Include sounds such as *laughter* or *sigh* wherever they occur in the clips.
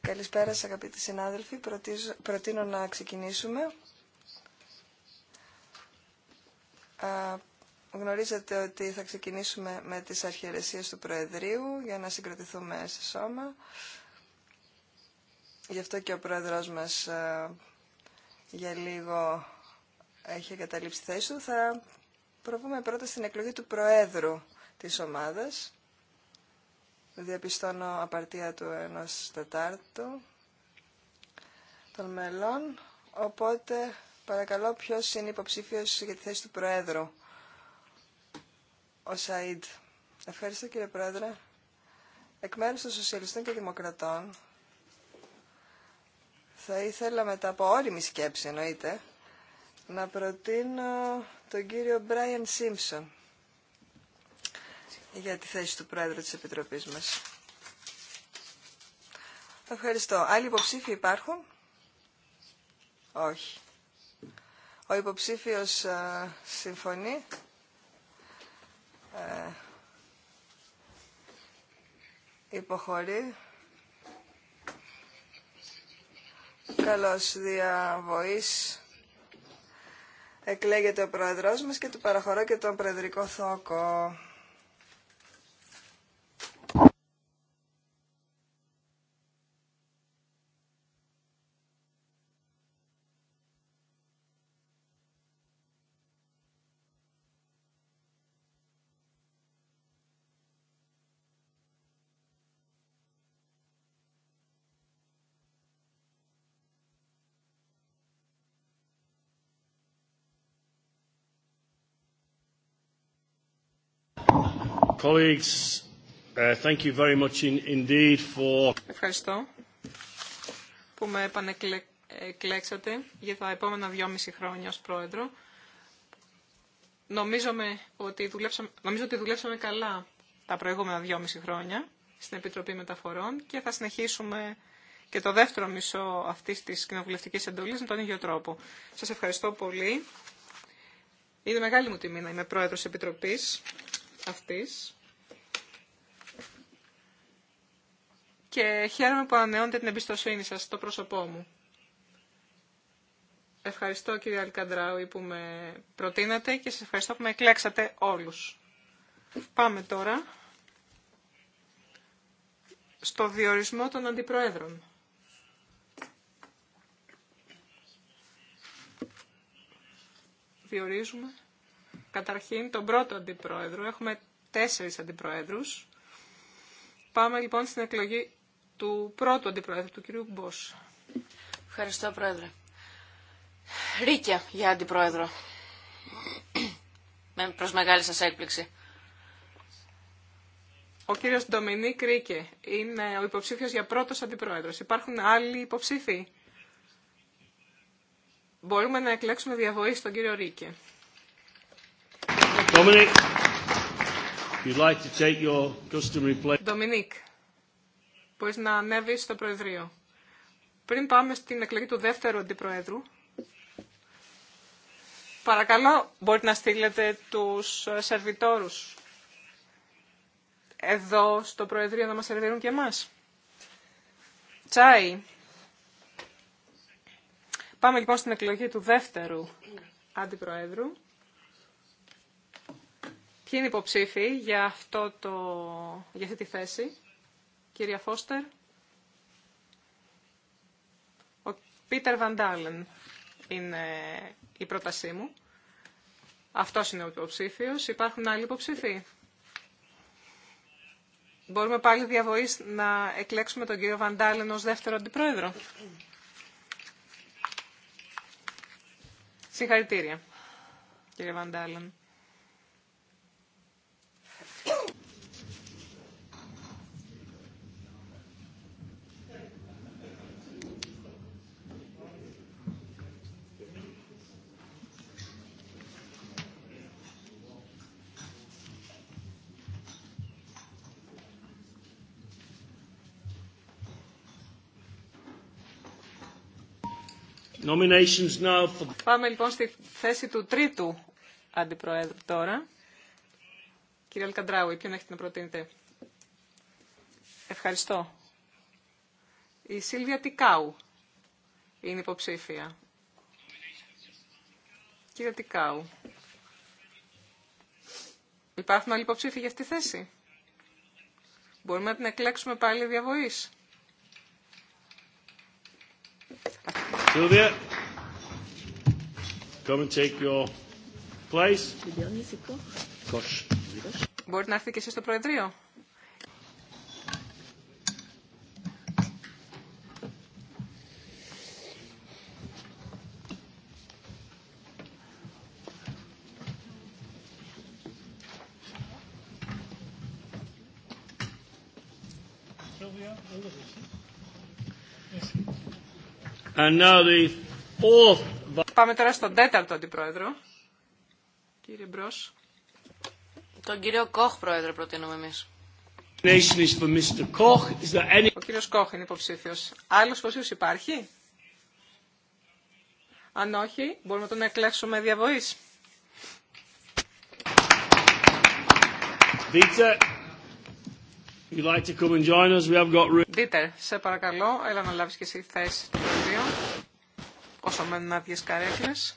Καλησπέρα σας αγαπητοί συνάδελφοι. Προτείνω να ξεκινήσουμε. Γνωρίζετε ότι θα ξεκινήσουμε με τις αρχαιρεσίες του Προεδρείου για να συγκροτηθούμε σε σώμα. Γι' αυτό και ο Πρόεδρος μας για λίγο έχει εγκαταλείψει θέση του, θα προβούμε πρώτα στην εκλογή του Προέδρου της ομάδας. Διαπιστώνω απαρτία του ενός τετάρτου των μελών, οπότε παρακαλώ ποιος είναι υποψήφιος για τη θέση του Προέδρου. Ο Σαΐντ. Ευχαριστώ κύριε Πρόεδρε. Εκ μέρους των Σοσιαλιστών και Δημοκρατών θα ήθελα μετά από όριμη σκέψη εννοείται να προτείνω τον κύριο Μπράιαν Σίμψον για τη θέση του Πρόεδρου της Επιτροπής μας. Ευχαριστώ. Άλλοι υποψήφοι υπάρχουν? Όχι. Ο υποψήφιος ε, συμφωνεί. Ε, υποχωρεί. Καλώς διαβοής. Εκλέγεται ο πρόεδρός μας και του παραχωρώ και τον προεδρικό θόκο. Uh, ευχαριστώ που με επανεκλέξατε για τα επόμενα δυόμιση χρόνια ως πρόεδρο. νομίζω ότι δουλέψαμε καλά τα προηγούμενα δυόμιση χρόνια στην Επιτροπή Μεταφορών και θα συνεχίσουμε και το δεύτερο μισό αυτής της κοινοβουλευτικής εντολής με τον ίδιο τρόπο. Σας ευχαριστώ πολύ. Είναι μεγάλη μου τιμή να είμαι πρόεδρος Επιτροπής αυτής. Και χαίρομαι που ανανεώνετε την εμπιστοσύνη σας στο πρόσωπό μου. Ευχαριστώ κύριε Αλκαντράουι που με προτείνατε και σας ευχαριστώ που με εκλέξατε όλους. Πάμε τώρα στο διορισμό των αντιπροέδρων. Διορίζουμε Καταρχήν, τον πρώτο αντιπρόεδρο. Έχουμε τέσσερις αντιπροέδρους. Πάμε λοιπόν στην εκλογή του πρώτου αντιπρόεδρου, του κυρίου Μπός. Ευχαριστώ, Πρόεδρε. Ρίκια για αντιπρόεδρο. Με προς μεγάλη σας έκπληξη. Ο κύριος Ντομινίκ Ρίκε είναι ο υποψήφιος για πρώτος αντιπρόεδρος. Υπάρχουν άλλοι υποψήφοι. Μπορούμε να εκλέξουμε διαβοή στον κύριο Ρίκε. Dominic, you'd μπορείς να ανέβεις στο Προεδρείο. Πριν πάμε στην εκλογή του δεύτερου αντιπροέδρου, παρακαλώ μπορείτε να στείλετε τους σερβιτόρους εδώ στο Προεδρείο να μας σερβιρούν και εμάς. Τσάι. Πάμε λοιπόν στην εκλογή του δεύτερου αντιπροέδρου. Ποιοι είναι υποψήφοι για, αυτό το, για αυτή τη θέση. Κυρία Φώστερ. Ο Πίτερ Βαντάλεν είναι η πρότασή μου. Αυτό είναι ο υποψήφιος. Υπάρχουν άλλοι υποψήφοι. Μπορούμε πάλι διαβοή να εκλέξουμε τον κύριο Βαντάλεν ως δεύτερο αντιπρόεδρο. Συγχαρητήρια, κύριε Βαντάλεν. Πάμε λοιπόν στη θέση του τρίτου αντιπροέδρου τώρα. Κύριε Αλκαντράουι, ποιον έχετε να προτείνετε. Ευχαριστώ. Η Σίλβια Τικάου είναι υποψήφια. Κύριε Τικάου, υπάρχουν άλλοι υποψήφοι για αυτή τη θέση. Μπορούμε να την εκλέξουμε πάλι διαβοής. Sylvia, come and take your place. Μπορείτε να έρθετε και εσείς στο Προεδρείο. Πάμε τώρα στον τέταρτο αντιπρόεδρο. Κύριε Μπρος. Τον κύριο Κοχ, πρόεδρε, προτείνουμε εμείς. Ο κύριος Κοχ είναι υποψήφιος. Άλλος υποψήφιος υπάρχει? Αν όχι, μπορούμε τον εκλέξουμε διαβοής you'd like to come and join us, we have got room. Δίτερ, σε παρακαλώ, έλα να λάβεις και εσύ θέση στο πεδίο, όσο μένουν άδειες καρέκλες.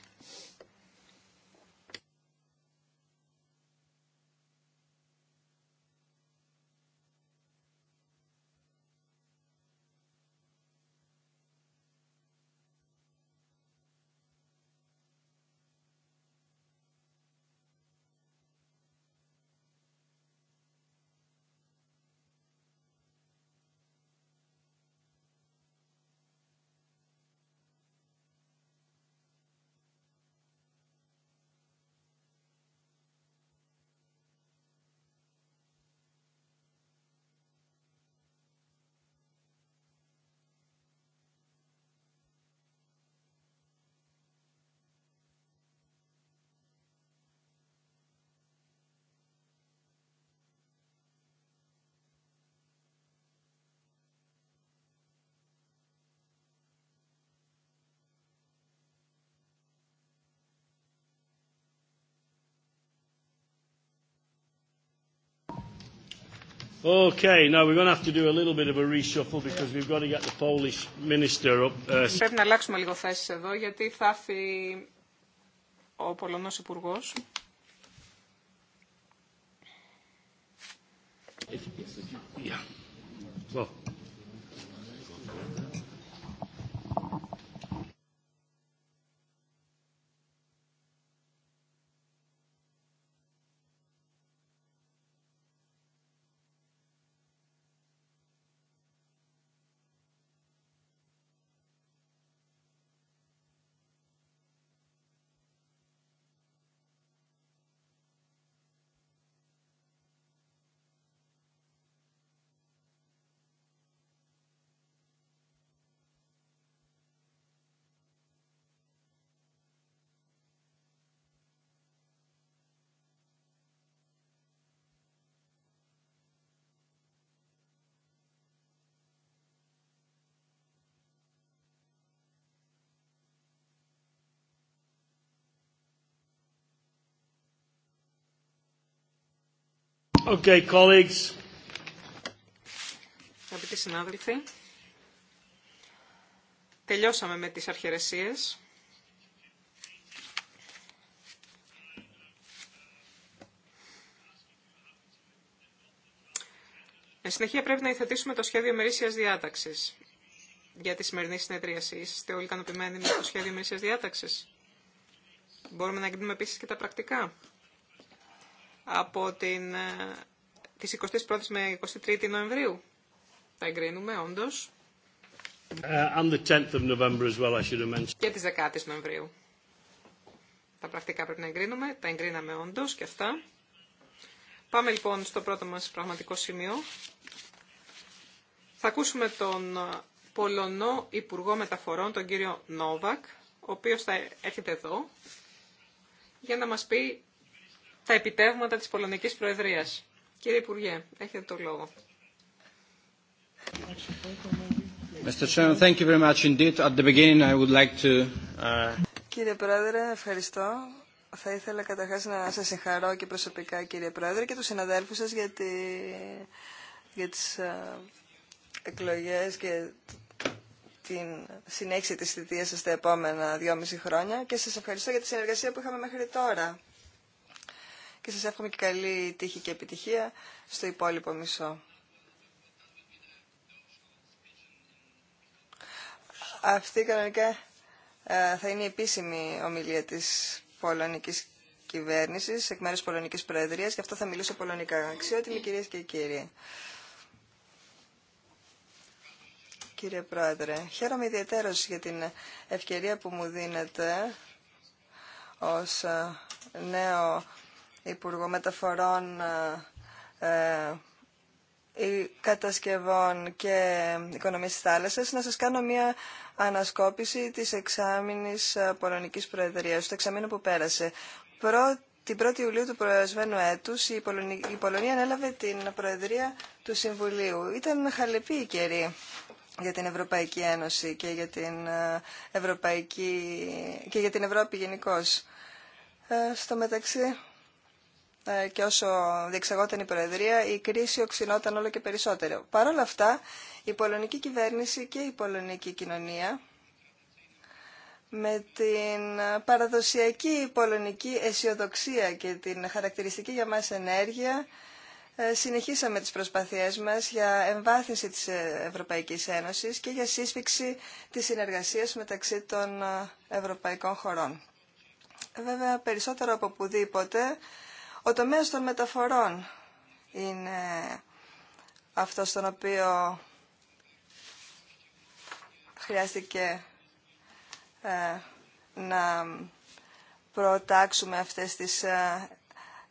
Okay, now we're going to have to do a little bit of a reshuffle because we've got to get the Polish minister up. Πρέπει να αλλάξουμε λίγο θέση εδώ γιατί θα έρθει ο Πολωνός Υπουργός. Yeah. Well. Okay, colleagues. Αγαπητοί συνάδελφοι, τελειώσαμε με τις αρχαιρεσίες. Εν συνεχεία πρέπει να υθετήσουμε το σχέδιο μερίσιας διάταξης για τη σημερινή συνεδρίαση. Είστε όλοι ικανοποιημένοι με το σχέδιο μερίσιας διάταξης. Μπορούμε να εγκρίνουμε επίσης και τα πρακτικά από την, ε, τις 21 με 23 Νοεμβρίου. Τα εγκρίνουμε, όντως. Uh, the 10th well, Και τις 10 Νοεμβρίου. Τα πρακτικά πρέπει να εγκρίνουμε, τα εγκρίναμε όντως και αυτά. Πάμε λοιπόν στο πρώτο μας πραγματικό σημείο. Θα ακούσουμε τον ε, Πολωνό Υπουργό Μεταφορών, τον κύριο Νόβακ, ο οποίος θα έρχεται εδώ, για να μας πει τα επιτεύγματα της Πολωνικής Προεδρίας. Κύριε Υπουργέ, έχετε το λόγο. Κύριε Πρόεδρε, ευχαριστώ. Θα ήθελα καταρχάς να σας συγχαρώ και προσωπικά κύριε Πρόεδρε και του συναδέλφου σας για, τη... για τις ε, εκλογές και την συνέχιση τη θητεία σα τα επόμενα δυόμιση χρόνια και σας ευχαριστώ για τη συνεργασία που είχαμε μέχρι τώρα και σας εύχομαι και καλή τύχη και επιτυχία στο υπόλοιπο μισό. Αυτή κανονικά ε, θα είναι η επίσημη ομιλία της πολωνικής κυβέρνησης εκ μέρους πολωνικής προεδρίας και αυτό θα μιλήσω πολωνικά. Αξιότιμοι κυρίες και κύριοι. Κύριε Πρόεδρε, χαίρομαι ιδιαίτερο για την ευκαιρία που μου δίνετε ως ε, νέο Υπουργό Μεταφορών ε, ε, ε, Κατασκευών και Οικονομίας της Θάλασσας να σας κάνω μια ανασκόπηση της εξάμηνης Πολωνικής Προεδρίας, του εξαμήνου που πέρασε. Πρώτη την 1η Ιουλίου του προεσμένου έτους η Πολωνία, η Πολωνία ανέλαβε την Προεδρία του Συμβουλίου. Ήταν χαλεπή η πολωνια ανελαβε την προεδρια του συμβουλιου ηταν χαλεπη η καιρη για την Ευρωπαϊκή Ένωση και για την, και για την Ευρώπη γενικώ. στο μεταξύ ε, και όσο διεξαγόταν η Προεδρία, η κρίση οξυνόταν όλο και περισσότερο. Παρ' όλα αυτά, η πολωνική κυβέρνηση και η πολωνική κοινωνία με την παραδοσιακή πολωνική αισιοδοξία και την χαρακτηριστική για μας ενέργεια ε, συνεχίσαμε τις προσπάθειές μας για εμβάθυνση της Ευρωπαϊκής Ένωσης και για σύσφυξη της συνεργασίας μεταξύ των ε, ευρωπαϊκών χωρών. Βέβαια, περισσότερο από πουδήποτε, ο τομέας των μεταφορών είναι αυτό στον οποίο χρειάστηκε ε, να προτάξουμε αυτές τις ε,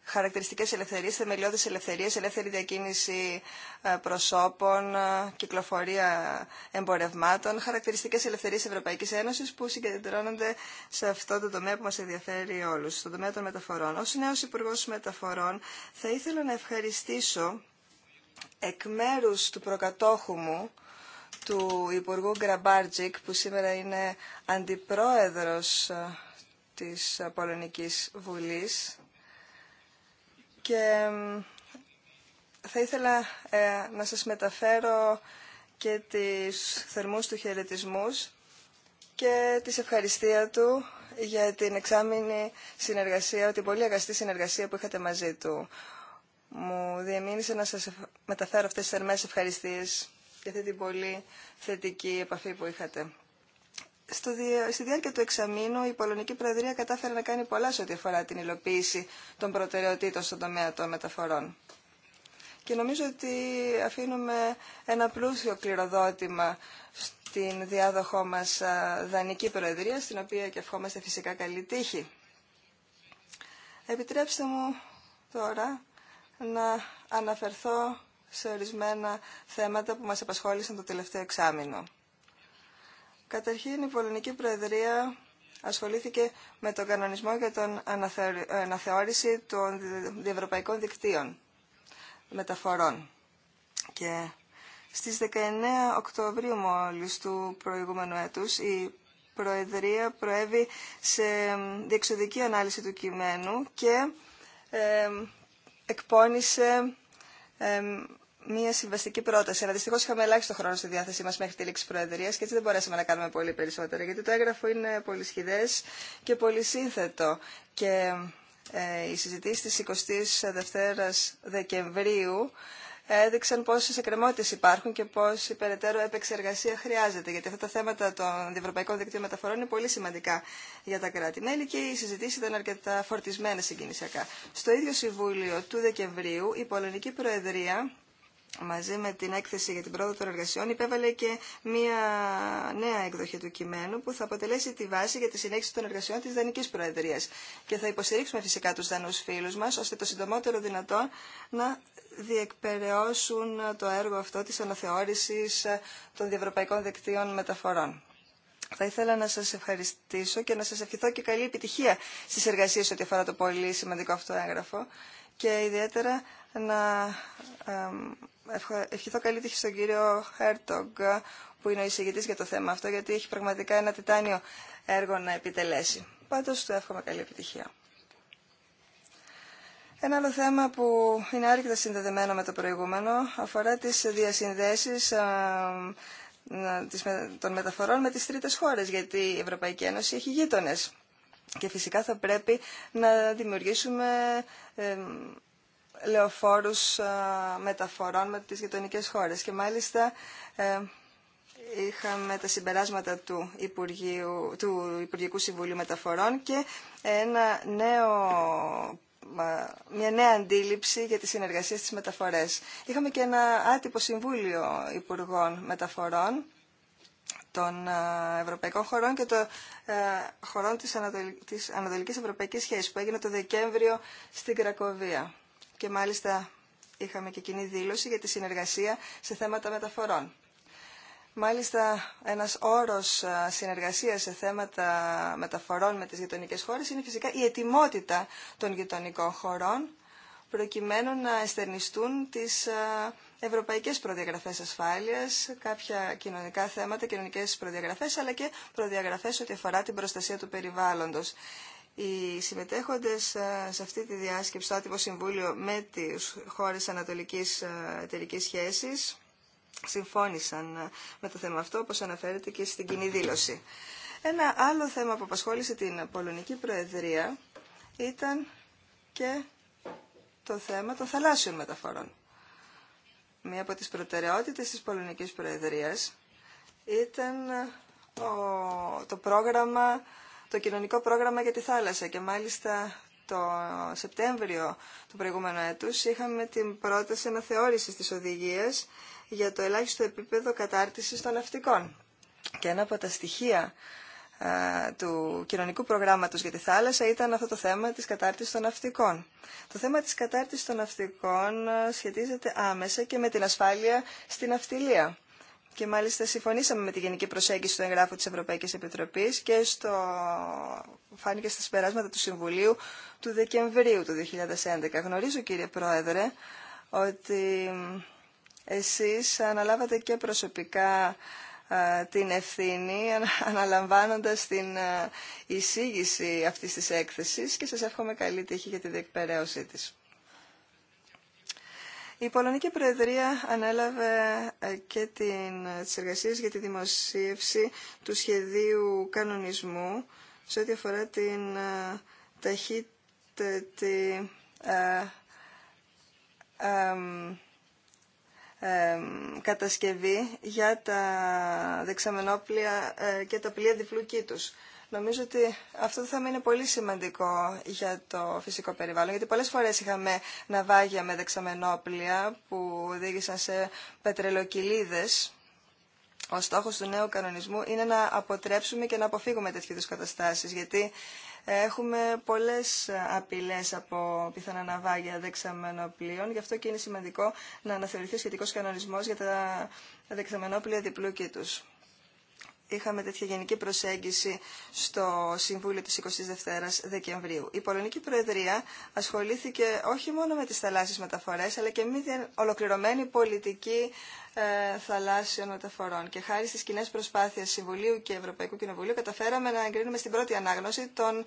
χαρακτηριστικές ελευθερίες, θεμελιώδεις ελευθερίες, ελεύθερη διακίνηση ε, προσώπων, ε, κυκλοφορία εμπορευμάτων, χαρακτηριστικές ελευθερίες Ευρωπαϊκής Ένωσης που συγκεντρώνονται σε αυτό το τομέα που μας ενδιαφέρει όλους, στο τομέα των μεταφορών. Ως νέος υπουργό Μεταφορών θα ήθελα να ευχαριστήσω εκ μέρους του προκατόχου μου, του Υπουργού Γκραμπάρτζικ, που σήμερα είναι αντιπρόεδρος ε, της Πολωνικής Βουλής, και θα ήθελα ε, να σας μεταφέρω και τις θερμούς του χαιρετισμού και τις ευχαριστία του για την εξάμεινη συνεργασία, την πολύ αγαστή συνεργασία που είχατε μαζί του. Μου διεμήνυσε να σας μεταφέρω αυτές τις θερμές ευχαριστίες για αυτή την πολύ θετική επαφή που είχατε στο, στη διάρκεια του εξαμήνου η Πολωνική Προεδρία κατάφερε να κάνει πολλά σε ό,τι αφορά την υλοποίηση των προτεραιοτήτων στον τομέα των μεταφορών. Και νομίζω ότι αφήνουμε ένα πλούσιο κληροδότημα στην διάδοχό μας Δανική Προεδρία, στην οποία και ευχόμαστε φυσικά καλή τύχη. Επιτρέψτε μου τώρα να αναφερθώ σε ορισμένα θέματα που μας απασχόλησαν το τελευταίο εξάμεινο. Καταρχήν η Πολωνική Προεδρία ασχολήθηκε με τον κανονισμό για την αναθεώρηση των διευρωπαϊκών δικτύων μεταφορών. Και στις 19 Οκτωβρίου μόλις του προηγούμενου έτους η Προεδρία προέβη σε διεξοδική ανάλυση του κειμένου και ε, εκπώνησε μία συμβαστική πρόταση. Αλλά δυστυχώ είχαμε ελάχιστο χρόνο στη διάθεσή μα μέχρι τη λήξη Προεδρία και έτσι δεν μπορέσαμε να κάνουμε πολύ περισσότερα. Γιατί το έγγραφο είναι πολύ σχηδέ και πολύ σύνθετο. Και ε, οι συζητήσει τη 22η Δεκεμβρίου έδειξαν πόσε εκκρεμότητε υπάρχουν και πόση περαιτέρω επεξεργασία χρειάζεται. Γιατί αυτά τα θέματα των διευρωπαϊκών δικτύων μεταφορών είναι πολύ σημαντικά για τα κράτη-μέλη και οι συζητήσει ήταν αρκετά φορτισμένε συγκινησιακά. Στο ίδιο Συμβούλιο του Δεκεμβρίου, η Πολωνική Προεδρία μαζί με την έκθεση για την πρόοδο των εργασιών υπέβαλε και μία νέα εκδοχή του κειμένου που θα αποτελέσει τη βάση για τη συνέχιση των εργασιών της Δανικής Προεδρίας. Και θα υποστηρίξουμε φυσικά τους Δανούς φίλους μας ώστε το συντομότερο δυνατόν να διεκπαιρεώσουν το έργο αυτό της αναθεώρησης των διευρωπαϊκών δικτύων μεταφορών. Θα ήθελα να σας ευχαριστήσω και να σας ευχηθώ και καλή επιτυχία στις εργασίες ό,τι αφορά το πολύ σημαντικό αυτό έγγραφο και ιδιαίτερα να ευχηθώ καλή τύχη στον κύριο Χέρτογκ που είναι ο εισηγητής για το θέμα αυτό γιατί έχει πραγματικά ένα τιτάνιο έργο να επιτελέσει. Πάντως του εύχομαι καλή επιτυχία. Ένα άλλο θέμα που είναι άρκετα συνδεδεμένο με το προηγούμενο αφορά τις διασυνδέσεις των μεταφορών με τις τρίτες χώρες, γιατί η Ευρωπαϊκή Ένωση έχει γείτονες. Και φυσικά θα πρέπει να δημιουργήσουμε λεωφόρους ε, μεταφορών με τις γειτονικέ χώρες. Και μάλιστα ε, είχαμε τα συμπεράσματα του, Υπουργείου, του Υπουργικού Συμβουλίου Μεταφορών και ένα νέο ε, μια νέα αντίληψη για τις συνεργασίες στις μεταφορές. Είχαμε και ένα άτυπο Συμβούλιο Υπουργών Μεταφορών των Ευρωπαϊκών χωρών και των χωρών της Ανατολικής Ευρωπαϊκής Σχέσης που έγινε το Δεκέμβριο στην Κρακοβία και μάλιστα είχαμε και κοινή δήλωση για τη συνεργασία σε θέματα μεταφορών. Μάλιστα, ένας όρος συνεργασίας σε θέματα μεταφορών με τις γειτονικές χώρες είναι φυσικά η ετοιμότητα των γειτονικών χωρών προκειμένου να εστερνιστούν τις ευρωπαϊκές προδιαγραφές ασφάλειας, κάποια κοινωνικά θέματα, κοινωνικές προδιαγραφές, αλλά και προδιαγραφές ό,τι αφορά την προστασία του περιβάλλοντος. Οι συμμετέχοντες ε, σε αυτή τη διάσκεψη, στο άτυπο συμβούλιο με τις χώρες ανατολικής ε, εταιρικής σχέσης, συμφώνησαν ε, με το θέμα αυτό, όπως αναφέρεται και στην κοινή δήλωση. Ένα άλλο θέμα που απασχόλησε την Πολωνική Προεδρία ήταν και το θέμα των θαλάσσιων μεταφορών. Μία από τις προτεραιότητες της Πολωνικής Προεδρίας ήταν το πρόγραμμα το κοινωνικό πρόγραμμα για τη θάλασσα και μάλιστα το Σεπτέμβριο του προηγούμενου έτους είχαμε την πρόταση αναθεώρηση της οδηγίας για το ελάχιστο επίπεδο κατάρτισης των ναυτικών. Και ένα από τα στοιχεία του κοινωνικού προγράμματος για τη θάλασσα ήταν αυτό το θέμα της κατάρτισης των ναυτικών. Το θέμα της κατάρτισης των ναυτικών σχετίζεται άμεσα και με την ασφάλεια στην ναυτιλία και μάλιστα συμφωνήσαμε με τη γενική προσέγγιση του εγγράφου της Ευρωπαϊκής Επιτροπής και στο... φάνηκε στα συμπεράσματα του Συμβουλίου του Δεκεμβρίου του 2011. Γνωρίζω κύριε Πρόεδρε ότι εσείς αναλάβατε και προσωπικά την ευθύνη *laughs* αναλαμβάνοντας την εισήγηση αυτής της έκθεσης και σας εύχομαι καλή τύχη για τη διεκπαιρέωσή της. Η Πολωνική Προεδρία ανέλαβε ε, και την, ε, τις εργασίες για τη δημοσίευση του σχεδίου κανονισμού σε ό,τι αφορά την ε, ταχύτητη κατασκευή για τα δεξαμενόπλια και τα πλοία διπλού τους. Νομίζω ότι αυτό θα μείνει είναι πολύ σημαντικό για το φυσικό περιβάλλον, γιατί πολλές φορές είχαμε ναυάγια με δεξαμενόπλια που οδήγησαν σε πετρελοκυλίδες. Ο στόχος του νέου κανονισμού είναι να αποτρέψουμε και να αποφύγουμε τέτοιου είδους καταστάσεις, γιατί έχουμε πολλές απειλές από πιθανά ναυάγια δεξαμενοπλίων, γι' αυτό και είναι σημαντικό να αναθεωρηθεί σχετικός κανονισμός για τα δεξαμενόπλια διπλού κήτους είχαμε τέτοια γενική προσέγγιση στο Συμβούλιο της 22ης Δεκεμβρίου. Η Πολωνική Προεδρία ασχολήθηκε όχι μόνο με τις θαλάσσιες μεταφορές, αλλά και με την ολοκληρωμένη πολιτική ε, θαλάσσιων μεταφορών. Και χάρη στις κοινέ προσπάθειες Συμβουλίου και Ευρωπαϊκού Κοινοβουλίου καταφέραμε να εγκρίνουμε στην πρώτη ανάγνωση τον,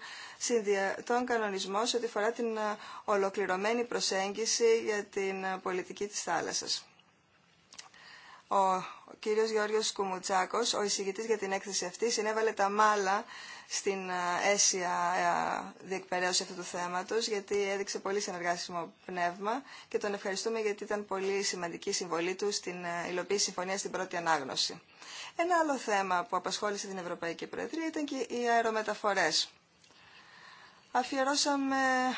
τον κανονισμό σε ό,τι φορά την ε, ολοκληρωμένη προσέγγιση για την ε, πολιτική της θάλασσας. Ο κύριος Γιώργος Κουμουτσάκος, ο εισηγητής για την έκθεση αυτή, συνέβαλε τα μάλα στην ε, αίσια ε, διεκπαιρέωση αυτού του θέματος, γιατί έδειξε πολύ συνεργάσιμο πνεύμα και τον ευχαριστούμε γιατί ήταν πολύ σημαντική συμβολή του στην ε, υλοποίηση συμφωνία στην πρώτη ανάγνωση. Ένα άλλο θέμα που απασχόλησε την Ευρωπαϊκή Προεδρία ήταν και οι αερομεταφορές. Αφιερώσαμε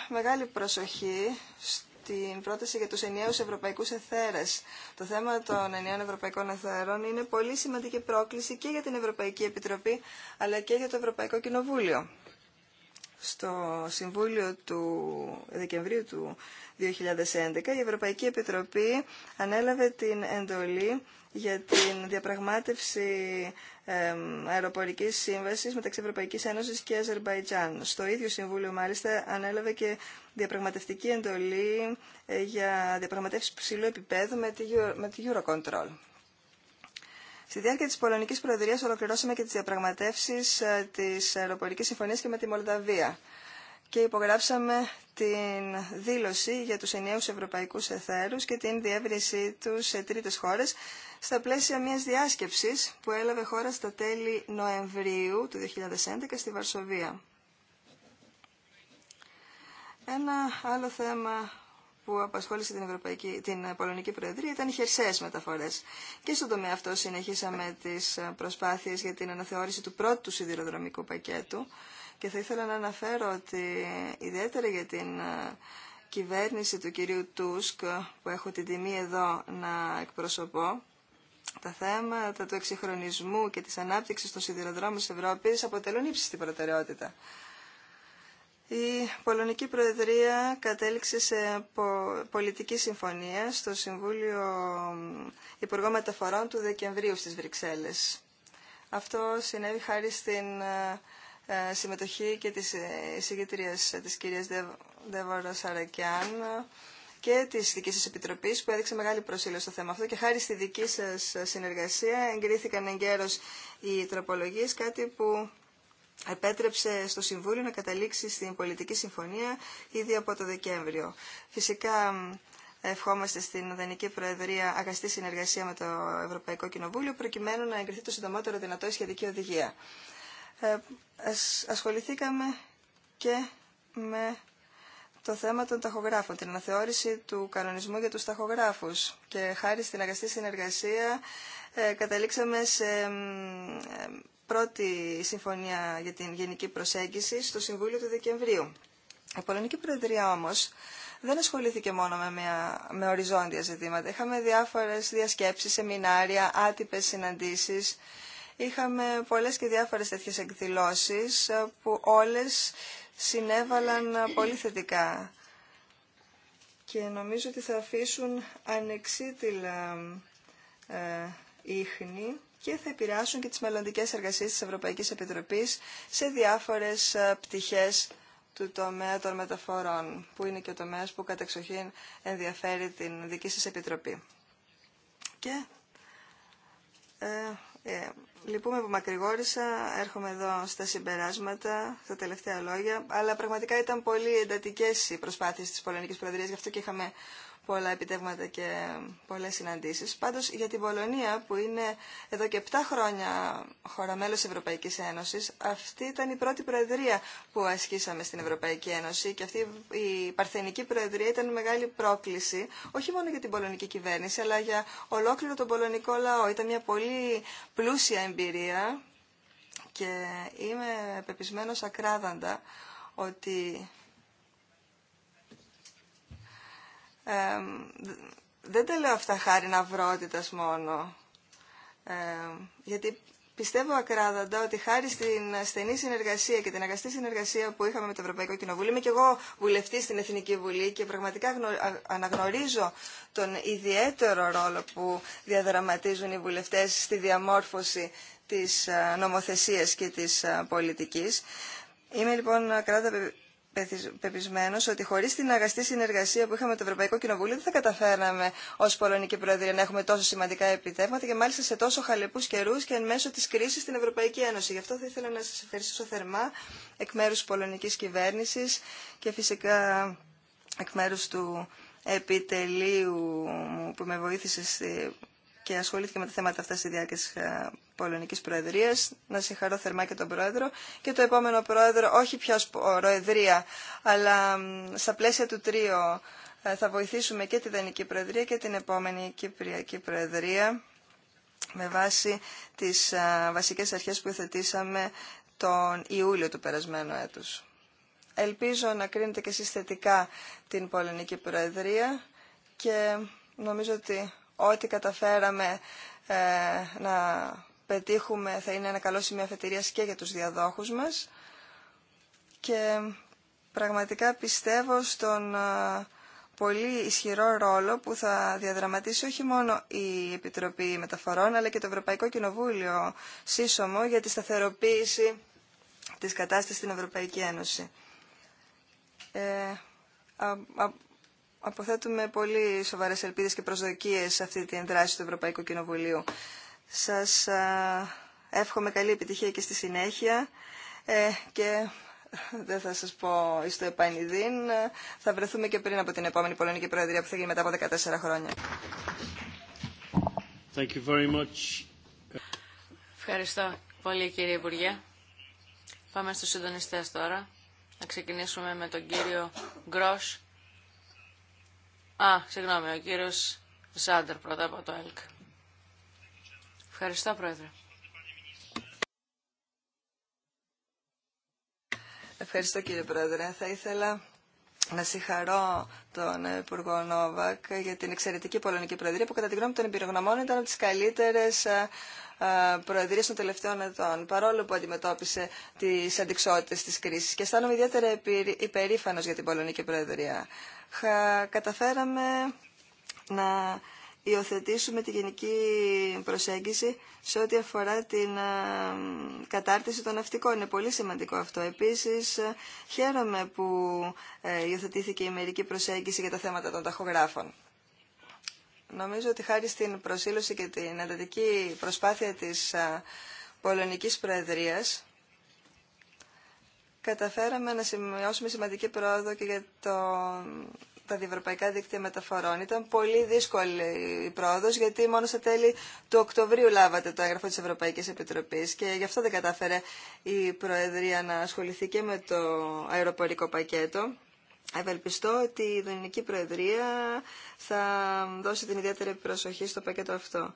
μεγάλη προσοχή την πρόταση για τους ενιαίους ευρωπαϊκούς εθέρες. Το θέμα των ενιαίων ευρωπαϊκών εθέρων είναι πολύ σημαντική πρόκληση και για την Ευρωπαϊκή Επιτροπή αλλά και για το Ευρωπαϊκό Κοινοβούλιο. Στο Συμβούλιο του Δεκεμβρίου του 2011 η Ευρωπαϊκή Επιτροπή ανέλαβε την εντολή για την διαπραγμάτευση αεροπορική σύμβαση μεταξύ Ευρωπαϊκή Ένωση και Αζερβαϊτζάν. Στο ίδιο Συμβούλιο, μάλιστα, ανέλαβε και διαπραγματευτική εντολή ε, για διαπραγματεύσει ψηλού επίπεδου με τη Eurocontrol. Στη διάρκεια τη Πολωνική Προεδρία, ολοκληρώσαμε και τι διαπραγματεύσει ε, τη αεροπορική συμφωνία και με τη Μολδαβία και υπογράψαμε την δήλωση για τους ενιαίους ευρωπαϊκούς εθέρους και την διεύρυνσή του σε τρίτες χώρες στα πλαίσια μιας διάσκεψης που έλαβε χώρα στα τέλη Νοεμβρίου του 2011 στη Βαρσοβία. Ένα άλλο θέμα που απασχόλησε την, Ευρωπαϊκή, την Πολωνική Προεδρία ήταν οι χερσαίες μεταφορές. Και στον τομέα αυτό συνεχίσαμε τις προσπάθειες για την αναθεώρηση του πρώτου σιδηροδρομικού πακέτου και θα ήθελα να αναφέρω ότι ιδιαίτερα για την ε, κυβέρνηση του κυρίου Τούσκ, που έχω την τιμή εδώ να εκπροσωπώ, τα θέματα του εξυγχρονισμού και της ανάπτυξης των σιδηροδρόμων της Ευρώπης αποτελούν ύψιστη προτεραιότητα. Η Πολωνική Προεδρία κατέληξε σε πολιτική συμφωνία στο Συμβούλιο Υπουργών Μεταφορών του Δεκεμβρίου στις Βρυξέλλες. Αυτό συνέβη χάρη στην ε, ε, συμμετοχή και της ε, εισηγητρίας ε, της κυρίας Δέβορα Σαρακιάν και της δικής σα επιτροπής που έδειξε μεγάλη προσήλωση στο θέμα αυτό και χάρη στη δική σας συνεργασία εγκρίθηκαν εγκαίρως οι τροπολογίες, κάτι που επέτρεψε στο Συμβούλιο να καταλήξει στην πολιτική συμφωνία ήδη από το Δεκέμβριο. Φυσικά ευχόμαστε στην Δανική Προεδρία αγαστή συνεργασία με το Ευρωπαϊκό Κοινοβούλιο προκειμένου να εγκριθεί το συντομότερο δυνατό η σχετική οδηγία. Ε, ασχοληθήκαμε και με το θέμα των ταχογράφων, την αναθεώρηση του κανονισμού για τους ταχογράφους και χάρη στην αγαστή συνεργασία ε, καταλήξαμε σε ε, πρώτη συμφωνία για την γενική προσέγγιση στο Συμβούλιο του Δεκεμβρίου. Η Πολωνική Προεδρία όμως δεν ασχολήθηκε μόνο με, μια, με οριζόντια ζητήματα. Είχαμε διάφορες διασκέψεις, σεμινάρια, άτυπες συναντήσεις είχαμε πολλές και διάφορες τέτοιες εκδηλώσεις ε, που όλες συνέβαλαν ε, πολύ θετικά και νομίζω ότι θα αφήσουν ανεξίτηλα ε, ίχνη και θα επηρεάσουν και τις μελλοντικές εργασίες της Ευρωπαϊκής Επιτροπής σε διάφορες πτυχές του τομέα των μεταφορών, που είναι και ο τομέας που κατεξοχήν ενδιαφέρει την δική σας Επιτροπή. Και ε, λυπούμε που μακρηγόρησα, έρχομαι εδώ στα συμπεράσματα, στα τελευταία λόγια, αλλά πραγματικά ήταν πολύ εντατικές οι προσπάθειες της Πολωνικής Προεδρίας, γι' αυτό και είχαμε πολλά επιτεύγματα και πολλές συναντήσεις. Πάντως για την Πολωνία που είναι εδώ και 7 χρόνια χώρα μέλος Ευρωπαϊκής Ένωσης, αυτή ήταν η πρώτη προεδρία που ασκήσαμε στην Ευρωπαϊκή Ένωση και αυτή η παρθενική προεδρία ήταν μεγάλη πρόκληση, όχι μόνο για την πολωνική κυβέρνηση, αλλά για ολόκληρο τον πολωνικό λαό. Ήταν μια πολύ πλούσια εμπειρία και είμαι πεπισμένος ακράδαντα ότι δεν τα λέω αυτά χάρη ναυρότητας μόνο, γιατί πιστεύω ακράδαντα ότι χάρη στην στενή συνεργασία και την αγαστή συνεργασία που είχαμε με το Ευρωπαϊκό Κοινοβούλιο, είμαι και εγώ βουλευτή στην Εθνική Βουλή και πραγματικά αναγνωρίζω τον ιδιαίτερο ρόλο που διαδραματίζουν οι βουλευτές στη διαμόρφωση της ε, νομοθεσίας και της ε, πολιτικής. Είμαι λοιπόν κράτα πεπισμένο ότι χωρί την αγαστή συνεργασία που είχαμε με το Ευρωπαϊκό Κοινοβούλιο δεν θα καταφέραμε ω Πολωνική Προεδρία να έχουμε τόσο σημαντικά επιτεύγματα και μάλιστα σε τόσο χαλεπού καιρού και εν μέσω τη κρίση στην Ευρωπαϊκή Ένωση. Γι' αυτό θα ήθελα να σα ευχαριστήσω θερμά εκ μέρου τη πολωνική κυβέρνηση και φυσικά εκ μέρου του επιτελείου που με βοήθησε στη και ασχολήθηκε με τα θέματα αυτά στη διάρκεια τη ε, πολωνική Προεδρίας. Να συγχαρώ θερμά και τον Πρόεδρο και το επόμενο Πρόεδρο, όχι πια ως Προεδρία, αλλά στα πλαίσια του τρίου ε, θα βοηθήσουμε και τη Δανική Προεδρία και την επόμενη Κυπριακή Προεδρία με βάση τις ε, βασικές αρχές που θετήσαμε τον Ιούλιο του περασμένου έτους. Ελπίζω να κρίνετε και εσείς θετικά την Πολωνική Προεδρία και νομίζω ότι ό,τι καταφέραμε ε, να πετύχουμε θα είναι ένα καλό σημείο αφετηρίας και για τους διαδόχους μας και πραγματικά πιστεύω στον ε, πολύ ισχυρό ρόλο που θα διαδραματίσει όχι μόνο η Επιτροπή Μεταφορών αλλά και το Ευρωπαϊκό Κοινοβούλιο σύσσωμο για τη σταθεροποίηση της κατάστασης στην Ευρωπαϊκή Ένωση. Ε, αποθέτουμε πολύ σοβαρές ελπίδες και προσδοκίες σε αυτή την δράση του Ευρωπαϊκού Κοινοβουλίου. Σας εύχομαι καλή επιτυχία και στη συνέχεια ε, και δεν θα σας πω εις το επανειδήν. Ε, θα βρεθούμε και πριν από την επόμενη Πολωνική Προεδρία που θα γίνει μετά από 14 χρόνια. Thank you very much. Ευχαριστώ πολύ κύριε Υπουργέ. Πάμε στους συντονιστές τώρα. Να ξεκινήσουμε με τον κύριο Γκρός Α, συγγνώμη, ο κύριος Ζάντερ πρώτα από το ΕΛΚ. Ευχαριστώ, Πρόεδρε. Ευχαριστώ, κύριε Πρόεδρε. Θα ήθελα να συγχαρώ τον Υπουργό Νόβακ για την εξαιρετική Πολωνική Προεδρία που κατά τη γνώμη των εμπειρογνωμών ήταν από τις καλύτερες ε, ε, προεδρίες των τελευταίων ετών παρόλο που αντιμετώπισε τις αντικσότητες της κρίσης και αισθάνομαι ιδιαίτερα υπερήφανος για την Πολωνική Προεδρία. Καταφέραμε να υιοθετήσουμε τη γενική προσέγγιση σε ό,τι αφορά την ε, κατάρτιση των ναυτικών. Είναι πολύ σημαντικό αυτό. Επίσης, ε, χαίρομαι που ε, υιοθετήθηκε η μερική προσέγγιση για τα θέματα των ταχογράφων. Νομίζω ότι χάρη στην προσήλωση και την εντατική προσπάθεια της Πολωνικής Προεδρίας, καταφέραμε να σημειώσουμε σημαντική πρόοδο και για το τα διευρωπαϊκά δίκτυα μεταφορών. Ήταν πολύ δύσκολη η πρόοδο, γιατί μόνο στα τέλη του Οκτωβρίου λάβατε το έγγραφο τη Ευρωπαϊκή Επιτροπή και γι' αυτό δεν κατάφερε η Προεδρία να ασχοληθεί και με το αεροπορικό πακέτο. Ευελπιστώ ότι η Δονική Προεδρία θα δώσει την ιδιαίτερη προσοχή στο πακέτο αυτό.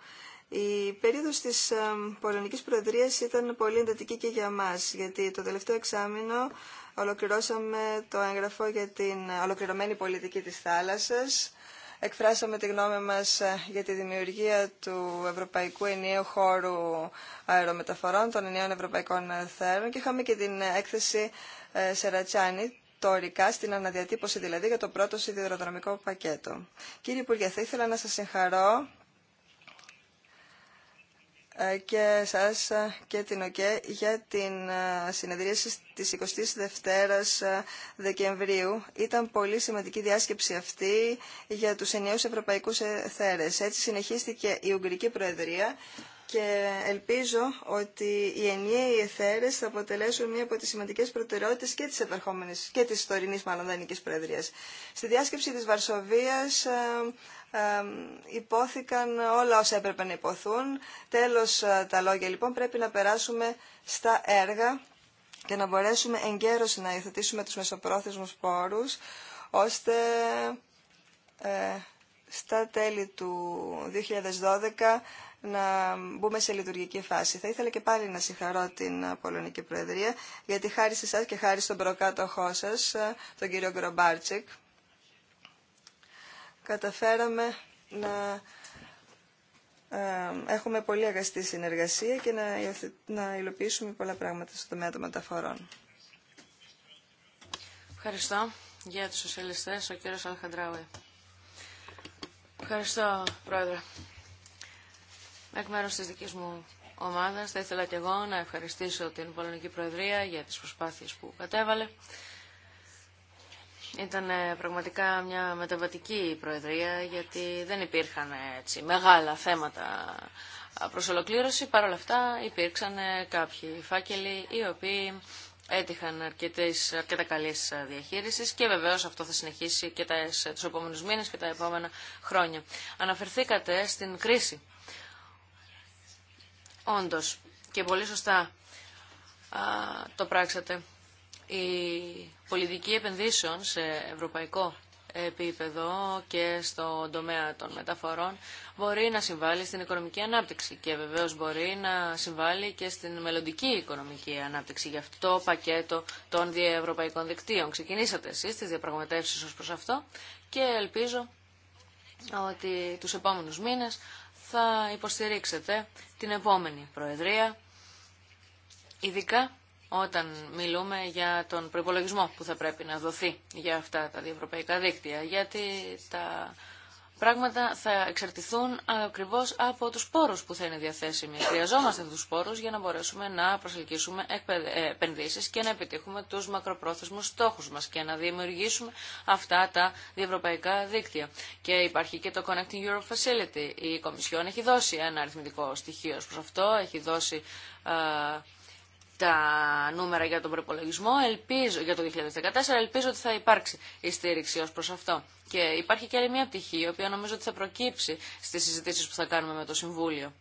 Η περίοδος της ε, Πολωνικής Προεδρίας ήταν πολύ εντατική και για μας, γιατί το τελευταίο εξάμεινο Ολοκληρώσαμε το έγγραφο για την ολοκληρωμένη πολιτική της θάλασσας. Εκφράσαμε τη γνώμη μας ε, για τη δημιουργία του Ευρωπαϊκού Ενιαίου Χώρου Αερομεταφορών, των Ενιαίων Ευρωπαϊκών Θέρων και είχαμε και την έκθεση ε, Σερατσάνη, τωρικά, στην αναδιατύπωση δηλαδή για το πρώτο σιδηροδρομικό πακέτο. Κύριε Υπουργέ, θα ήθελα να σας συγχαρώ ε, και σας ε, και την ΟΚΕ για την ε, συνεδρίαση της 22ης Δεκεμβρίου. Ήταν πολύ σημαντική διάσκεψη αυτή για τους ενιαίους ευρωπαϊκούς θέρες. Έτσι συνεχίστηκε η Ουγγρική Προεδρία και ελπίζω ότι οι ενιαίοι εθέρες θα αποτελέσουν μία από τις σημαντικές προτεραιότητες και της ευερχόμενης, και της τωρινής μάλλον δανεικής προεδρίας. Στη διάσκεψη της Βαρσοβίας υπόθηκαν όλα όσα έπρεπε να υποθούν. Τέλος ε, τα λόγια λοιπόν πρέπει να περάσουμε στα έργα και να μπορέσουμε εγκαίρως να υιοθετήσουμε τους μεσοπρόθεσμους πόρους ώστε ε, στα τέλη του 2012 να μπούμε σε λειτουργική φάση. Θα ήθελα και πάλι να συγχαρώ την Πολωνική Προεδρία γιατί χάρη σε εσά και χάρη στον προκάτοχό σας, ε, τον κύριο Γκρομπάρτσικ, καταφέραμε να ε, έχουμε πολύ αγαστή συνεργασία και να υλοποιήσουμε πολλά πράγματα στο τομέα των μεταφορών. Ευχαριστώ. Για τους σοσιαλιστές, ο κύριος Αλχαντράουε. Ευχαριστώ, Πρόεδρε. Εκ μέρους της δικής μου ομάδας θα ήθελα και εγώ να ευχαριστήσω την Πολωνική Προεδρία για τις προσπάθειες που κατέβαλε. Ήταν πραγματικά μια μεταβατική προεδρία γιατί δεν υπήρχαν έτσι μεγάλα θέματα προς ολοκλήρωση. Παρ' όλα αυτά υπήρξαν κάποιοι φάκελοι οι οποίοι έτυχαν αρκετές, αρκετά καλή διαχείριση και βεβαίως αυτό θα συνεχίσει και τα, επόμενου επόμενους και τα επόμενα χρόνια. Αναφερθήκατε στην κρίση. Όντως και πολύ σωστά το πράξατε. Η πολιτική επενδύσεων σε ευρωπαϊκό επίπεδο και στον τομέα των μεταφορών μπορεί να συμβάλλει στην οικονομική ανάπτυξη και βεβαίως μπορεί να συμβάλλει και στην μελλοντική οικονομική ανάπτυξη για αυτό το πακέτο των διευρωπαϊκών δικτύων. Ξεκινήσατε εσείς τις διαπραγματεύσεις ως προς αυτό και ελπίζω ότι τους επόμενους μήνες θα υποστηρίξετε την επόμενη Προεδρία, ειδικά όταν μιλούμε για τον προπολογισμό που θα πρέπει να δοθεί για αυτά τα διευρωπαϊκά δίκτυα, γιατί τα πράγματα θα εξαρτηθούν ακριβώ από τους πόρους που θα είναι διαθέσιμοι. Χρειαζόμαστε τους πόρους για να μπορέσουμε να προσελκύσουμε ε, επενδύσεις και να επιτύχουμε τους μακροπρόθεσμους στόχους μας και να δημιουργήσουμε αυτά τα διευρωπαϊκά δίκτυα. Και υπάρχει και το Connecting Europe Facility. Η Κομισιόν έχει δώσει ένα αριθμητικό στοιχείο προς αυτό, έχει δώσει τα νούμερα για τον προπολογισμό ελπίζω, για το 2014, ελπίζω ότι θα υπάρξει η στήριξη ως προς αυτό. Και υπάρχει και άλλη μια πτυχή, η οποία νομίζω ότι θα προκύψει στις συζητήσεις που θα κάνουμε με το Συμβούλιο.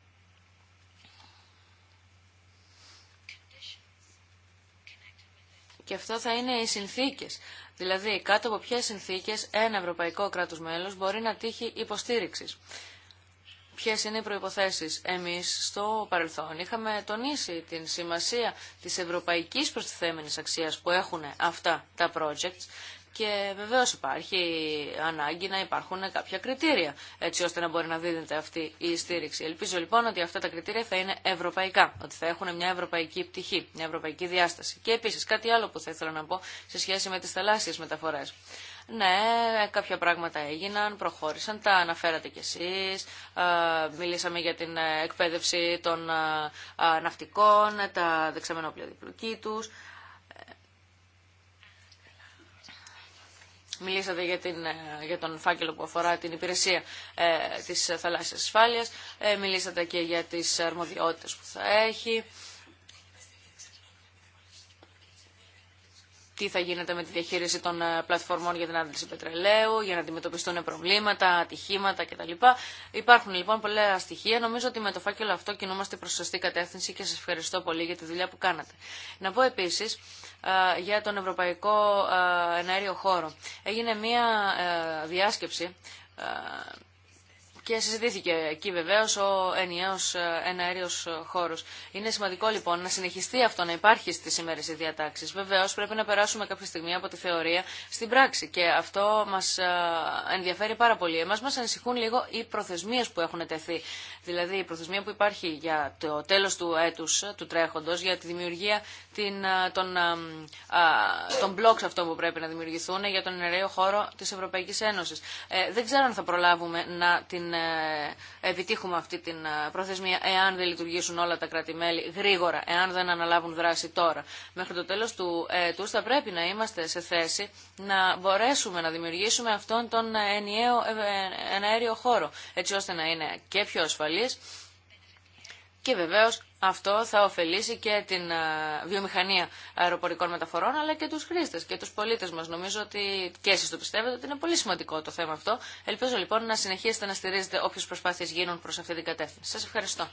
Και αυτό θα είναι οι συνθήκες. Δηλαδή, κάτω από ποιες συνθήκες ένα ευρωπαϊκό κράτος μέλος μπορεί να τύχει υποστήριξης. Ποιε είναι οι προϋποθέσεις. Εμείς στο παρελθόν είχαμε τονίσει την σημασία τη ευρωπαϊκή προστιθέμενη αξία που έχουν αυτά τα projects και βεβαίως υπάρχει ανάγκη να υπάρχουν κάποια κριτήρια έτσι ώστε να μπορεί να δίνεται αυτή η στήριξη. Ελπίζω λοιπόν ότι αυτά τα κριτήρια θα είναι ευρωπαϊκά, ότι θα έχουν μια ευρωπαϊκή πτυχή, μια ευρωπαϊκή διάσταση. Και επίσης κάτι άλλο που θα ήθελα να πω σε σχέση με τις θαλάσσιες μεταφορές ναι, κάποια πράγματα έγιναν, προχώρησαν, τα αναφέρατε κι εσείς, ε, μιλήσαμε για την εκπαίδευση των ε, ναυτικών, τα δεξαμενόπλια διπλοκή τους, Μιλήσατε για, την, ε, για τον φάκελο που αφορά την υπηρεσία της θαλάσσιας ασφάλειας, μιλήσατε και για τις αρμοδιότητες που θα έχει. τι θα γίνεται με τη διαχείριση των ε, πλατφορμών για την άντληση πετρελαίου, για να αντιμετωπιστούν προβλήματα, ατυχήματα κτλ. Υπάρχουν λοιπόν πολλά στοιχεία. Νομίζω ότι με το φάκελο αυτό κινούμαστε προ σωστή κατεύθυνση και σα ευχαριστώ πολύ για τη δουλειά που κάνατε. Να πω επίση ε, για τον Ευρωπαϊκό ε, Εναέριο Χώρο. Έγινε μία διάσκεψη και συζητήθηκε εκεί βεβαίω ο ενιαίος εναέριος ε, χώρο. Είναι σημαντικό λοιπόν να συνεχιστεί αυτό να υπάρχει στι ημέρε οι διατάξεις. Βεβαίως πρέπει να περάσουμε κάποια στιγμή από τη θεωρία στην πράξη και αυτό μας ε, ενδιαφέρει πάρα πολύ. Εμά μα ανησυχούν λίγο οι προθεσμίες που έχουν τεθεί. Δηλαδή η προθεσμία που υπάρχει για το τέλο του έτου, ε, του τρέχοντο, για τη δημιουργία την, τον, τον μπλοκ αυτό που πρέπει να δημιουργηθούν για τον ενεραίο χώρο της Ευρωπαϊκής Ένωσης. Ε, δεν ξέρω αν θα προλάβουμε να την ε, επιτύχουμε αυτή την προθεσμία εάν δεν λειτουργήσουν όλα τα κράτη-μέλη γρήγορα, εάν δεν αναλάβουν δράση τώρα. Μέχρι το τέλος του έτους θα πρέπει να είμαστε σε θέση να μπορέσουμε να δημιουργήσουμε αυτόν τον ενιαίο ε, ε, εναέριο χώρο, έτσι ώστε να είναι και πιο ασφαλής και βεβαίω αυτό θα ωφελήσει και την ε, βιομηχανία αεροπορικών μεταφορών αλλά και του χρήστε και του πολίτε μα. Νομίζω ότι και εσείς το πιστεύετε ότι είναι πολύ σημαντικό το θέμα αυτό. Ελπίζω λοιπόν να συνεχίσετε να στηρίζετε όποιε προσπάθειε γίνουν προ αυτή την κατεύθυνση. Σα ευχαριστώ.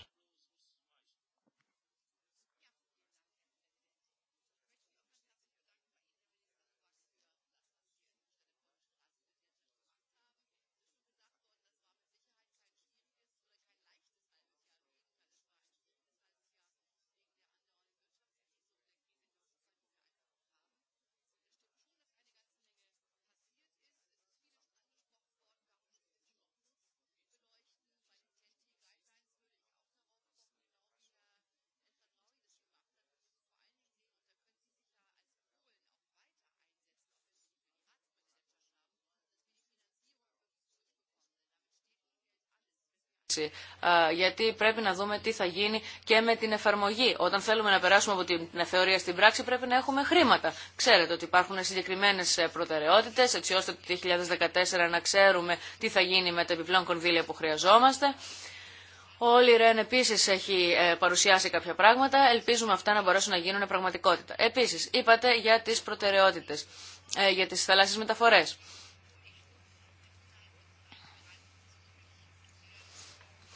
Γιατί πρέπει να δούμε τι θα γίνει και με την εφαρμογή. Όταν θέλουμε να περάσουμε από την θεωρία στην πράξη πρέπει να έχουμε χρήματα. Ξέρετε ότι υπάρχουν συγκεκριμένε προτεραιότητε έτσι ώστε το 2014 να ξέρουμε τι θα γίνει με τα επιπλέον κονδύλια που χρειαζόμαστε. Όλη η ΡΕΝ επίση έχει ε, παρουσιάσει κάποια πράγματα. Ελπίζουμε αυτά να μπορέσουν να γίνουν πραγματικότητα. Επίση, είπατε για τι προτεραιότητε, ε, για τι θαλάσσιε μεταφορέ.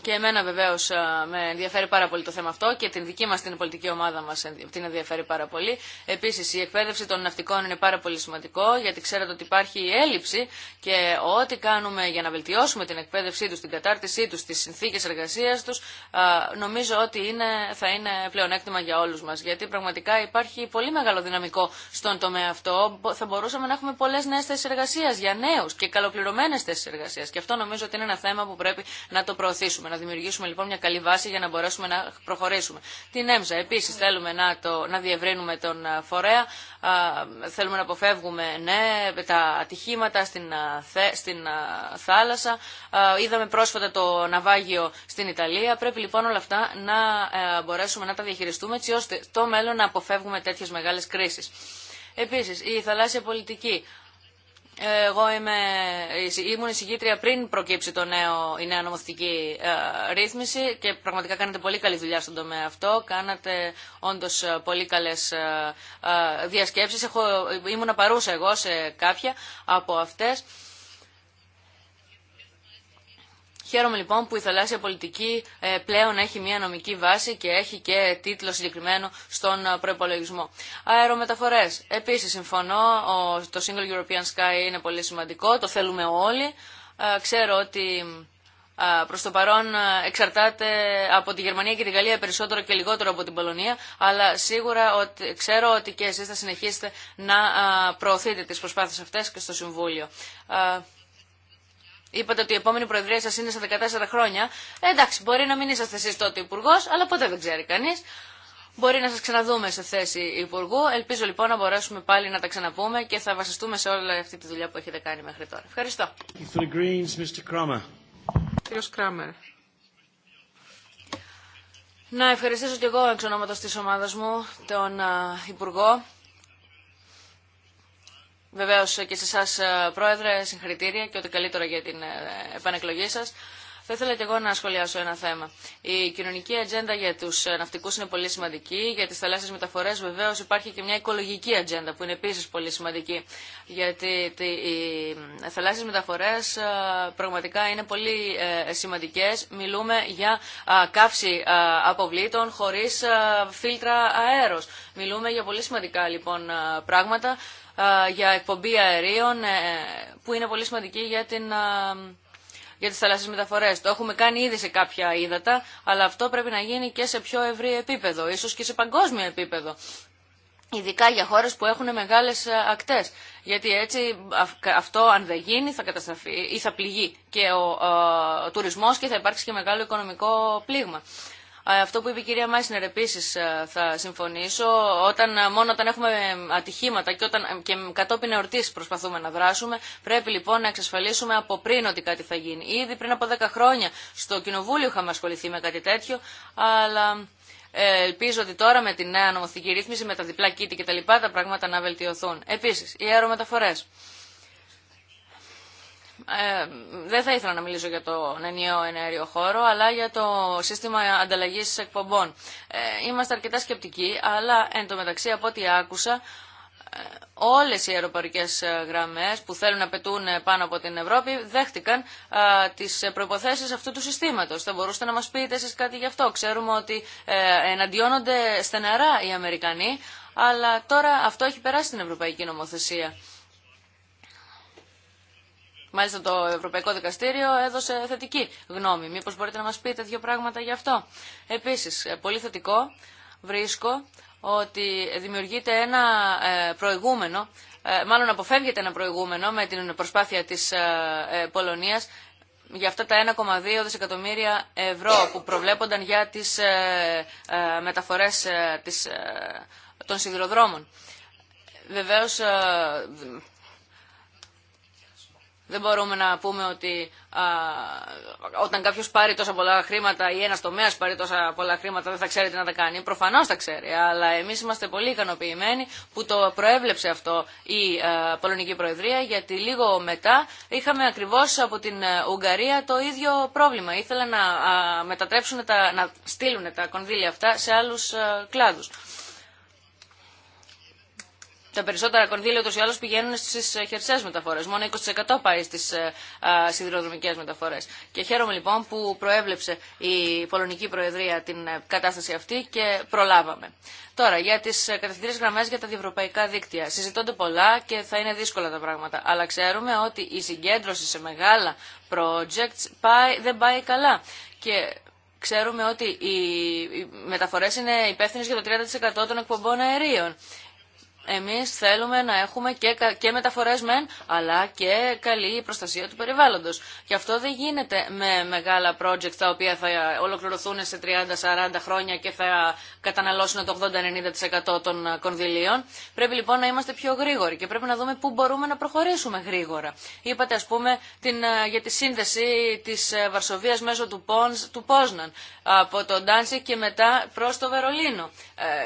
Και εμένα βεβαίω ε, με ενδιαφέρει πάρα πολύ το θέμα αυτό και την δική μα την πολιτική ομάδα μα την ενδιαφέρει πάρα πολύ. Επίση, η εκπαίδευση των ναυτικών είναι πάρα πολύ σημαντικό γιατί ξέρετε ότι υπάρχει η έλλειψη και ό,τι κάνουμε για να βελτιώσουμε την εκπαίδευσή του, την κατάρτισή του, τι συνθήκε εργασία του, ε, νομίζω ότι είναι, θα είναι πλεονέκτημα για όλου μα. Γιατί πραγματικά υπάρχει πολύ μεγάλο δυναμικό στον τομέα αυτό. Θα μπορούσαμε να έχουμε πολλέ νέε θέσει εργασία για νέου και καλοπληρωμένε θέσει εργασία. Και αυτό νομίζω ότι είναι ένα θέμα που πρέπει να το προωθήσουμε να δημιουργήσουμε λοιπόν μια καλή βάση για να μπορέσουμε να προχωρήσουμε. Την ΕΜΖΑ επίση θέλουμε να, το, να διευρύνουμε τον φορέα, θέλουμε να αποφεύγουμε ναι, τα ατυχήματα στην, στην θάλασσα. Είδαμε πρόσφατα το ναυάγιο στην Ιταλία. Πρέπει λοιπόν όλα αυτά να ε, μπορέσουμε να τα διαχειριστούμε έτσι ώστε στο μέλλον να αποφεύγουμε τέτοιε μεγάλε κρίσει. Επίση, η θαλάσσια πολιτική. Εγώ είμαι, ήμουν εισηγήτρια πριν προκύψει το νέο, η νέα νομοθετική ε, ρύθμιση και πραγματικά κάνετε πολύ καλή δουλειά στον τομέα αυτό. Κάνατε όντω ε, πολύ καλέ ε, ε, διασκέψει. Ήμουν παρούσα εγώ σε κάποια από αυτές. Χαίρομαι λοιπόν που η θαλάσσια πολιτική ε, πλέον έχει μια νομική βάση και έχει και τίτλο συγκεκριμένο στον ε, προπολογισμό. Αερομεταφορέ. Επίση συμφωνώ, το Single European Sky είναι πολύ σημαντικό, το θέλουμε όλοι. Ε, ξέρω ότι προς το παρόν εξαρτάται από τη Γερμανία και τη Γαλλία περισσότερο και λιγότερο από την Πολωνία, αλλά σίγουρα ότι, ξέρω ότι και εσεί θα συνεχίσετε να προωθείτε τι προσπάθειες αυτέ και στο Συμβούλιο. Είπατε ότι η επόμενη προεδρία σα είναι σε 14 χρόνια. Ε, εντάξει, μπορεί να μην είσαστε εσεί τότε υπουργό, αλλά ποτέ δεν ξέρει κανεί. Μπορεί να σα ξαναδούμε σε θέση υπουργού. Ελπίζω λοιπόν να μπορέσουμε πάλι να τα ξαναπούμε και θα βασιστούμε σε όλη αυτή τη δουλειά που έχετε κάνει μέχρι τώρα. Ευχαριστώ. Να ευχαριστήσω και εγώ εξ ονόματο τη ομάδα μου, τον Υπουργό, Βεβαίω και σε εσά, ε, Πρόεδρε, συγχαρητήρια και ό,τι καλύτερο για την ε, επανεκλογή σα. Θα ήθελα και εγώ να σχολιάσω ένα θέμα. Η κοινωνική ατζέντα για του ναυτικού είναι πολύ σημαντική. Για τι θαλάσσιε μεταφορέ βεβαίω υπάρχει και μια οικολογική ατζέντα που είναι επίση πολύ σημαντική. Γιατί οι θαλάσσιε μεταφορέ πραγματικά είναι πολύ ε, σημαντικέ. Μιλούμε για καύση αποβλήτων χωρί φίλτρα αέρο. Μιλούμε για πολύ σημαντικά λοιπόν πράγματα για εκπομπή αερίων ε, που είναι πολύ σημαντική για την για τι θαλασσιέ μεταφορές. Το έχουμε κάνει ήδη σε κάποια ύδατα, αλλά αυτό πρέπει να γίνει και σε πιο ευρύ επίπεδο, ίσως και σε παγκόσμιο επίπεδο. Ειδικά για χώρες που έχουν μεγάλες ε, ακτές. Γιατί έτσι αυτό αν δεν γίνει θα καταστραφεί ή θα πληγεί και ο, ο, ε, ο τουρισμός και θα υπάρξει και μεγάλο οικονομικό πλήγμα. Ε, αυτό που είπε η κυρία Μάισνερ επίση ε, θα συμφωνήσω. Όταν, ε, μόνο όταν έχουμε ατυχήματα και, όταν, και κατόπιν εορτή προσπαθούμε να δράσουμε, πρέπει λοιπόν να εξασφαλίσουμε από πριν ότι κάτι θα γίνει. Ήδη πριν από 10 χρόνια στο Κοινοβούλιο είχαμε ασχοληθεί με κάτι τέτοιο, αλλά ελπίζω ότι τώρα με τη νέα νομοθετική ρύθμιση, με τα διπλά κήτη κτλ. τα πράγματα να βελτιωθούν. Επίση, οι αερομεταφορέ. Ε, δεν θα ήθελα να μιλήσω για τον ενιαίο ενέργειο χώρο, αλλά για το σύστημα ανταλλαγή εκπομπών. Ε, είμαστε αρκετά σκεπτικοί, αλλά εν τω μεταξύ από ό,τι άκουσα, ε, όλες οι αεροπορικές γραμμές που θέλουν να πετούν πάνω από την Ευρώπη δέχτηκαν α, τις προϋποθέσεις αυτού του συστήματος. Θα μπορούσατε να μας πείτε εσείς κάτι γι' αυτό. Ξέρουμε ότι ε, εναντιώνονται στεναρά οι Αμερικανοί, αλλά τώρα αυτό έχει περάσει στην Ευρωπαϊκή Νομοθεσία. Μάλιστα το Ευρωπαϊκό Δικαστήριο έδωσε θετική γνώμη. Μήπως μπορείτε να μας πείτε δύο πράγματα γι' αυτό. Επίσης, ε, πολύ θετικό βρίσκω ότι δημιουργείται ένα ε, προηγούμενο, ε, μάλλον αποφεύγεται ένα προηγούμενο με την προσπάθεια της Πολωνίας για αυτά τα 1,2 δισεκατομμύρια ευρώ που προβλέπονταν για τις μεταφορές των σιδηροδρόμων. Βεβαίως δεν μπορούμε να πούμε ότι α, όταν κάποιο πάρει τόσα πολλά χρήματα ή ένα τομέα πάρει τόσα πολλά χρήματα δεν θα ξέρει τι να τα κάνει. Προφανώ τα ξέρει, αλλά εμεί είμαστε πολύ ικανοποιημένοι που το προέβλεψε αυτό η Πολωνική Προεδρία, γιατί λίγο μετά είχαμε ακριβώ από την ε, Ουγγαρία το ίδιο πρόβλημα. Ήθελαν να μετατρέψουν, να στείλουν τα κονδύλια αυτά σε άλλου ε, κλάδου τα περισσότερα κονδύλια ούτως ή άλλως πηγαίνουν στις ε, χερσαίες μεταφορές. Μόνο 20% πάει στις ε, σιδηροδρομικέ μεταφορέ. Και χαίρομαι λοιπόν που προέβλεψε η αλλω πηγαινουν στι χερσαιες μεταφορέ, την παει στι σιδηροδρομικες μεταφορέ. και προλάβαμε. Τώρα, για τι ε, κατευθυντήριε γραμμέ για τα διευρωπαϊκά δίκτυα. Συζητώνται πολλά και θα είναι δύσκολα τα πράγματα. Αλλά ξέρουμε ότι η συγκέντρωση σε μεγάλα projects πάει, δεν πάει καλά. Και ξέρουμε ότι οι μεταφορές είναι υπεύθυνε για το 30% των εκπομπών αερίων εμείς θέλουμε να έχουμε και, και μεταφορές μεν, αλλά και καλή προστασία του περιβάλλοντος. Και αυτό δεν γίνεται με μεγάλα project τα οποία θα ολοκληρωθούν σε 30-40 χρόνια και θα καταναλώσουν το 80-90% των ε, κονδυλίων. Πρέπει λοιπόν να είμαστε πιο γρήγοροι και πρέπει να δούμε πού μπορούμε να προχωρήσουμε γρήγορα. Είπατε ας πούμε ε, για τη σύνδεση της ε, Βαρσοβίας μέσω του, Πόνς, του Πόσναν από τον Ντάνσικ και μετά προς το Βερολίνο.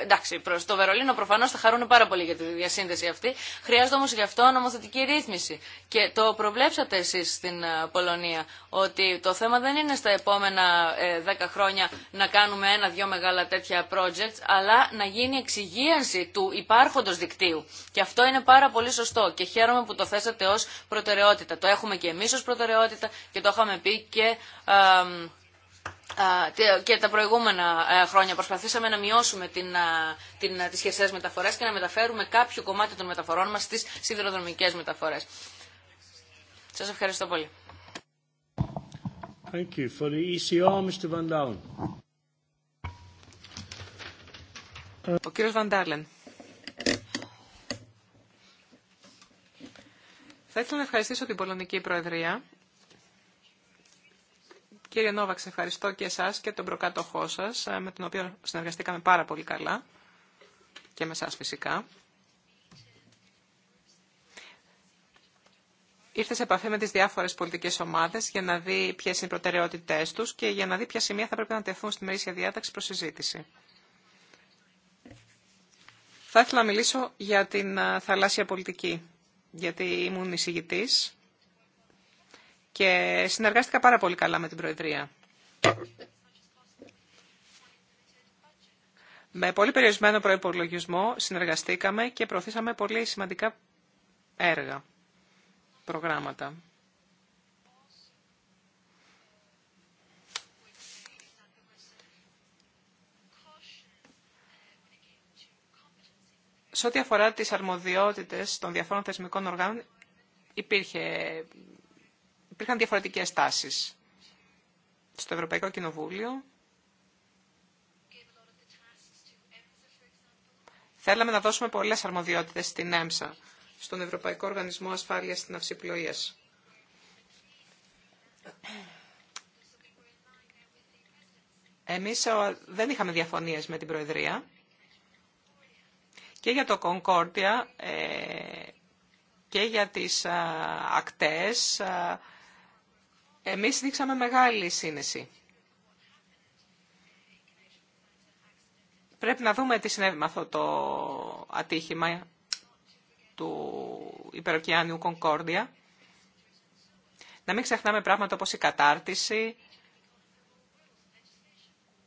εντάξει, προς το Βερολίνο προφανώς θα χαρούν πάρα πολύ για τη διασύνδεση αυτή. Χρειάζεται όμω γι' αυτό νομοθετική ρύθμιση. Και το προβλέψατε εσεί στην ε, Πολωνία, ότι το θέμα δεν είναι στα επόμενα ε, δέκα χρόνια να κάνουμε ένα-δυο μεγάλα τέτοια projects, αλλά να γίνει εξυγίανση του υπάρχοντο δικτύου. Και αυτό είναι πάρα πολύ σωστό και χαίρομαι που το θέσατε ω προτεραιότητα. Το έχουμε και εμεί ω προτεραιότητα και το είχαμε πει και... Ε, και τα προηγούμενα ε, χρόνια προσπαθήσαμε να μειώσουμε την, την, τις χερσαίες μεταφορές και να μεταφέρουμε κάποιο κομμάτι των μεταφορών μας στις σιδηροδρομικές μεταφορές. Σας ευχαριστώ πολύ. Thank you. For the ECR, Mr. Van Dalen. Ο κύριος Dalen. Θα ήθελα να ευχαριστήσω την Πολωνική Προεδρία Κύριε Νόβαξ, ευχαριστώ και εσά και τον προκάτοχό σας, ε, με τον οποίο συνεργαστήκαμε πάρα πολύ καλά και με εσά φυσικά. Ήρθε σε επαφή με τι διάφορε πολιτικέ ομάδε για να δει ποιε είναι οι προτεραιότητέ του και για να δει ποια σημεία θα πρέπει να τεθούν στη μερίσια διάταξη προ συζήτηση. Θα ήθελα να μιλήσω για την ε, θαλάσσια πολιτική, γιατί ήμουν εισηγητή και συνεργάστηκα πάρα πολύ καλά με την Προεδρία. Με πολύ περιορισμένο προϋπολογισμό συνεργαστήκαμε και προωθήσαμε πολύ σημαντικά έργα, προγράμματα. Σε ό,τι αφορά τις αρμοδιότητες των διαφόρων θεσμικών οργάνων, υπήρχε υπήρχαν διαφορετικές τάσεις. Στο Ευρωπαϊκό Κοινοβούλιο θέλαμε να δώσουμε πολλές αρμοδιότητες στην ΕΜΣΑ, στον Ευρωπαϊκό Οργανισμό Ασφάλειας στην Αυσιπλοείας. Εμείς ε, δεν είχαμε διαφωνίες με την Προεδρία και για το Κονκόρτια ε, και για τις ε, ακτές εμείς δείξαμε μεγάλη σύνεση. Πρέπει να δούμε τι συνέβη με αυτό το ατύχημα του υπεροκειάνιου Κονκόρδια. Να μην ξεχνάμε πράγματα όπως η κατάρτιση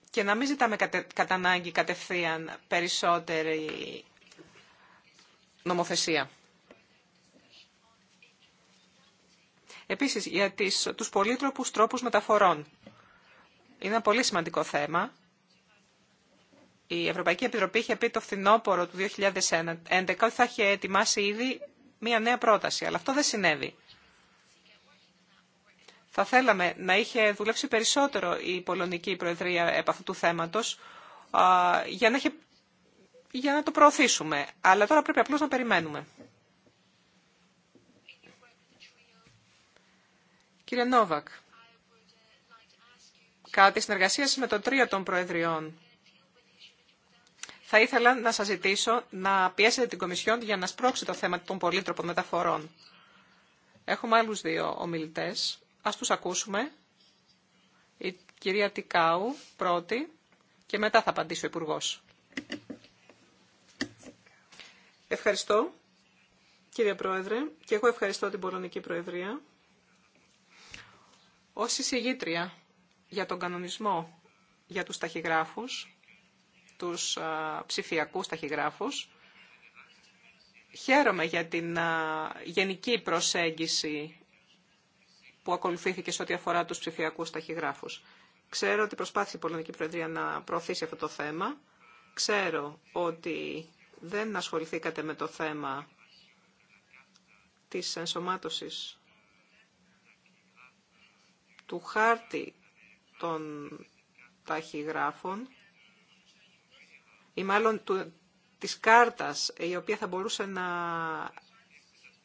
και να μην ζητάμε κατά ανάγκη κατευθείαν περισσότερη νομοθεσία. Επίσης, για τις, τους πολύτροπους τρόπους μεταφορών. Είναι ένα πολύ σημαντικό θέμα. Η Ευρωπαϊκή Επιτροπή είχε πει το φθινόπωρο του 2011 ότι θα είχε ετοιμάσει ήδη μία νέα πρόταση, αλλά αυτό δεν συνέβη. Θα θέλαμε να είχε δουλέψει περισσότερο η Πολωνική Προεδρία επ' αυτού του θέματος για να, για να το προωθήσουμε. Αλλά τώρα πρέπει απλώς να περιμένουμε. Κύριε Νόβακ, κατά τη συνεργασία με το τρίο των Προεδριών, θα ήθελα να σας ζητήσω να πιέσετε την Κομισιόν για να σπρώξει το θέμα των πολύτροπων μεταφορών. Έχουμε άλλους δύο ομιλητές. Ας τους ακούσουμε. Η κυρία Τικάου πρώτη και μετά θα απαντήσει ο υπουργό. Ευχαριστώ, κύριε Πρόεδρε, και εγώ ευχαριστώ την Πολωνική Προεδρία ως εισηγήτρια για τον κανονισμό για τους ταχυγράφους, τους ψηφιακούς ταχυγράφους, χαίρομαι για την γενική προσέγγιση που ακολουθήθηκε σε ό,τι αφορά τους ψηφιακούς ταχυγράφους. Ξέρω ότι προσπάθησε η Πολωνική Προεδρία να προωθήσει αυτό το θέμα. Ξέρω ότι δεν ασχοληθήκατε με το θέμα της ενσωμάτωσης του χάρτη των ταχυγράφων ή μάλλον του, της κάρτας η οποία θα μπορούσε να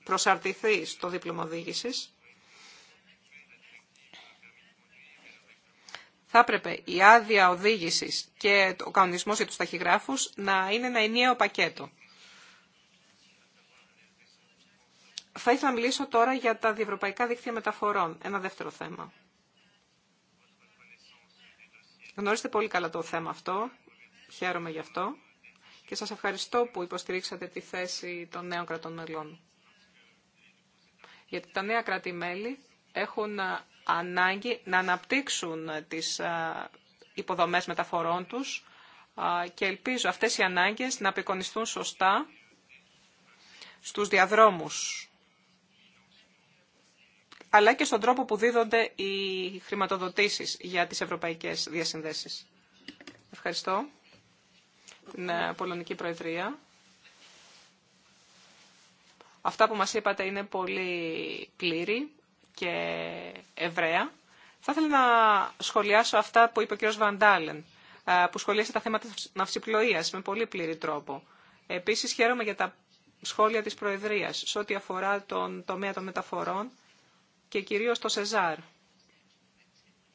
προσαρτηθεί στο δίπλωμα οδήγηση. Θα έπρεπε η άδεια οδηγησης και ο κανονισμός για του ταχυγράφους να είναι ένα ενιαίο πακέτο. Θα ήθελα να μιλήσω τώρα για τα διευρωπαϊκά δίκτυα μεταφορών. Ένα δεύτερο θέμα. Γνωρίζετε πολύ καλά το θέμα αυτό. Χαίρομαι γι' αυτό. Και σας ευχαριστώ που υποστηρίξατε τη θέση των νέων κρατών μελών. Γιατί τα νέα κράτη-μέλη έχουν ε, ανάγκη να αναπτύξουν ε, τις ε, υποδομές μεταφορών τους και ελπίζω αυτές οι ανάγκες να απεικονιστούν σωστά στους διαδρόμους αλλά και στον τρόπο που δίδονται οι χρηματοδοτήσεις για τις ευρωπαϊκές διασυνδέσεις. Ευχαριστώ την ε, Πολωνική Προεδρία. Αυτά που μας είπατε είναι πολύ πλήρη και ευραία. Θα ήθελα να σχολιάσω αυτά που είπε ο κ. Βαντάλεν, ε, που σχολίασε τα θέματα ναυσιπλοείας με πολύ πλήρη τρόπο. Επίσης χαίρομαι για τα σχόλια της Προεδρίας σε ό,τι αφορά τον τομέα των μεταφορών και κυρίως το ΣΕΖΑΡ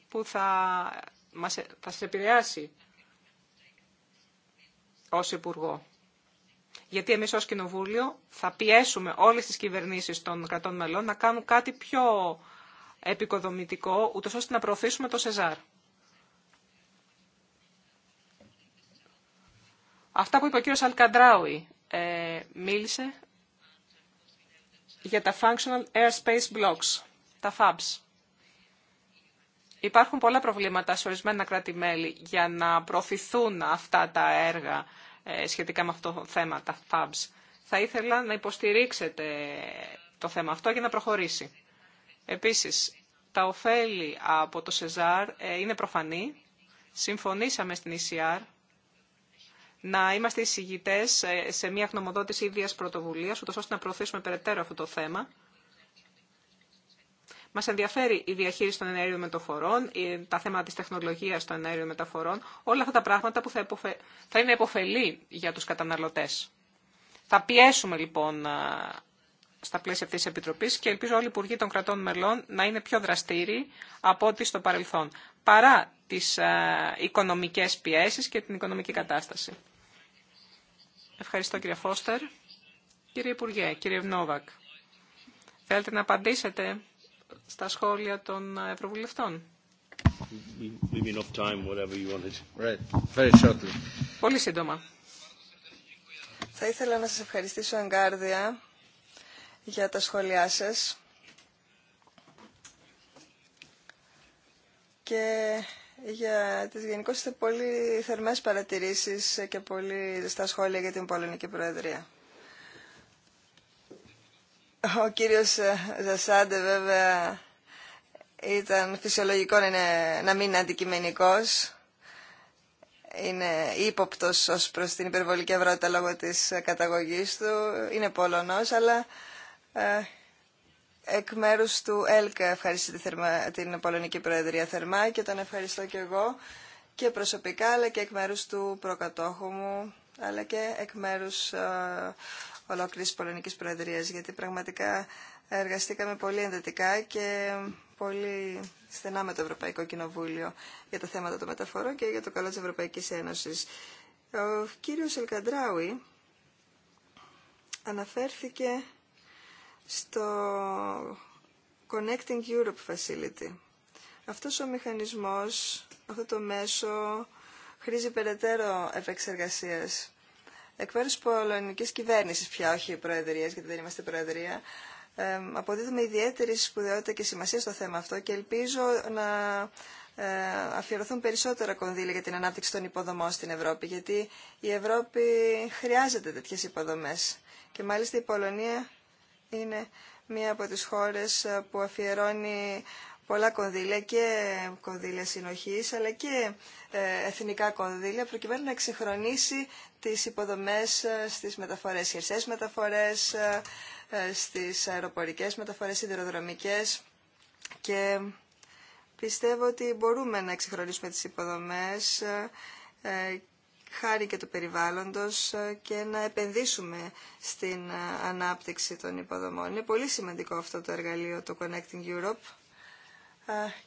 που θα θα σας επηρεάσει ως Υπουργό. Γιατί εμείς ως Κοινοβούλιο θα πιέσουμε όλες τις κυβερνήσεις των κρατών μελών να κάνουν κάτι πιο επικοδομητικό, ούτως ώστε να προωθήσουμε το ΣΕΖΑΡ. Αυτά που είπε ο κύριος Αλκαντράουι ε, μίλησε για τα Functional Airspace Blocks τα FABs. Υπάρχουν πολλά προβλήματα σε ορισμένα κράτη-μέλη για να προωθηθούν αυτά τα έργα ε, σχετικά με αυτό το θέμα, τα FABs. Θα ήθελα να υποστηρίξετε το θέμα αυτό για να προχωρήσει. Επίσης, τα ωφέλη από το ΣΕΖΑΡ είναι προφανή. Συμφωνήσαμε στην ECR να είμαστε εισηγητές ε, σε μια γνωμοδότηση ίδιας πρωτοβουλίας, ούτως ώστε να προωθήσουμε περαιτέρω αυτό το θέμα. Μα ενδιαφέρει η διαχείριση των ενέργειων μεταφορών, τα θέματα τη τεχνολογία των ενέργειων μεταφορών, όλα αυτά τα πράγματα που θα, υποφε... θα είναι υποφελή για του καταναλωτέ. Θα πιέσουμε λοιπόν στα πλαίσια αυτή τη Επιτροπή και ελπίζω όλοι οι υπουργοί των κρατών μελών να είναι πιο δραστήριοι από ό,τι στο παρελθόν, παρά τι οικονομικέ πιέσει και την οικονομική κατάσταση. Ευχαριστώ κύριε Φώστερ. Κύριε Υπουργέ, κύριε Βνόβακ, θέλετε να απαντήσετε στα σχόλια των Ευρωβουλευτών. Πολύ σύντομα. Θα ήθελα να σας ευχαριστήσω εγκάρδια για τα σχόλιά σας και για τις γενικώς πολύ θερμές παρατηρήσεις και πολύ στα σχόλια για την Πολωνική Προεδρία. Ο κύριος ε, Ζασάντε βέβαια ήταν φυσιολογικό είναι να μην είναι αντικειμενικός. Είναι ύποπτος ως προς την υπερβολική ευρώτητα λόγω της ε, καταγωγής του. Είναι Πολωνός, αλλά ε, εκ μέρους του ΕΛΚΑ ευχαριστεί θερμά, την Πολωνική Προεδρία θερμά και τον ευχαριστώ και εγώ και προσωπικά αλλά και εκ μέρους του προκατόχου μου αλλά και εκ μέρους ολόκληρης πολωνική Πολωνικής γιατί πραγματικά εργαστήκαμε πολύ εντατικά και πολύ στενά με το Ευρωπαϊκό Κοινοβούλιο για τα θέματα των μεταφορών και για το καλό της Ευρωπαϊκής Ένωσης. Ο κύριος Ελκαντράουι αναφέρθηκε στο Connecting Europe Facility. Αυτός ο μηχανισμός, αυτό το μέσο χρήζει περαιτέρω επεξεργασίας εκ τη πολωνική κυβέρνηση, πια, όχι προεδρία γιατί δεν είμαστε προεδρία, ε, αποδίδουμε ιδιαίτερη σπουδαιότητα και σημασία στο θέμα αυτό και ελπίζω να ε, αφιερωθούν περισσότερα κονδύλια για την ανάπτυξη των υποδομών στην Ευρώπη, γιατί η Ευρώπη χρειάζεται τέτοιες υποδομές. Και μάλιστα η Πολωνία είναι μία από τις χώρες ε, που αφιερώνει πολλά κονδύλια και κονδύλια συνοχής αλλά και ε, εθνικά κονδύλια προκειμένου να εξυγχρονίσει τις υποδομές ε, στις μεταφορές, χερσές μεταφορές, ε, στις αεροπορικές μεταφορές, σιδηροδρομικές και πιστεύω ότι μπορούμε να εξυγχρονίσουμε τις υποδομές χάρη και του περιβάλλοντος και να επενδύσουμε στην ανάπτυξη των υποδομών. Είναι πολύ σημαντικό αυτό το εργαλείο, το Connecting Europe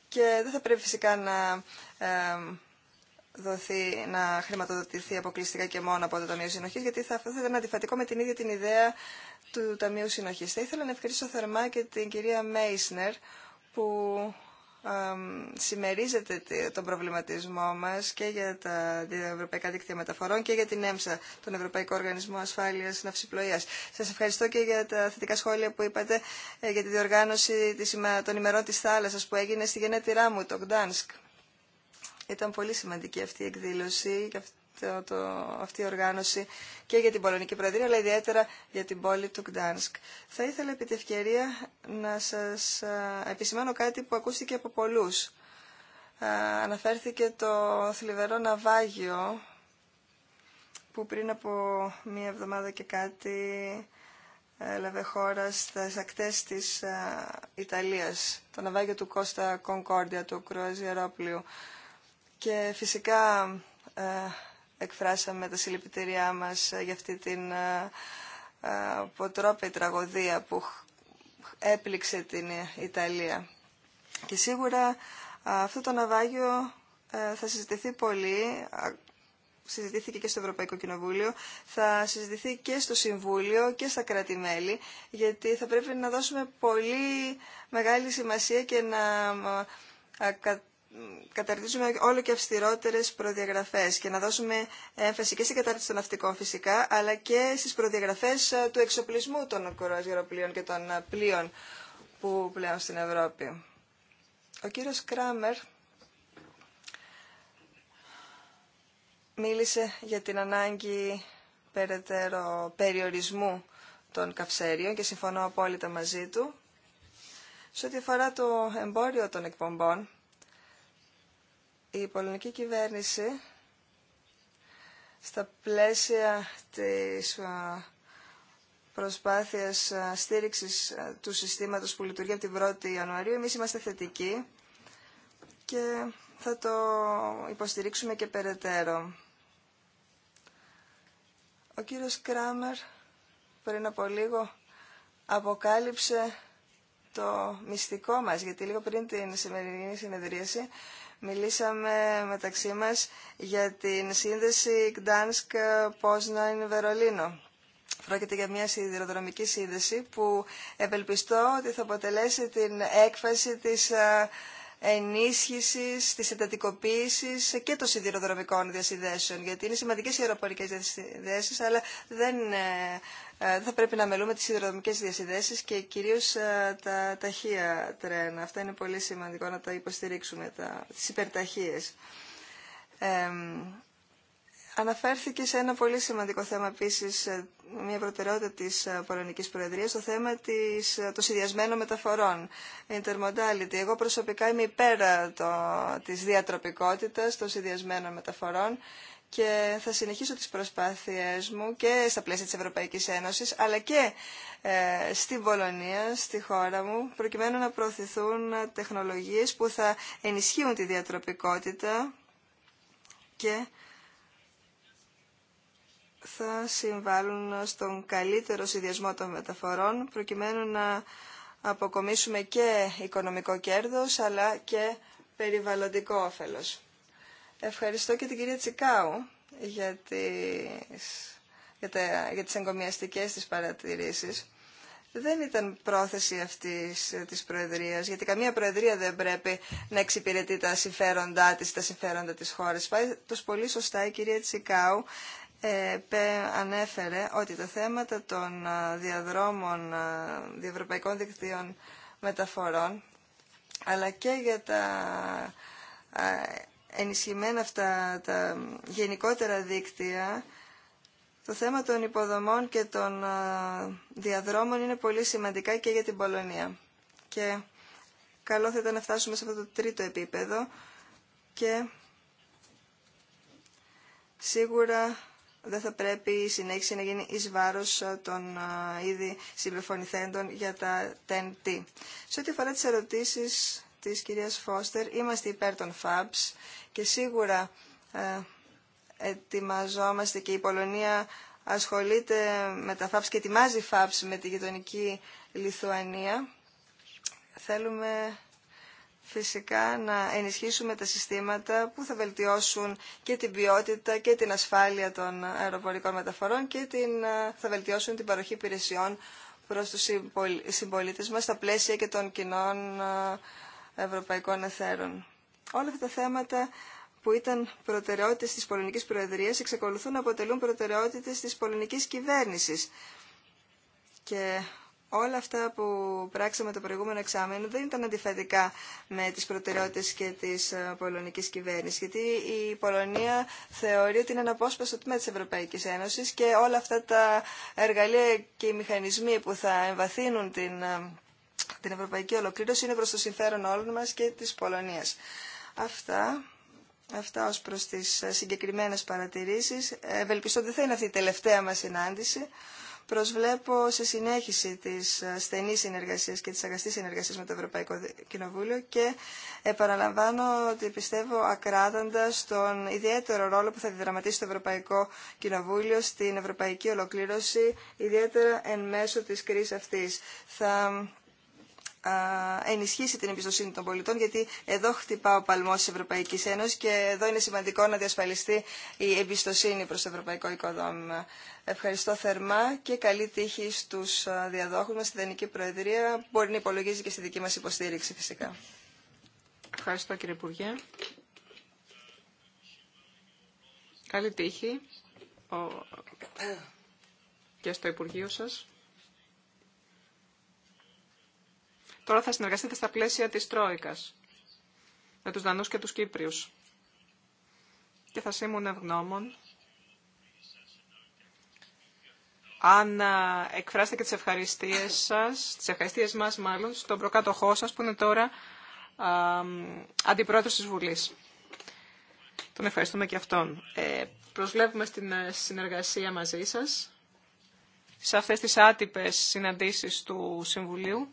και δεν θα πρέπει φυσικά να δοθεί, να χρηματοδοτηθεί αποκλειστικά και μόνο από το Ταμείο Συνοχής, γιατί θα, θα ήταν αντιφατικό με την ίδια την ιδέα του Ταμείου Συνοχής. Θα ήθελα να ευχαριστήσω θερμά και την κυρία Μέισνερ, που σημερίζεται τον προβληματισμό μας και για τα Ευρωπαϊκά Δίκτυα Μεταφορών και για την ΕΜΣΑ, τον Ευρωπαϊκό Οργανισμό Ασφάλειας Ναυσιπλοείας. Σας ευχαριστώ και για τα θετικά σχόλια που είπατε ε, για τη διοργάνωση των ημερών της θάλασσας που έγινε στη γενέτειρά μου, το Γκδάνσκ. Ήταν πολύ σημαντική αυτή η εκδήλωση και το, αυτή η οργάνωση και για την Πολωνική Προεδρία, αλλά ιδιαίτερα για την πόλη του Γκτάνσκ. Θα ήθελα επί τη ευκαιρία να σας επισημάνω κάτι που ακούστηκε από πολλούς. Αναφέρθηκε το θλιβερό ναυάγιο που πριν από μία εβδομάδα και κάτι έλαβε χώρα στις ακτές της Ιταλίας, το ναυάγιο του Κώστα Κονκόρντια, του κρουαζιερόπλου. Και φυσικά εκφράσαμε τα συλληπιτήριά μας ε, για αυτή την ε, ε, αποτρόπη τραγωδία που έπληξε την Ιταλία. Και σίγουρα αυτό το ναυάγιο θα συζητηθεί πολύ, συζητήθηκε και στο Ευρωπαϊκό Κοινοβούλιο, θα συζητηθεί και στο Συμβούλιο και στα κράτη-μέλη, γιατί θα πρέπει να δώσουμε πολύ μεγάλη σημασία και να καταρτίζουμε όλο και αυστηρότερες προδιαγραφές και να δώσουμε έμφαση και στην κατάρτιση των ναυτικών φυσικά, αλλά και στις προδιαγραφές ε, του εξοπλισμού των κοροαζιεροπλοίων και των ε, πλοίων που πλέον στην Ευρώπη. Ο κύριος Κράμερ μίλησε για την ανάγκη περαιτέρω περιορισμού των καυσέριων και συμφωνώ απόλυτα μαζί του. Σε ό,τι αφορά το εμπόριο των εκπομπών, η πολωνική κυβέρνηση στα πλαίσια της προσπάθειας στήριξης του συστήματος που λειτουργεί από την 1η Ιανουαρίου, εμείς είμαστε θετικοί και θα το υποστηρίξουμε και περαιτέρω. Ο κύριος Κράμερ πριν από λίγο αποκάλυψε το μυστικό μας, γιατί λίγο πριν την σημερινή συνεδρίαση Μιλήσαμε μεταξύ μας για την συνδεση Gdansk Poznań βερολινο Πρόκειται για μια σιδηροδρομική σύνδεση που ευελπιστώ ότι θα αποτελέσει την έκφαση της ενίσχυσης, της εντατικοποίησης και των σιδηροδρομικών διασυνδέσεων, γιατί είναι σημαντικές οι αεροπορικές διασυνδέσεις, αλλά δεν, ε, ε, θα πρέπει να μελούμε τις σιδηροδρομικές διασυνδέσεις και κυρίως ε, τα ταχεία τρένα. Αυτά είναι πολύ σημαντικό να τα υποστηρίξουμε, τα, τις Ε, Αναφέρθηκε σε ένα πολύ σημαντικό θέμα επίση, ε, μια προτεραιότητα της ε, πολωνική Προεδρίας, το θέμα των ε, συνδυασμένων μεταφορών, intermodality. Εγώ προσωπικά είμαι υπέρ το, της διατροπικότητας των συνδυασμένων μεταφορών και θα συνεχίσω τις προσπάθειές μου και στα πλαίσια της Ευρωπαϊκής Ένωσης, αλλά και ε, στην Πολωνία, στη χώρα μου, προκειμένου να προωθηθούν τεχνολογίες που θα ενισχύουν τη διατροπικότητα και θα συμβάλλουν στον καλύτερο συνδυασμό των μεταφορών προκειμένου να αποκομίσουμε και οικονομικό κέρδος αλλά και περιβαλλοντικό όφελος. Ευχαριστώ και την κυρία Τσικάου για τις, για τα, για τις εγκομιαστικές της παρατηρήσεις. Δεν ήταν πρόθεση αυτής της Προεδρίας, γιατί καμία Προεδρία δεν πρέπει να εξυπηρετεί τα συμφέροντά τη τα συμφέροντα τη χώρα. Πάει τους πολύ σωστά η κυρία Τσικάου ε, ανέφερε ότι τα θέματα των διαδρόμων διευρωπαϊκών δικτύων μεταφορών αλλά και για τα ενισχυμένα αυτά τα γενικότερα δίκτυα το θέμα των υποδομών και των διαδρόμων είναι πολύ σημαντικά και για την Πολωνία. Και καλό θα ήταν να φτάσουμε σε αυτό το τρίτο επίπεδο και σίγουρα δεν θα πρέπει η συνέχιση να γίνει εις βάρος ε, των ε, ήδη συμπεφωνηθέντων για τα 10T. Σε ό,τι αφορά τις ερωτήσεις της κυρίας Φώστερ, είμαστε υπέρ των FABs και σίγουρα ε, ετοιμαζόμαστε και η Πολωνία ασχολείται με τα FABs και ετοιμάζει FABs με τη γειτονική Λιθουανία. Θέλουμε φυσικά να ενισχύσουμε τα συστήματα που θα βελτιώσουν και την ποιότητα και την ασφάλεια των αεροπορικών μεταφορών και την, θα βελτιώσουν την παροχή υπηρεσιών προς τους συμπολίτε μας στα πλαίσια και των κοινών ευρωπαϊκών εθέρων. Όλα αυτά τα θέματα που ήταν προτεραιότητες της Πολωνικής Προεδρίας εξακολουθούν να αποτελούν προτεραιότητες της πολωνικής κυβέρνησης. Και όλα αυτά που πράξαμε το προηγούμενο εξάμενο δεν ήταν αντιφατικά με τις προτεραιότητες και της ε, πολωνικής κυβέρνησης, γιατί η Πολωνία θεωρεί ότι είναι απόσπαστο τμήμα της Ευρωπαϊκής Ένωσης και όλα αυτά τα εργαλεία και οι μηχανισμοί που θα εμβαθύνουν την, ε, την ευρωπαϊκή ολοκλήρωση είναι προς το συμφέρον όλων μας και της Πολωνίας. Αυτά. Αυτά ως προς τις ε, συγκεκριμένες παρατηρήσεις. Ευελπιστώ ότι θα είναι αυτή η τελευταία μας συνάντηση. Προσβλέπω σε συνέχιση της ε, στενής συνεργασίας και της αγαστής συνεργασίας με το Ευρωπαϊκό Κοινοβούλιο και επαναλαμβάνω ότι πιστεύω ακράδαντα στον ιδιαίτερο ρόλο που θα διδραματίσει το Ευρωπαϊκό Κοινοβούλιο στην ευρωπαϊκή ολοκλήρωση, ιδιαίτερα εν μέσω της κρίσης αυτής. Θα ενισχύσει την εμπιστοσύνη των πολιτών, γιατί εδώ χτυπά ο παλμό τη Ευρωπαϊκή Ένωση και εδώ είναι σημαντικό να διασφαλιστεί η εμπιστοσύνη προ το ευρωπαϊκό οικοδόμημα. Ευχαριστώ θερμά και καλή τύχη στου διαδόχου μα στη Δανική Προεδρία. Μπορεί να υπολογίζει και στη δική μα υποστήριξη φυσικά. Ευχαριστώ κύριε Υπουργέ. Καλή τύχη και στο Υπουργείο σας. Τώρα θα συνεργαστείτε στα πλαίσια της Τρόικας με τους Δανούς και τους Κύπριους. Και θα σήμουν ευγνώμων αν εκφράσετε και τις ευχαριστίες σας, τις ευχαριστίες μας μάλλον, στον προκάτοχό σας που είναι τώρα α, αντιπρόεδρος της Βουλής. Τον ευχαριστούμε και αυτόν. Ε, προσβλέπουμε στην ε, συνεργασία μαζί σας σε αυτές τις άτυπες συναντήσεις του Συμβουλίου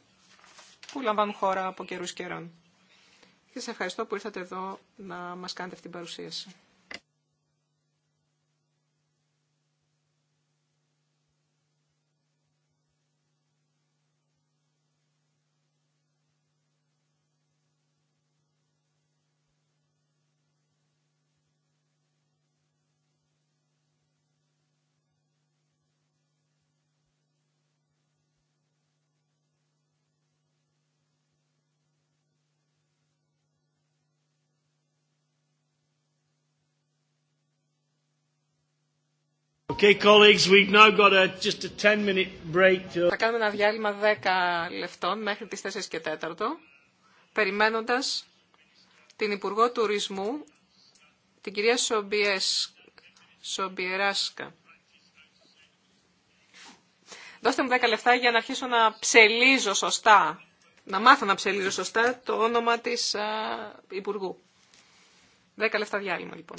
που λαμβάνουν χώρα από καιρούς καιρών. Και σας ευχαριστώ που ήρθατε εδώ να μας κάνετε αυτή την παρουσίαση. Θα κάνουμε ένα διάλειμμα 10 λεπτών μέχρι τις 4 και 4, περιμένοντας την Υπουργό Τουρισμού, την κυρία Σομπιεράσκα. Δώστε μου 10 λεπτά για να αρχίσω να ψελίζω σωστά, να μάθω να ψελίζω σωστά το όνομα της α, Υπουργού. 10 λεπτά διάλειμμα λοιπόν.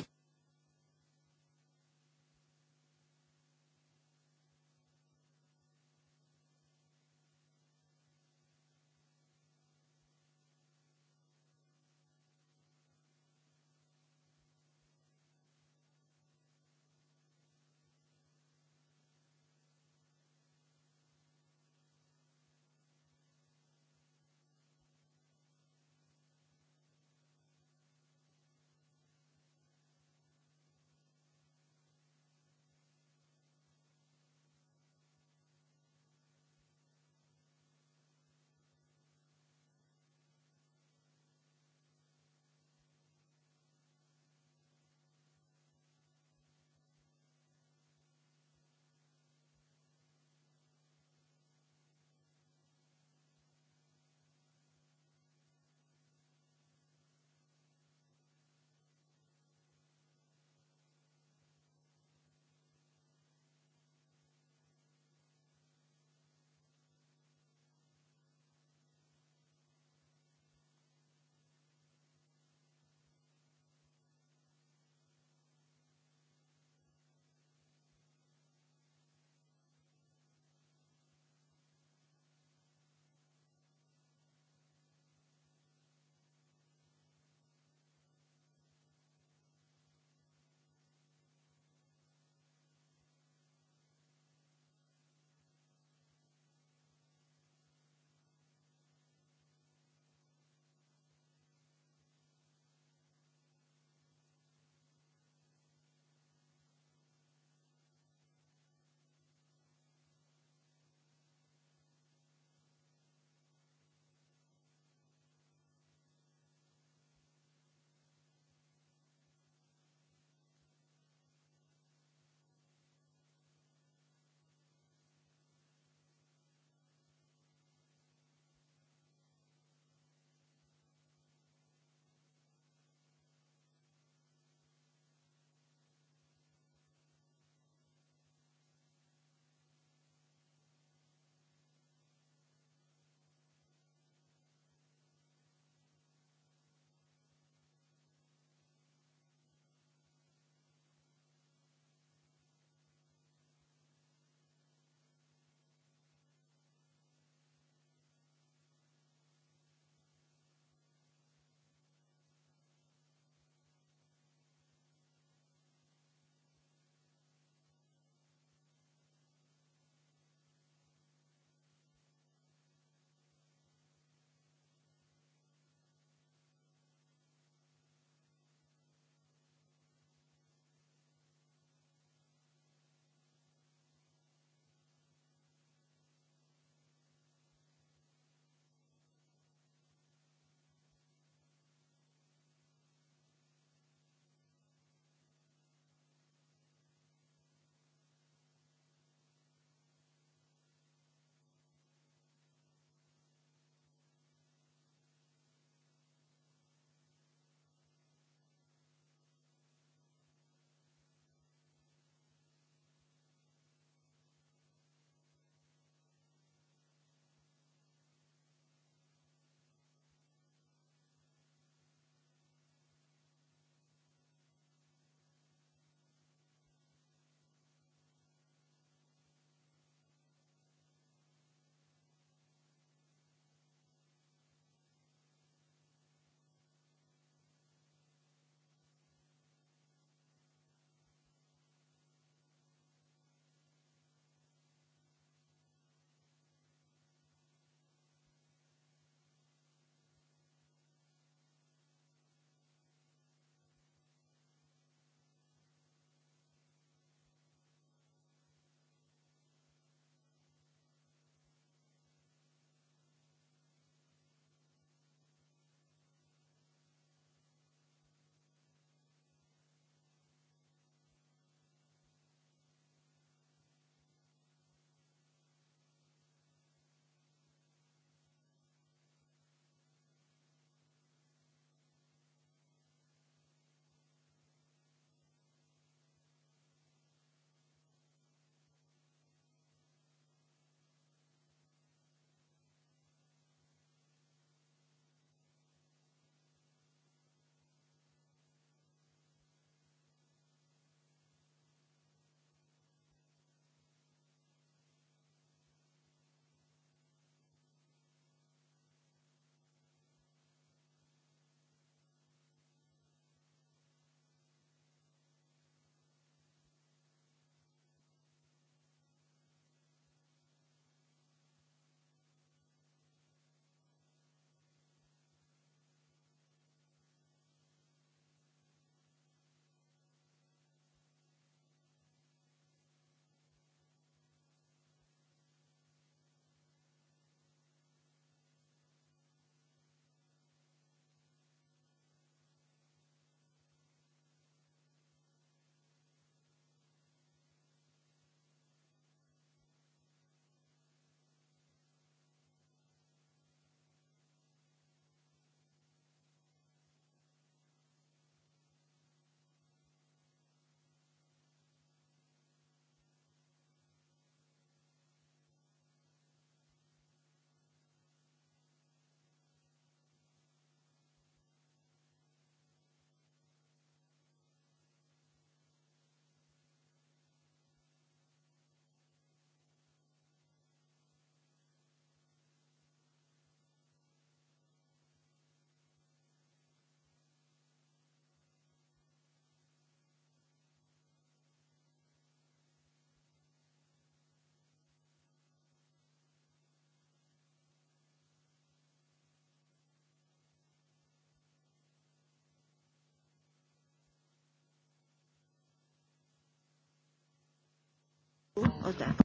Ωραία.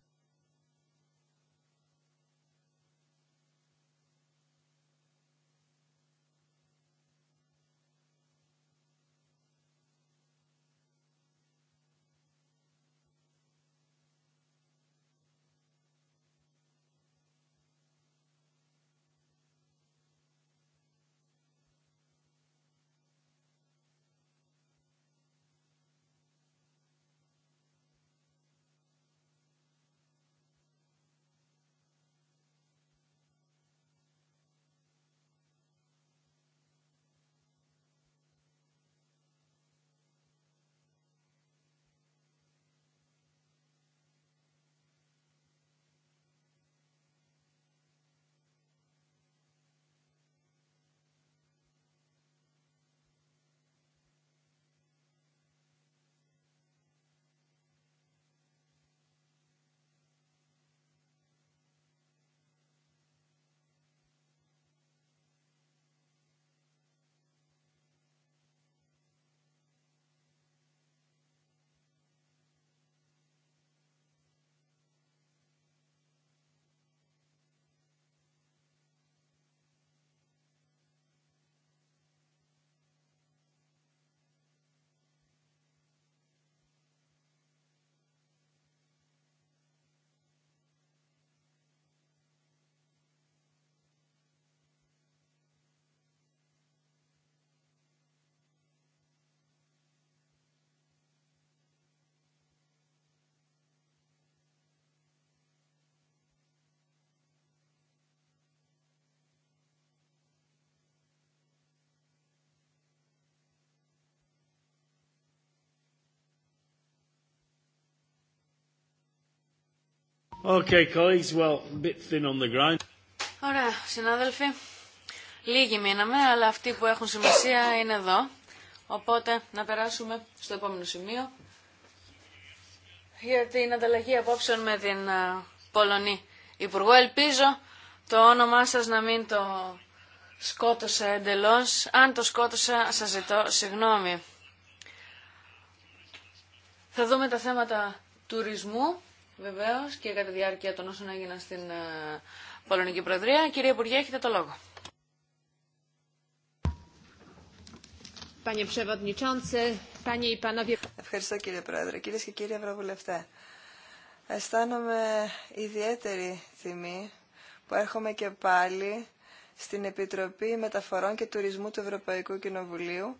Okay, on the Ωραία, συνάδελφοι. Λίγοι μείναμε, αλλά αυτοί που έχουν σημασία είναι εδώ. Οπότε να περάσουμε στο επόμενο σημείο για την ανταλλαγή απόψεων με την Πολωνή Υπουργό. Ελπίζω το όνομά σας να μην το σκότωσα εντελώς. Αν το σκότωσα, σας ζητώ συγγνώμη. Θα δούμε τα θέματα τουρισμού Βεβαίω και κατά τη διάρκεια των όσων έγιναν στην ε, Πολωνική Προεδρία. Κύριε Υπουργέ, έχετε το λόγο. Ευχαριστώ κύριε Πρόεδρε, κυρίες και κύριοι Ευρωβουλευτέ. Αισθάνομαι ιδιαίτερη τιμή που έρχομαι και πάλι στην Επιτροπή Μεταφορών και Τουρισμού του Ευρωπαϊκού Κοινοβουλίου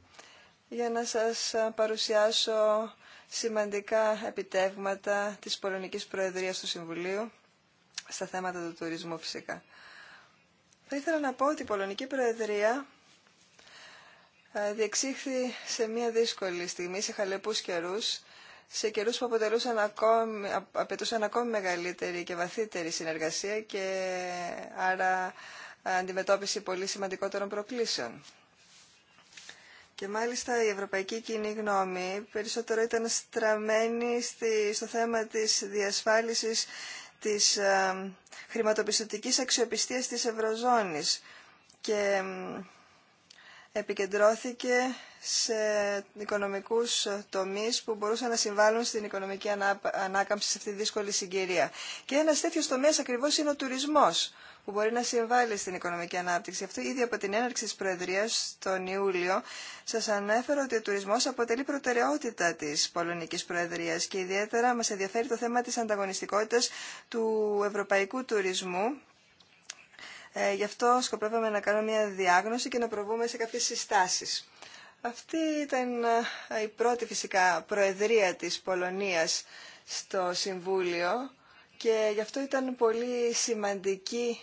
για να σας παρουσιάσω σημαντικά επιτεύγματα της Πολωνικής Προεδρίας του Συμβουλίου στα θέματα του τουρισμού φυσικά. Θα ήθελα να πω ότι η Πολωνική Προεδρία ε, διεξήχθη σε μια δύσκολη στιγμή, σε χαλεπούς καιρούς, σε καιρούς που αποτελούσαν ακόμη, απαιτούσαν ακόμη μεγαλύτερη και βαθύτερη συνεργασία και ε, άρα ε, αντιμετώπιση πολύ σημαντικότερων προκλήσεων. Και μάλιστα η ευρωπαϊκή κοινή γνώμη περισσότερο ήταν στραμμένη στο θέμα της διασφάλισης της ε, χρηματοπιστωτικής αξιοπιστίας της Ευρωζώνης. Και επικεντρώθηκε σε οικονομικούς τομείς που μπορούσαν να συμβάλλουν στην οικονομική ανάκαμψη σε αυτή τη δύσκολη συγκυρία. Και ένας τέτοιος τομέας ακριβώς είναι ο τουρισμός που μπορεί να συμβάλλει στην οικονομική ανάπτυξη. Αυτό ήδη από την έναρξη της Προεδρίας τον Ιούλιο σας ανέφερα ότι ο τουρισμός αποτελεί προτεραιότητα της Πολωνικής Προεδρίας και ιδιαίτερα μας ενδιαφέρει το θέμα της ανταγωνιστικότητας του ευρωπαϊκού τουρισμού ε, γι' αυτό σκοπεύαμε να κάνουμε μια διάγνωση και να προβούμε σε κάποιες συστάσεις. Αυτή ήταν ε, η πρώτη φυσικά προεδρία της Πολωνίας στο Συμβούλιο και γι' αυτό ήταν πολύ σημαντική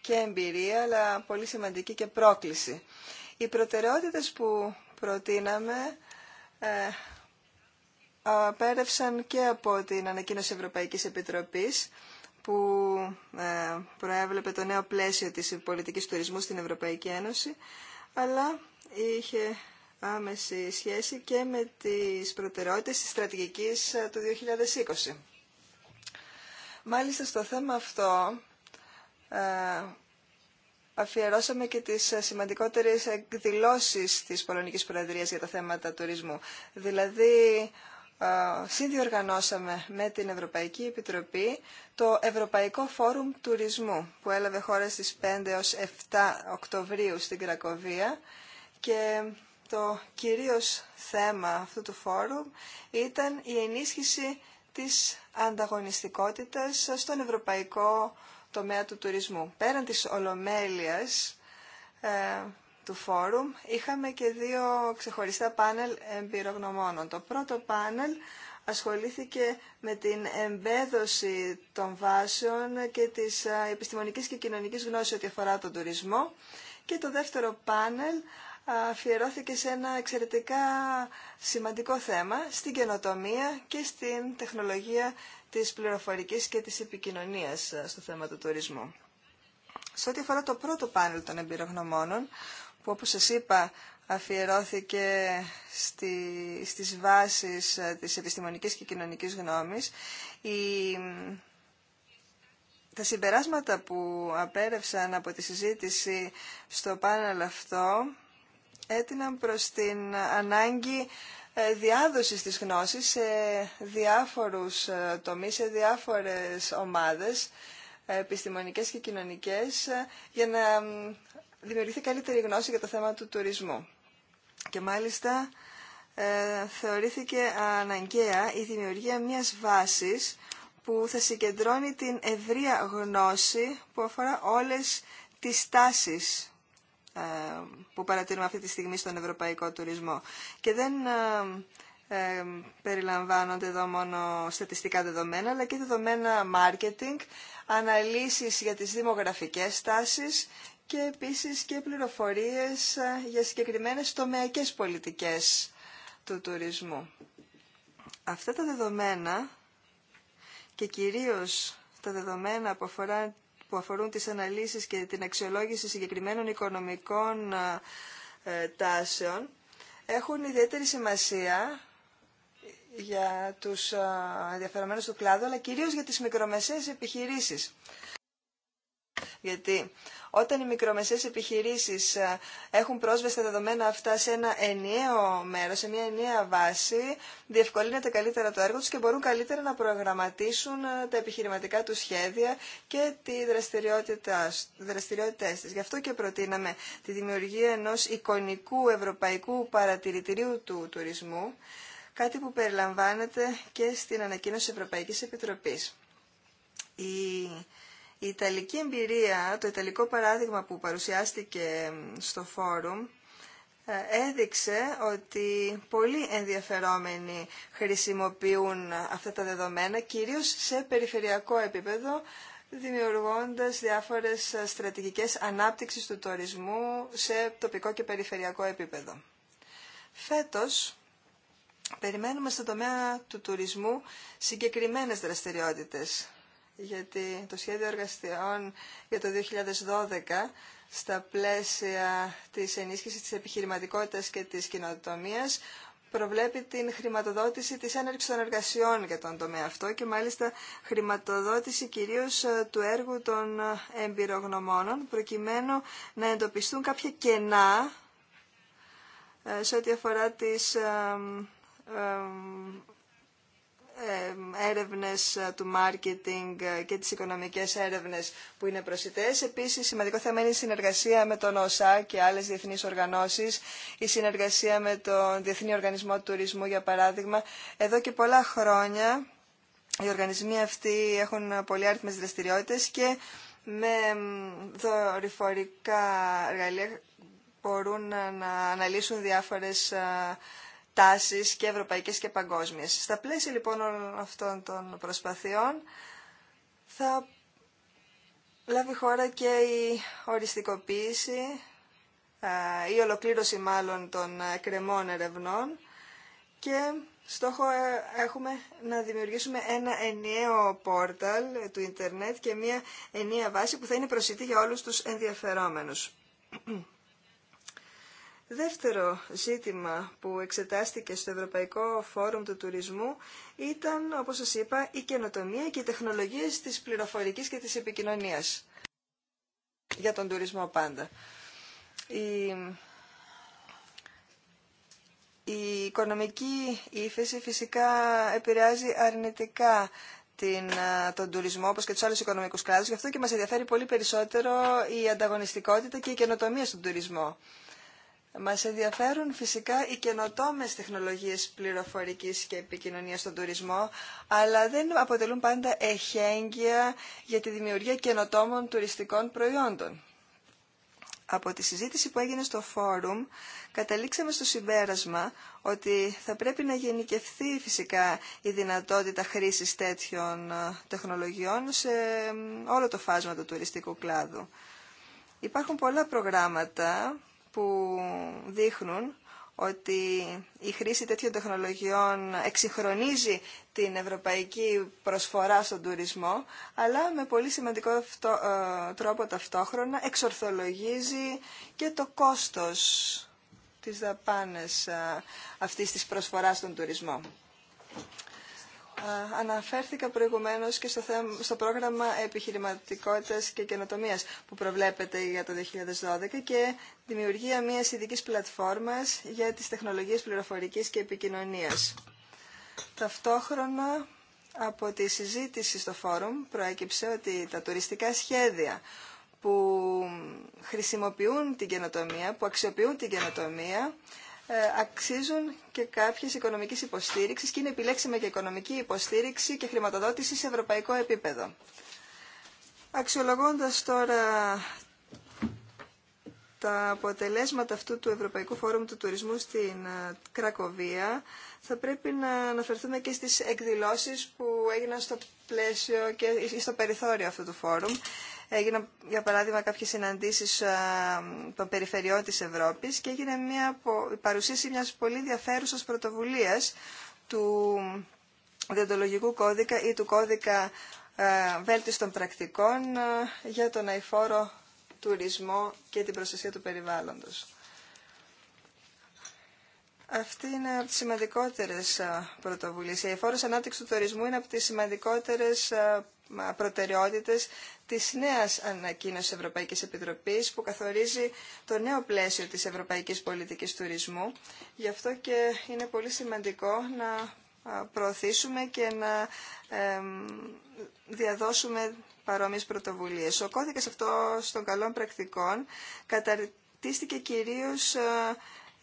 και εμπειρία, αλλά πολύ σημαντική και πρόκληση. Οι προτεραιότητες που προτείναμε ε, απέρευσαν και από την ανακοίνωση Ευρωπαϊκής Επιτροπής που ε, προέβλεπε το νέο πλαίσιο της πολιτικής τουρισμού στην Ευρωπαϊκή Ένωση, αλλά είχε άμεση σχέση και με τις προτεραιότητες της στρατηγικής ε, του 2020. Μάλιστα στο θέμα αυτό ε, αφιερώσαμε και τις σημαντικότερες εκδηλώσεις της Πολωνικής Προεδρίας για τα θέματα τουρισμού. Δηλαδή συνδιοργανώσαμε με την Ευρωπαϊκή Επιτροπή το Ευρωπαϊκό Φόρουμ Τουρισμού που έλαβε χώρα στις 5 έως 7 Οκτωβρίου στην Κρακοβία και το κυρίως θέμα αυτού του φόρουμ ήταν η ενίσχυση της ανταγωνιστικότητας στον ευρωπαϊκό τομέα του τουρισμού. Πέραν της ολομέλειας ε, του φόρουμ είχαμε και δύο ξεχωριστά πάνελ εμπειρογνωμόνων. Το πρώτο πάνελ ασχολήθηκε με την εμπέδωση των βάσεων και της επιστημονικής και κοινωνικής γνώσης ό,τι αφορά τον τουρισμό και το δεύτερο πάνελ αφιερώθηκε σε ένα εξαιρετικά σημαντικό θέμα στην καινοτομία και στην τεχνολογία της πληροφορικής και της επικοινωνίας στο θέμα του τουρισμού. Σε ό,τι αφορά το πρώτο πάνελ των εμπειρογνωμόνων, που όπως σας είπα αφιερώθηκε στη, στις βάσεις ε, της επιστημονικής και κοινωνικής γνώμης. τα συμπεράσματα που απέρευσαν από τη συζήτηση στο πάνελ αυτό έτειναν προς την ανάγκη ε, διάδοσης της γνώσης σε διάφορους ε, τομείς, σε διάφορες ομάδες επιστημονικές και κοινωνικές για να δημιουργηθεί καλύτερη γνώση για το θέμα του τουρισμού. Και μάλιστα ε, θεωρήθηκε αναγκαία η δημιουργία μιας βάσης που θα συγκεντρώνει την ευρεία γνώση που αφορά όλες τις τάσεις ε, που παρατηρούμε αυτή τη στιγμή στον ευρωπαϊκό τουρισμό. Και δεν ε, ε, περιλαμβάνονται εδώ μόνο στατιστικά δεδομένα, αλλά και δεδομένα marketing, αναλύσεις για τις δημογραφικές τάσεις και επίσης και πληροφορίες ε, για συγκεκριμένες τομεακές πολιτικές του τουρισμού. Αυτά τα δεδομένα και κυρίως τα δεδομένα που, που αφορούν τις αναλύσεις και την αξιολόγηση συγκεκριμένων οικονομικών ε, ε, τάσεων έχουν ιδιαίτερη σημασία για τους ενδιαφερομένους του κλάδου, αλλά κυρίως για τις μικρομεσαίες επιχειρήσεις. Γιατί όταν οι μικρομεσαίες επιχειρήσεις ε, έχουν πρόσβαση στα δεδομένα αυτά σε ένα ενιαίο μέρος, σε μια ενιαία βάση, διευκολύνεται καλύτερα το έργο τους και μπορούν καλύτερα να προγραμματίσουν ε, τα επιχειρηματικά του σχέδια και τη δραστηριότητές της. Γι' αυτό και προτείναμε τη δημιουργία ενός εικονικού ευρωπαϊκού παρατηρητηρίου του τουρισμού, κάτι που περιλαμβάνεται και στην ανακοίνωση Ευρωπαϊκής Επιτροπής. Η η Ιταλική εμπειρία, το Ιταλικό παράδειγμα που παρουσιάστηκε στο φόρουμ, ε, έδειξε ότι πολλοί ενδιαφερόμενοι χρησιμοποιούν αυτά τα δεδομένα, κυρίως σε περιφερειακό επίπεδο, δημιουργώντας διάφορες στρατηγικές ανάπτυξης του τουρισμού σε τοπικό και περιφερειακό επίπεδο. Φέτος, περιμένουμε στον τομέα του τουρισμού συγκεκριμένες δραστηριότητες γιατί το σχέδιο εργασιών για το 2012 στα πλαίσια της ενίσχυσης της επιχειρηματικότητας και της κοινοτομίας προβλέπει την χρηματοδότηση της έναρξης των εργασιών για τον τομέα αυτό και μάλιστα χρηματοδότηση κυρίως ε, του έργου των ε, εμπειρογνωμόνων προκειμένου να εντοπιστούν κάποια κενά ε, σε ό,τι αφορά τις έρευνες ε, του μάρκετινγκ ε, και τις οικονομικές έρευνες που είναι προσιτές. Επίσης, σημαντικό θέμα είναι η συνεργασία με τον ΟΣΑ και άλλες διεθνείς οργανώσεις, η συνεργασία με τον Διεθνή Οργανισμό Τουρισμού, για παράδειγμα. Εδώ και πολλά χρόνια οι οργανισμοί αυτοί έχουν πολύ άριθμες δραστηριότητες και με δορυφορικά εργαλεία μπορούν να αναλύσουν διάφορες ε, τάσεις και ευρωπαϊκές και παγκόσμιες. Στα πλαίσια λοιπόν όλων αυτών των προσπαθειών θα λάβει χώρα και η οριστικοποίηση, η ολοκλήρωση μάλλον των ε, κρεμών ερευνών και στόχο ε, έχουμε να δημιουργήσουμε ένα ενιαίο πόρταλ του ίντερνετ και μια ενιαία βάση που θα είναι προσιτή για όλους τους ενδιαφερόμενους. Δεύτερο ζήτημα που εξετάστηκε στο Ευρωπαϊκό Φόρουμ του Τουρισμού ήταν, όπως σας είπα, η καινοτομία και οι τεχνολογίες της πληροφορικής και της επικοινωνίας για τον τουρισμό πάντα. Η, η οικονομική ύφεση φυσικά επηρεάζει αρνητικά την, τον τουρισμό όπως και τους άλλους οικονομικούς κλάδους. Γι' αυτό και μας ενδιαφέρει πολύ περισσότερο η ανταγωνιστικότητα και η καινοτομία στον τουρισμό. Μας ενδιαφέρουν φυσικά οι καινοτόμες τεχνολογίες πληροφορικής και επικοινωνίας στον τουρισμό, αλλά δεν αποτελούν πάντα εχέγγυα για τη δημιουργία καινοτόμων τουριστικών προϊόντων. Από τη συζήτηση που έγινε στο φόρουμ, καταλήξαμε στο συμπέρασμα ότι θα πρέπει να γενικευθεί φυσικά η δυνατότητα χρήσης τέτοιων ε, τεχνολογιών σε ε, όλο το φάσμα του τουριστικού κλάδου. Υπάρχουν πολλά προγράμματα που δείχνουν ότι η χρήση τέτοιων τεχνολογιών εξυγχρονίζει την ευρωπαϊκή προσφορά στον τουρισμό, αλλά με πολύ σημαντικό ε, τρόπο ταυτόχρονα εξορθολογίζει και το κόστος της δαπάνες ε, αυτής της προσφοράς στον τουρισμό. Αναφέρθηκα προηγουμένως και στο, στο πρόγραμμα επιχειρηματικότητας και καινοτομίας που προβλέπεται για το 2012 και δημιουργία μιας ειδικής πλατφόρμας για τις τεχνολογίες πληροφορικής και επικοινωνίας. Ταυτόχρονα από τη συζήτηση στο φόρουμ προέκυψε ότι τα τουριστικά σχέδια που χρησιμοποιούν την καινοτομία, που αξιοποιούν την καινοτομία, ε, αξίζουν και κάποιες οικονομικής υποστήριξης και είναι επιλέξιμα και οικονομική υποστήριξη και χρηματοδότηση σε ευρωπαϊκό επίπεδο. Αξιολογώντας τώρα τα αποτελέσματα αυτού του Ευρωπαϊκού Φόρουμ του Τουρισμού στην ε, Κρακοβία, θα πρέπει να αναφερθούμε και στις εκδηλώσεις που έγιναν στο πλαίσιο και ε, στο περιθώριο αυτού του φόρουμ Έγιναν, για παράδειγμα, κάποιες συναντήσεις ε, των περιφερειών της Ευρώπης και έγινε μια, η παρουσίαση μιας πολύ ενδιαφέρουσα πρωτοβουλίας του διοντολογικού κώδικα ή του κώδικα ε, βέλτιστων πρακτικών ε, για τον αηφόρο τουρισμό και την προστασία του περιβάλλοντος. Αυτή είναι από τις σημαντικότερες πρωτοβουλίες. Η αηφόρος ανάπτυξη του τουρισμού είναι από τις σημαντικότερες προτεραιότητες της νέας ανακοίνωσης Ευρωπαϊκής Επιτροπής που καθορίζει το νέο πλαίσιο της Ευρωπαϊκής Πολιτικής Τουρισμού. Γι' αυτό και είναι πολύ σημαντικό να προωθήσουμε και να διαδώσουμε παρόμοιες πρωτοβουλίες. Ο κώδικας αυτό των καλών πρακτικών καταρτίστηκε κυρίως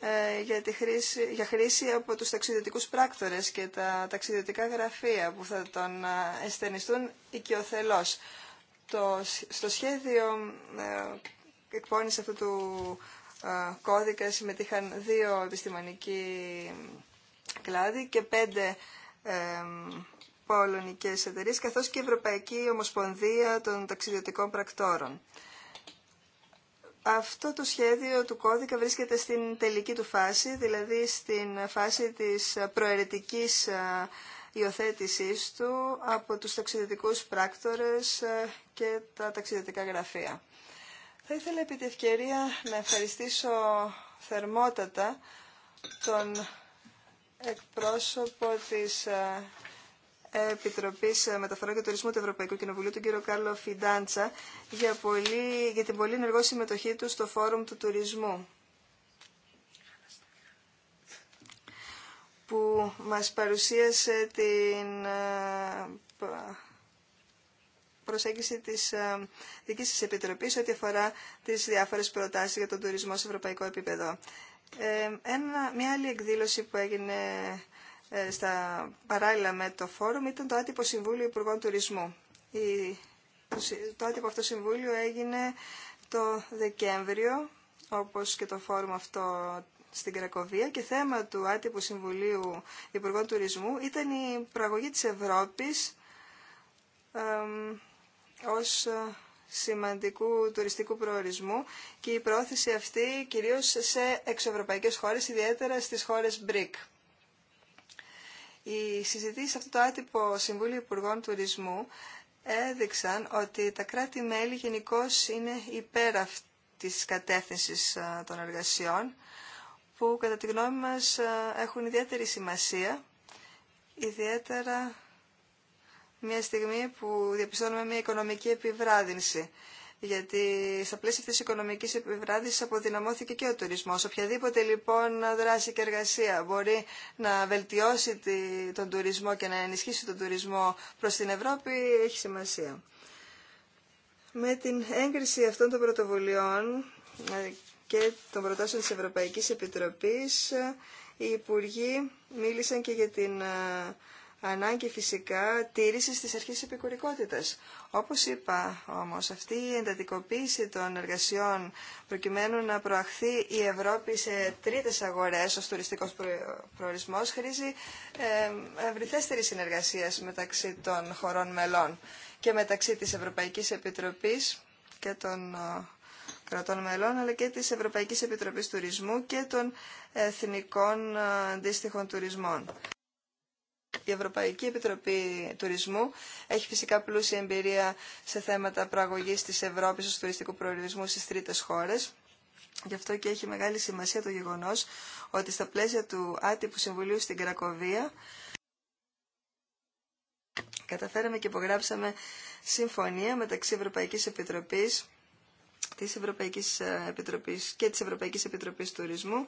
ε, για, τη χρήση, για χρήση από τους ταξιδιωτικούς πράκτορες και τα ταξιδιωτικά γραφεία που θα τον ε, αισθενιστούν οικειοθελώς. Το, στο σχέδιο ε, εκπόνηση αυτού του ε, κώδικα συμμετείχαν δύο επιστημονικοί κλάδοι και πέντε ε, πολωνικές εταιρείες καθώς και η Ευρωπαϊκή Ομοσπονδία των Ταξιδιωτικών Πρακτόρων. Αυτό το σχέδιο του κώδικα βρίσκεται στην τελική του φάση, δηλαδή στην φάση της προαιρετικής ε, υιοθέτησή του από τους ταξιδιωτικούς πράκτορες ε, και τα ταξιδιωτικά γραφεία. Θα ήθελα επί τη ευκαιρία να ευχαριστήσω θερμότατα τον εκπρόσωπο της ε, Επιτροπή Μεταφορά και Τουρισμού του Ευρωπαϊκού Κοινοβουλίου, τον κύριο Κάρλο Φιντάντσα, για, πολύ, για την πολύ ενεργό συμμετοχή του στο Φόρουμ του Τουρισμού. που μας παρουσίασε την ε, προσέγγιση της ε, δικής της Επιτροπής ό,τι αφορά τις διάφορες προτάσεις για τον τουρισμό σε ευρωπαϊκό επίπεδο. Ε, ένα, μια άλλη εκδήλωση που έγινε ε, στα παράλληλα με το φόρουμ ήταν το άτυπο Συμβούλιο Υπουργών Τουρισμού. το, άτυπο αυτό Συμβούλιο έγινε το Δεκέμβριο, όπως και το φόρουμ αυτό στην Κρακοβία και θέμα του άτυπου Συμβουλίου Υπουργών Τουρισμού ήταν η προαγωγή της Ευρώπης ε, ως σημαντικού τουριστικού προορισμού και η πρόθεση αυτή κυρίως σε εξωευρωπαϊκές χώρες, ιδιαίτερα στις χώρες BRIC. Οι συζητήσει σε αυτό το άτυπο Συμβούλιο Υπουργών Τουρισμού έδειξαν ότι τα κράτη-μέλη γενικώ είναι υπέρ αυτής της κατεύθυνση ε, των εργασιών που κατά τη γνώμη μα ε, έχουν ιδιαίτερη σημασία, ιδιαίτερα μια στιγμή που διαπιστώνουμε μια οικονομική επιβράδυνση γιατί στα πλαίσια της οικονομικής επιβράδυσης αποδυναμώθηκε και ο τουρισμός. Οποιαδήποτε λοιπόν δράση και εργασία μπορεί να βελτιώσει τον τουρισμό και να ενισχύσει τον τουρισμό προς την Ευρώπη έχει σημασία. Με την έγκριση αυτών των πρωτοβουλειών ε, και των προτάσεων της Ευρωπαϊκής Επιτροπής οι Υπουργοί μίλησαν και για την ε, ανάγκη φυσικά τήρησης της αρχής επικουρικότητας. Όπως είπα όμως, αυτή η εντατικοποίηση των εργασιών προκειμένου να προαχθεί η Ευρώπη σε τρίτες αγορές ως τουριστικός προορισμός χρήζει ευρυθέστερη συνεργασία μεταξύ των χωρών μελών και μεταξύ της Ευρωπαϊκής Επιτροπής και των ε, κρατών μελών, αλλά και της Ευρωπαϊκής Επιτροπής Τουρισμού και των εθνικών ε, αντίστοιχων τουρισμών. Η Ευρωπαϊκή Επιτροπή Τουρισμού έχει φυσικά πλούσια εμπειρία σε θέματα προαγωγής της Ευρώπης ως τουριστικού προορισμού στις τρίτες χώρες. Γι' αυτό και έχει μεγάλη σημασία το γεγονός ότι στα πλαίσια του άτυπου συμβουλίου στην Κρακοβία καταφέραμε και υπογράψαμε συμφωνία μεταξύ Ευρωπαϊκής Επιτροπής της Ευρωπαϊκής ε, Επιτροπής και της Ευρωπαϊκής Επιτροπής Τουρισμού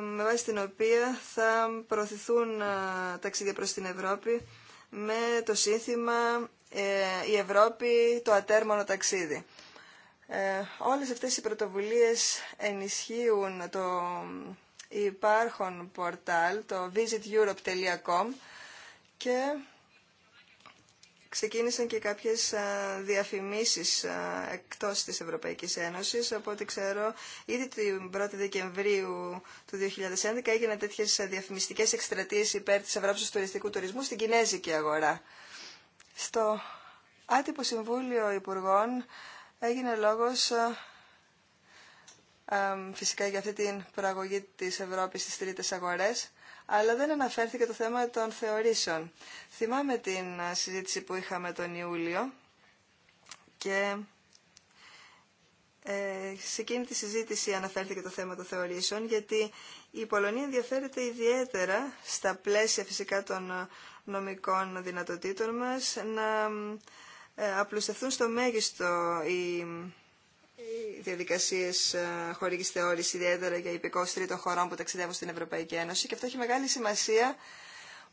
με βάση την οποία θα προωθηθούν ε, ταξίδια προς την Ευρώπη με το σύνθημα ε, «Η Ευρώπη το ατέρμονο ταξίδι». Ε, όλες αυτές οι πρωτοβουλίες ενισχύουν το υπάρχον πορτάλ, το visiteurope.com και ξεκίνησαν και κάποιες διαφημίσεις εκτός της Ευρωπαϊκής Ένωσης. Από ό,τι ξέρω, ήδη την 1η Δεκεμβρίου του 2011 έγιναν τέτοιες διαφημιστικές εκστρατείες υπέρ της Ευρώπης τουριστικού τουρισμού στην Κινέζικη αγορά. Στο άτυπο Συμβούλιο Υπουργών έγινε λόγος φυσικά για αυτή την προαγωγή της Ευρώπης στις τρίτες αγορές αλλά δεν αναφέρθηκε το θέμα των θεωρήσεων. Θυμάμαι την συζήτηση που είχαμε τον Ιούλιο και ε, σε εκείνη τη συζήτηση αναφέρθηκε το θέμα των θεωρήσεων, γιατί η Πολωνία ενδιαφέρεται ιδιαίτερα στα πλαίσια φυσικά των ε, νομικών δυνατοτήτων μας να ε, απλουστευτούν στο μέγιστο οι οι διαδικασίε ε, χορήγηση θεώρηση, ιδιαίτερα για υπηκόου τρίτων χωρών που ταξιδεύουν στην Ευρωπαϊκή Ένωση. Και αυτό έχει μεγάλη σημασία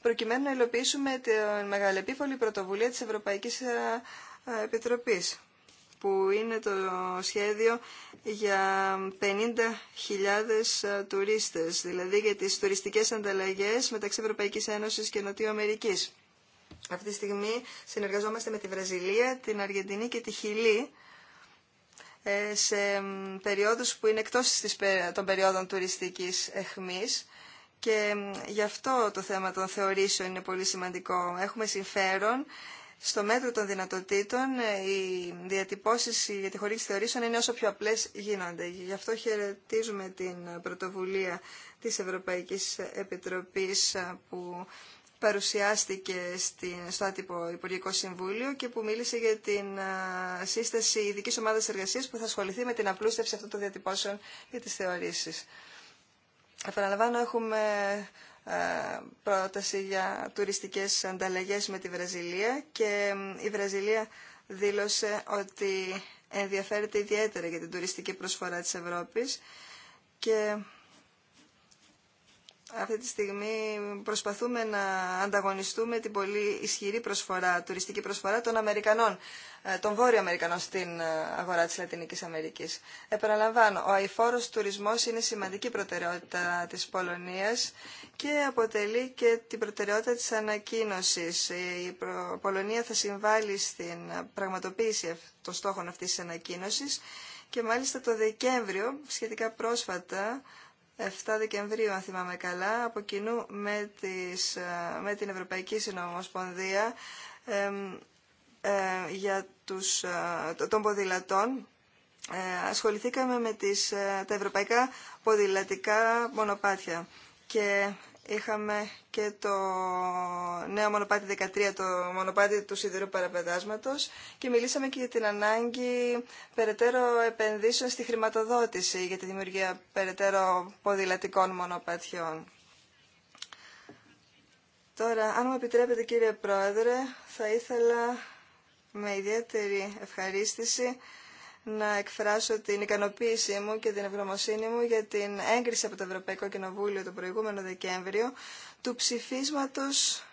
προκειμένου να υλοποιήσουμε τη μεγαλεπίβολη πρωτοβουλία τη Ευρωπαϊκή ε, ε, Επιτροπή, που είναι το σχέδιο για 50.000 τουρίστες, δηλαδή για τις τουριστικές ανταλλαγές μεταξύ Ευρωπαϊκής Ένωσης και Νοτιού Αμερικής. Αυτή τη στιγμή συνεργαζόμαστε με τη Βραζιλία, την Αργεντινή και τη Χιλή ε, σε περιόδους που είναι εκτός των περιόδων τουριστικής εχμής και γι' αυτό το θέμα των θεωρήσεων είναι πολύ σημαντικό. Έχουμε συμφέρον στο μέτρο των δυνατοτήτων ε, οι διατυπώσεις για τη χωρίς θεωρήσεων είναι όσο πιο απλές γίνονται. Γι' αυτό χαιρετίζουμε την πρωτοβουλία της Ευρωπαϊκής Επιτροπής ε, που παρουσιάστηκε στο άτυπο Υπουργικό Συμβούλιο και που μίλησε για την σύσταση ειδική ομάδα εργασία που θα ασχοληθεί με την απλούστευση αυτών των διατυπώσεων για τι θεωρήσει. Επαναλαμβάνω, έχουμε πρόταση για τουριστικές ανταλλαγές με τη Βραζιλία και η Βραζιλία δήλωσε ότι ενδιαφέρεται ιδιαίτερα για την τουριστική προσφορά της Ευρώπης και αυτή τη στιγμή προσπαθούμε να ανταγωνιστούμε την πολύ ισχυρή προσφορά, τουριστική προσφορά των Αμερικανών, ε, των Βόρειο Αμερικανών στην ε, αγορά της Λατινικής Αμερικής. Επαναλαμβάνω, ο αηφόρος τουρισμός είναι σημαντική προτεραιότητα της Πολωνίας και αποτελεί και την προτεραιότητα της ανακοίνωσης. Η Πολωνία θα συμβάλλει στην πραγματοποίηση των στόχων αυτής της ανακοίνωσης και μάλιστα το Δεκέμβριο, σχετικά πρόσφατα, 7 Δεκεμβρίου, αν θυμάμαι καλά, από κοινού με, τις, ε, με την Ευρωπαϊκή Συνομοσπονδία ε, για τους, ε, των ποδηλατών. Ε, ασχοληθήκαμε με τις, τα ευρωπαϊκά ποδηλατικά μονοπάτια και Είχαμε και το νέο μονοπάτι 13, το μονοπάτι του σιδηρού παραπεδάσματος και μιλήσαμε και για την ανάγκη περαιτέρω επενδύσεων στη χρηματοδότηση για τη δημιουργία περαιτέρω ποδηλατικών μονοπατιών. Τώρα, αν μου επιτρέπετε κύριε Πρόεδρε, θα ήθελα με ιδιαίτερη ευχαρίστηση να εκφράσω την ικανοποίησή μου και την ευγνωμοσύνη μου για την έγκριση από το Ευρωπαϊκό Κοινοβούλιο το προηγούμενο Δεκέμβριο του ψηφίσματος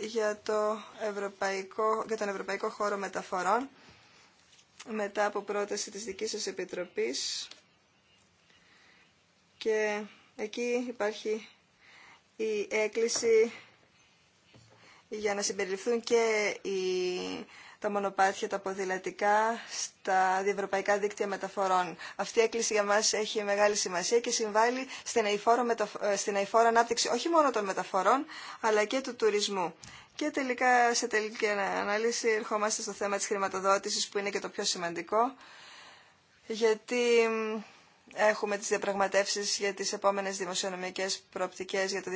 για, το Ευρωπαϊκό, για τον Ευρωπαϊκό Χώρο Μεταφορών μετά από πρόταση της δικής σας Επιτροπής και εκεί υπάρχει η έκκληση για να συμπεριληφθούν και οι τα μονοπάτια, τα ποδηλατικά, στα διευρωπαϊκά δίκτυα μεταφορών. Αυτή η έκκληση για μας έχει μεγάλη σημασία και συμβάλλει στην αηφόρο, ε, στην αηφόρο ανάπτυξη όχι μόνο των μεταφορών, αλλά και του τουρισμού. Και τελικά, σε τελική ανάλυση, ερχόμαστε στο θέμα της χρηματοδότησης, που είναι και το πιο σημαντικό, γιατί έχουμε τις διαπραγματεύσεις για τις επόμενες δημοσιονομικές προοπτικές για το 2013-2020,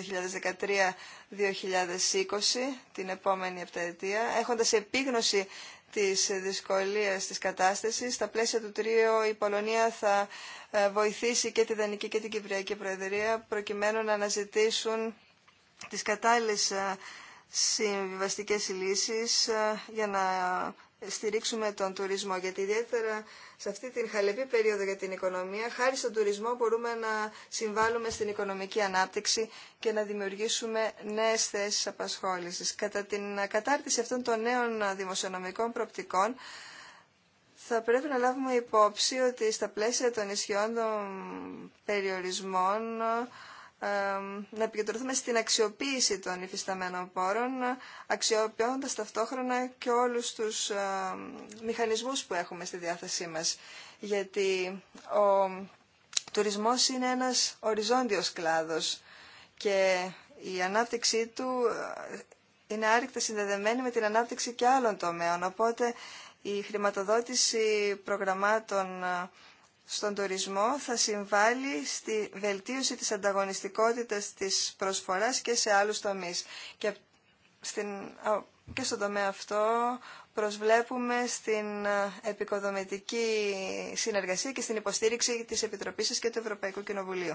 την επόμενη επταετία, έχοντας επίγνωση της δυσκολίες της κατάστασης. Στα πλαίσια του τρίου η Πολωνία θα ε, βοηθήσει και τη Δανική και την Κυπριακή Προεδρία προκειμένου να αναζητήσουν τις κατάλληλες ε, συμβιβαστικές λύσεις ε, για να στηρίξουμε τον τουρισμό, γιατί ιδιαίτερα σε αυτή την χαλεπή περίοδο για την οικονομία, χάρη στον τουρισμό μπορούμε να συμβάλλουμε στην οικονομική ανάπτυξη και να δημιουργήσουμε νέες θέσεις απασχόλησης. Κατά την κατάρτιση αυτών των νέων δημοσιονομικών προπτικών, θα πρέπει να λάβουμε υπόψη ότι στα πλαίσια των ισχυών των περιορισμών να επικεντρωθούμε στην αξιοποίηση των υφισταμένων πόρων, αξιοποιώντας ταυτόχρονα και όλους τους μηχανισμούς που έχουμε στη διάθεσή μας. Γιατί ο τουρισμός είναι ένας οριζόντιος κλάδος και η ανάπτυξή του ε, είναι άρρηκτα συνδεδεμένη με την ανάπτυξη και άλλων τομέων. Οπότε η χρηματοδότηση προγραμμάτων ε, στον τουρισμό θα συμβάλλει στη βελτίωση της ανταγωνιστικότητας της προσφοράς και σε άλλους τομείς. Και, στην, και στον τομέα αυτό προσβλέπουμε στην επικοδομητική συνεργασία και στην υποστήριξη της Επιτροπής και του Ευρωπαϊκού Κοινοβουλίου.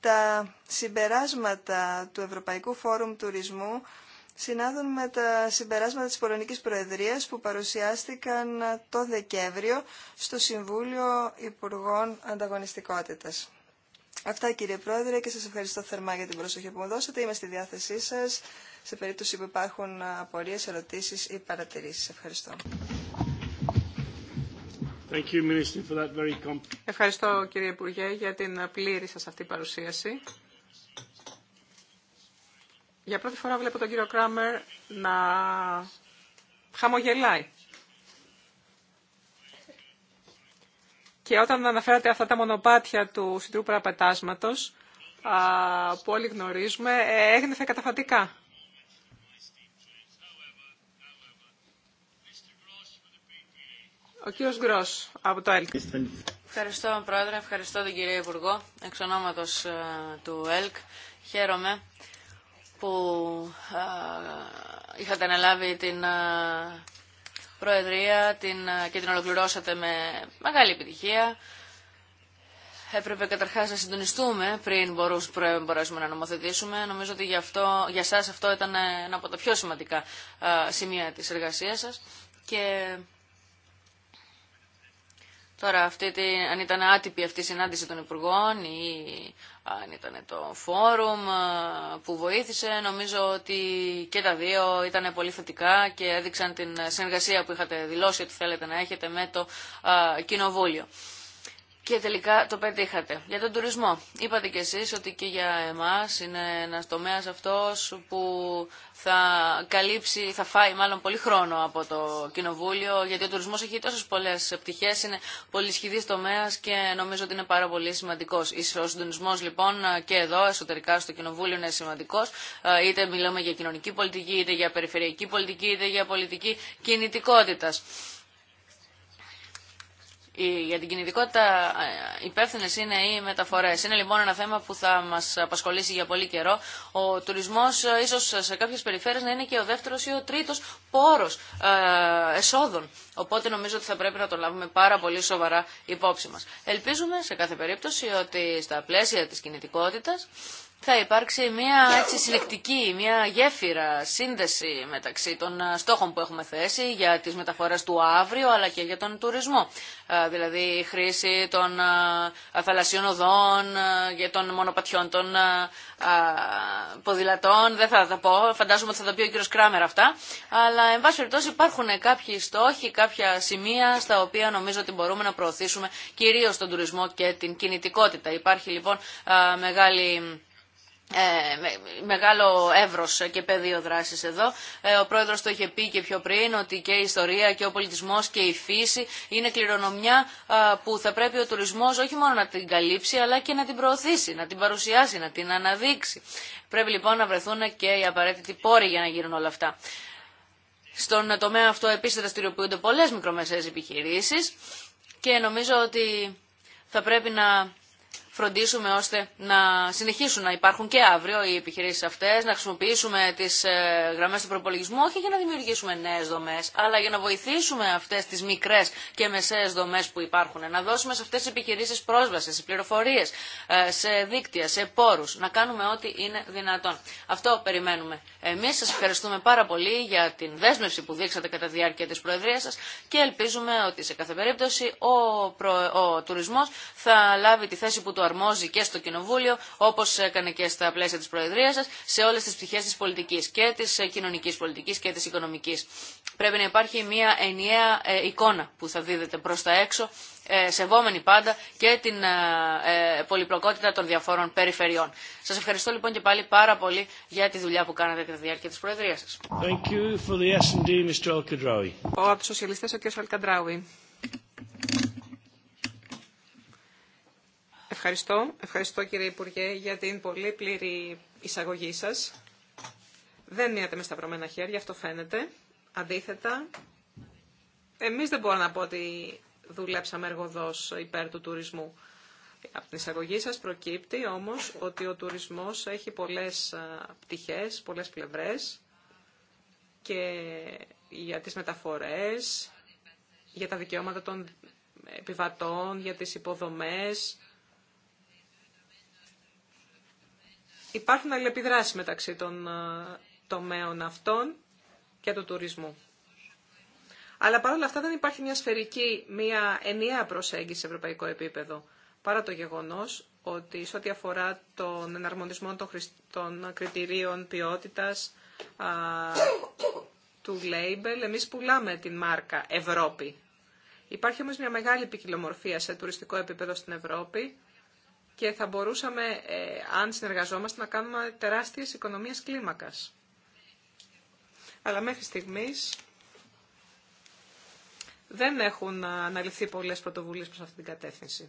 Τα συμπεράσματα του Ευρωπαϊκού Φόρουμ Τουρισμού συνάδουν με τα συμπεράσματα της Πολωνικής Προεδρίας που παρουσιάστηκαν ε, το Δεκέμβριο στο Συμβούλιο Υπουργών Ανταγωνιστικότητας. Αυτά κύριε Πρόεδρε και σας ευχαριστώ θερμά για την προσοχή που μου δώσατε. Είμαι στη διάθεσή σας σε περίπτωση που υπάρχουν ε, απορίες, ερωτήσεις ή παρατηρήσεις. Ευχαριστώ. Thank you, for that very... Ευχαριστώ κύριε Υπουργέ για την πλήρη σας αυτή παρουσίαση. Για πρώτη φορά βλέπω τον κύριο Κράμερ να χαμογελάει. Και όταν αναφέρατε αυτά τα μονοπάτια του συντρού παραπετάσματος, που όλοι γνωρίζουμε, θα ε, καταφατικά. Ο κύριος Γκρός από το ΕΛΚ. Ευχαριστώ Πρόεδρε, ευχαριστώ τον κύριο Υπουργό, εξ ονόματος ε, του ΕΛΚ. Χαίρομαι που είχατε αναλάβει την Προεδρία την, και την ολοκληρώσατε με μεγάλη επιτυχία. Έπρεπε καταρχά να συντονιστούμε πριν μπορέσουμε να νομοθετήσουμε. Νομίζω ότι για, αυτό, για αυτό ήταν ένα από τα πιο σημαντικά σημεία της εργασίας σας. Και Τώρα, αυτή αν ήταν άτυπη αυτή η συνάντηση των Υπουργών ή αν ήταν το φόρουμ ε, που βοήθησε, νομίζω ότι και τα δύο ήταν πολύ θετικά και έδειξαν την συνεργασία που είχατε δηλώσει ότι θέλετε να έχετε με το ε, Κοινοβούλιο. Και τελικά το πετύχατε. Για τον τουρισμό. Είπατε κι εσείς ότι και για εμάς είναι ένας τομέας αυτός που θα καλύψει, θα φάει μάλλον πολύ χρόνο από το Κοινοβούλιο, γιατί ο τουρισμός έχει τόσες πολλές πτυχές, είναι πολύ σχηδής τομέας και νομίζω ότι είναι πάρα πολύ σημαντικός. Ο συντονισμός λοιπόν και εδώ εσωτερικά στο Κοινοβούλιο είναι σημαντικός, ε, είτε μιλάμε για κοινωνική πολιτική, είτε για περιφερειακή πολιτική, είτε για πολιτική κινητικότητας για την κινητικότητα ε, υπεύθυνε είναι οι μεταφορέ. Είναι λοιπόν ένα θέμα που θα μα απασχολήσει για πολύ καιρό. Ο τουρισμό, ε, ίσω σε κάποιε περιφέρειε, να είναι και ο δεύτερο ή ο τρίτο πόρο ε, εσόδων. Οπότε νομίζω ότι θα πρέπει να το λάβουμε πάρα πολύ σοβαρά υπόψη μα. Ελπίζουμε σε κάθε περίπτωση ότι στα πλαίσια τη κινητικότητα θα υπάρξει μια έτσι συλλεκτική, μια γέφυρα, σύνδεση μεταξύ των ε, στόχων που έχουμε θέσει για τις μεταφορές του αύριο αλλά και για τον τουρισμό. Ε, δηλαδή η χρήση των ε, θαλασσιών οδών, για των μονοπατιών των ποδηλατών, δεν θα τα πω, φαντάζομαι ότι θα τα πει ο κύριος Κράμερ αυτά, αλλά εν πάση περιπτώσει υπάρχουν κάποιοι στόχοι, κάποια σημεία στα οποία νομίζω ότι μπορούμε να προωθήσουμε κυρίως τον τουρισμό και την κινητικότητα. Υπάρχει λοιπόν μεγάλη ε, μεγάλο εύρος και πεδίο δράσης εδώ. Ε, ο πρόεδρος το είχε πει και πιο πριν ότι και η ιστορία και ο πολιτισμός και η φύση είναι κληρονομιά ε, που θα πρέπει ο τουρισμός όχι μόνο να την καλύψει αλλά και να την προωθήσει, να την παρουσιάσει, να την αναδείξει. Πρέπει λοιπόν να βρεθούν και οι απαραίτητοι πόροι για να γίνουν όλα αυτά. Στον τομέα αυτό επίσης δραστηριοποιούνται πολλές μικρομεσαίες επιχειρήσεις και νομίζω ότι θα πρέπει να φροντίσουμε ώστε να συνεχίσουν να υπάρχουν και αύριο οι επιχειρήσει αυτέ, να χρησιμοποιήσουμε τι ε, γραμμέ του προπολογισμού, όχι για να δημιουργήσουμε νέε δομέ, αλλά για να βοηθήσουμε αυτέ τι μικρέ και μεσαίε δομέ που υπάρχουν, να δώσουμε σε αυτέ τι επιχειρήσει πρόσβαση, σε πληροφορίες, ε, σε δίκτυα, σε πόρου, να κάνουμε ό,τι είναι δυνατόν. Αυτό περιμένουμε. Εμεί, σα ευχαριστούμε πάρα πολύ για την δέσμευση που δείξατε κατά τη διάρκεια της προεδρία σα και ελπίζουμε ότι σε κάθε περίπτωση ο, προ... ο θα λάβει τη θέση που του εφαρμόζει και στο Κοινοβούλιο, όπω έκανε και στα πλαίσια τη Προεδρία σα, σε όλε τι πτυχέ τη πολιτική και τη κοινωνική πολιτική και τη οικονομική. Πρέπει να υπάρχει μια ενιαία ε, εικόνα που θα δίδεται προ τα έξω, ε, σεβόμενη πάντα και την ε, πολυπλοκότητα των διαφόρων περιφερειών. Σα ευχαριστώ λοιπόν και πάλι πάρα πολύ για τη δουλειά που κάνατε κατά τη διάρκεια τη Προεδρία σα. Ο ο κ. Αλκαντράουι. Ευχαριστώ. Ευχαριστώ κύριε Υπουργέ για την πολύ πλήρη εισαγωγή σας. Δεν μείνατε με σταυρωμένα χέρια, αυτό φαίνεται. Αντίθετα, εμείς δεν μπορώ να πω ότι δουλέψαμε εργοδός υπέρ του τουρισμού. Από την εισαγωγή σας προκύπτει όμως ότι ο τουρισμός έχει πολλές πτυχές, πολλές πλευρές και για τις μεταφορές, για τα δικαιώματα των επιβατών, για τις υποδομές, Υπάρχουν αλληλεπιδράσεις μεταξύ των ε, τομέων αυτών και του τουρισμού. Αλλά παρόλα αυτά δεν υπάρχει μια σφαιρική, μια ενιαία προσέγγιση σε ευρωπαϊκό επίπεδο. Παρά το γεγονός ότι σε ό,τι αφορά τον εναρμονισμό των, χρησ... των κριτηρίων ποιότητας του label, εμείς πουλάμε την μάρκα Ευρώπη. Υπάρχει όμως μια μεγάλη ποικιλομορφία σε τουριστικό επίπεδο στην Ευρώπη και θα μπορούσαμε, ε, αν συνεργαζόμαστε, να κάνουμε τεράστιες οικονομίες κλίμακας. Αλλά μέχρι στιγμής δεν έχουν αναλυθεί πολλές πρωτοβουλίες προς αυτή την κατεύθυνση.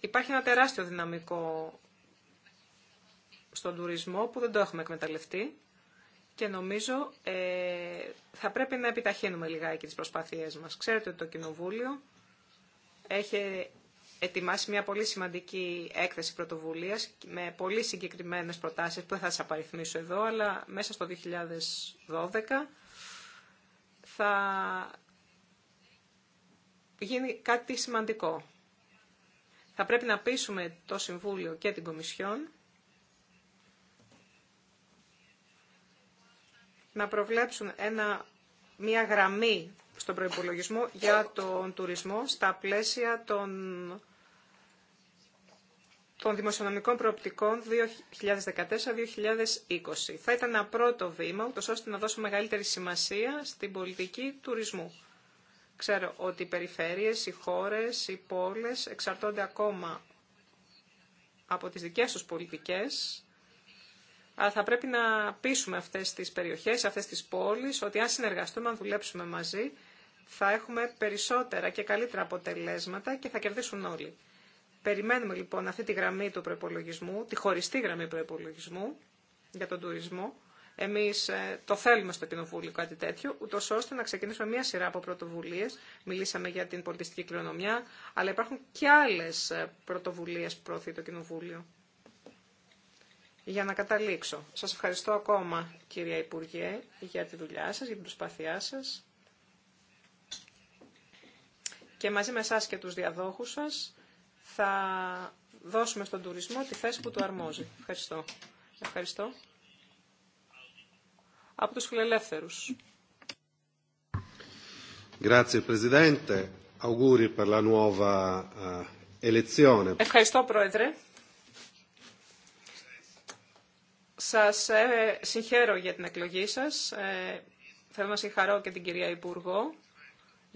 Υπάρχει ένα τεράστιο δυναμικό στον τουρισμό που δεν το έχουμε εκμεταλλευτεί και νομίζω ε, θα πρέπει να επιταχύνουμε λιγάκι τις προσπάθειές μας. Ξέρετε ότι το Κοινοβούλιο έχει ετοιμάσει μια πολύ σημαντική έκθεση πρωτοβουλίας με πολύ συγκεκριμένες προτάσεις που δεν θα σα απαριθμίσω εδώ, αλλά μέσα στο 2012 θα γίνει κάτι σημαντικό. Θα πρέπει να πείσουμε το Συμβούλιο και την Κομισιόν να προβλέψουν ένα, μια γραμμή στον προϋπολογισμό για τον τουρισμό στα πλαίσια των, των δημοσιονομικών προοπτικών 2014-2020. Θα ήταν ένα πρώτο βήμα, ούτως ώστε να δώσουμε μεγαλύτερη σημασία στην πολιτική τουρισμού. Ξέρω ότι οι περιφέρειες, οι χώρες, οι πόλες εξαρτώνται ακόμα από τις δικές τους πολιτικές, αλλά θα πρέπει να πείσουμε αυτές τις περιοχές, αυτές τις πόλεις, ότι αν συνεργαστούμε, αν δουλέψουμε μαζί, θα έχουμε περισσότερα και καλύτερα αποτελέσματα και θα κερδίσουν όλοι. Περιμένουμε λοιπόν αυτή τη γραμμή του προπολογισμού, τη χωριστή γραμμή προπολογισμού για τον τουρισμό. Εμεί ε, το θέλουμε στο Κοινοβούλιο κάτι τέτοιο, ούτω ώστε να ξεκινήσουμε μια σειρά από πρωτοβουλίε. Μιλήσαμε για την πολιτιστική κληρονομιά, αλλά υπάρχουν και άλλε πρωτοβουλίε που προωθεί το Κοινοβούλιο. Για να καταλήξω, Σα ευχαριστώ ακόμα κυρία Υπουργέ για τη δουλειά σα, για την προσπάθειά σα και μαζί με εσά και τους διαδόχους σας θα δώσουμε στον τουρισμό τη θέση που του αρμόζει. Ευχαριστώ. Ευχαριστώ. Από τους φιλελεύθερους. Eh, Ευχαριστώ, Πρόεδρε. Σας ε, συγχαίρω για την εκλογή σας. Ε, θέλω να συγχαρώ και την κυρία Υπουργό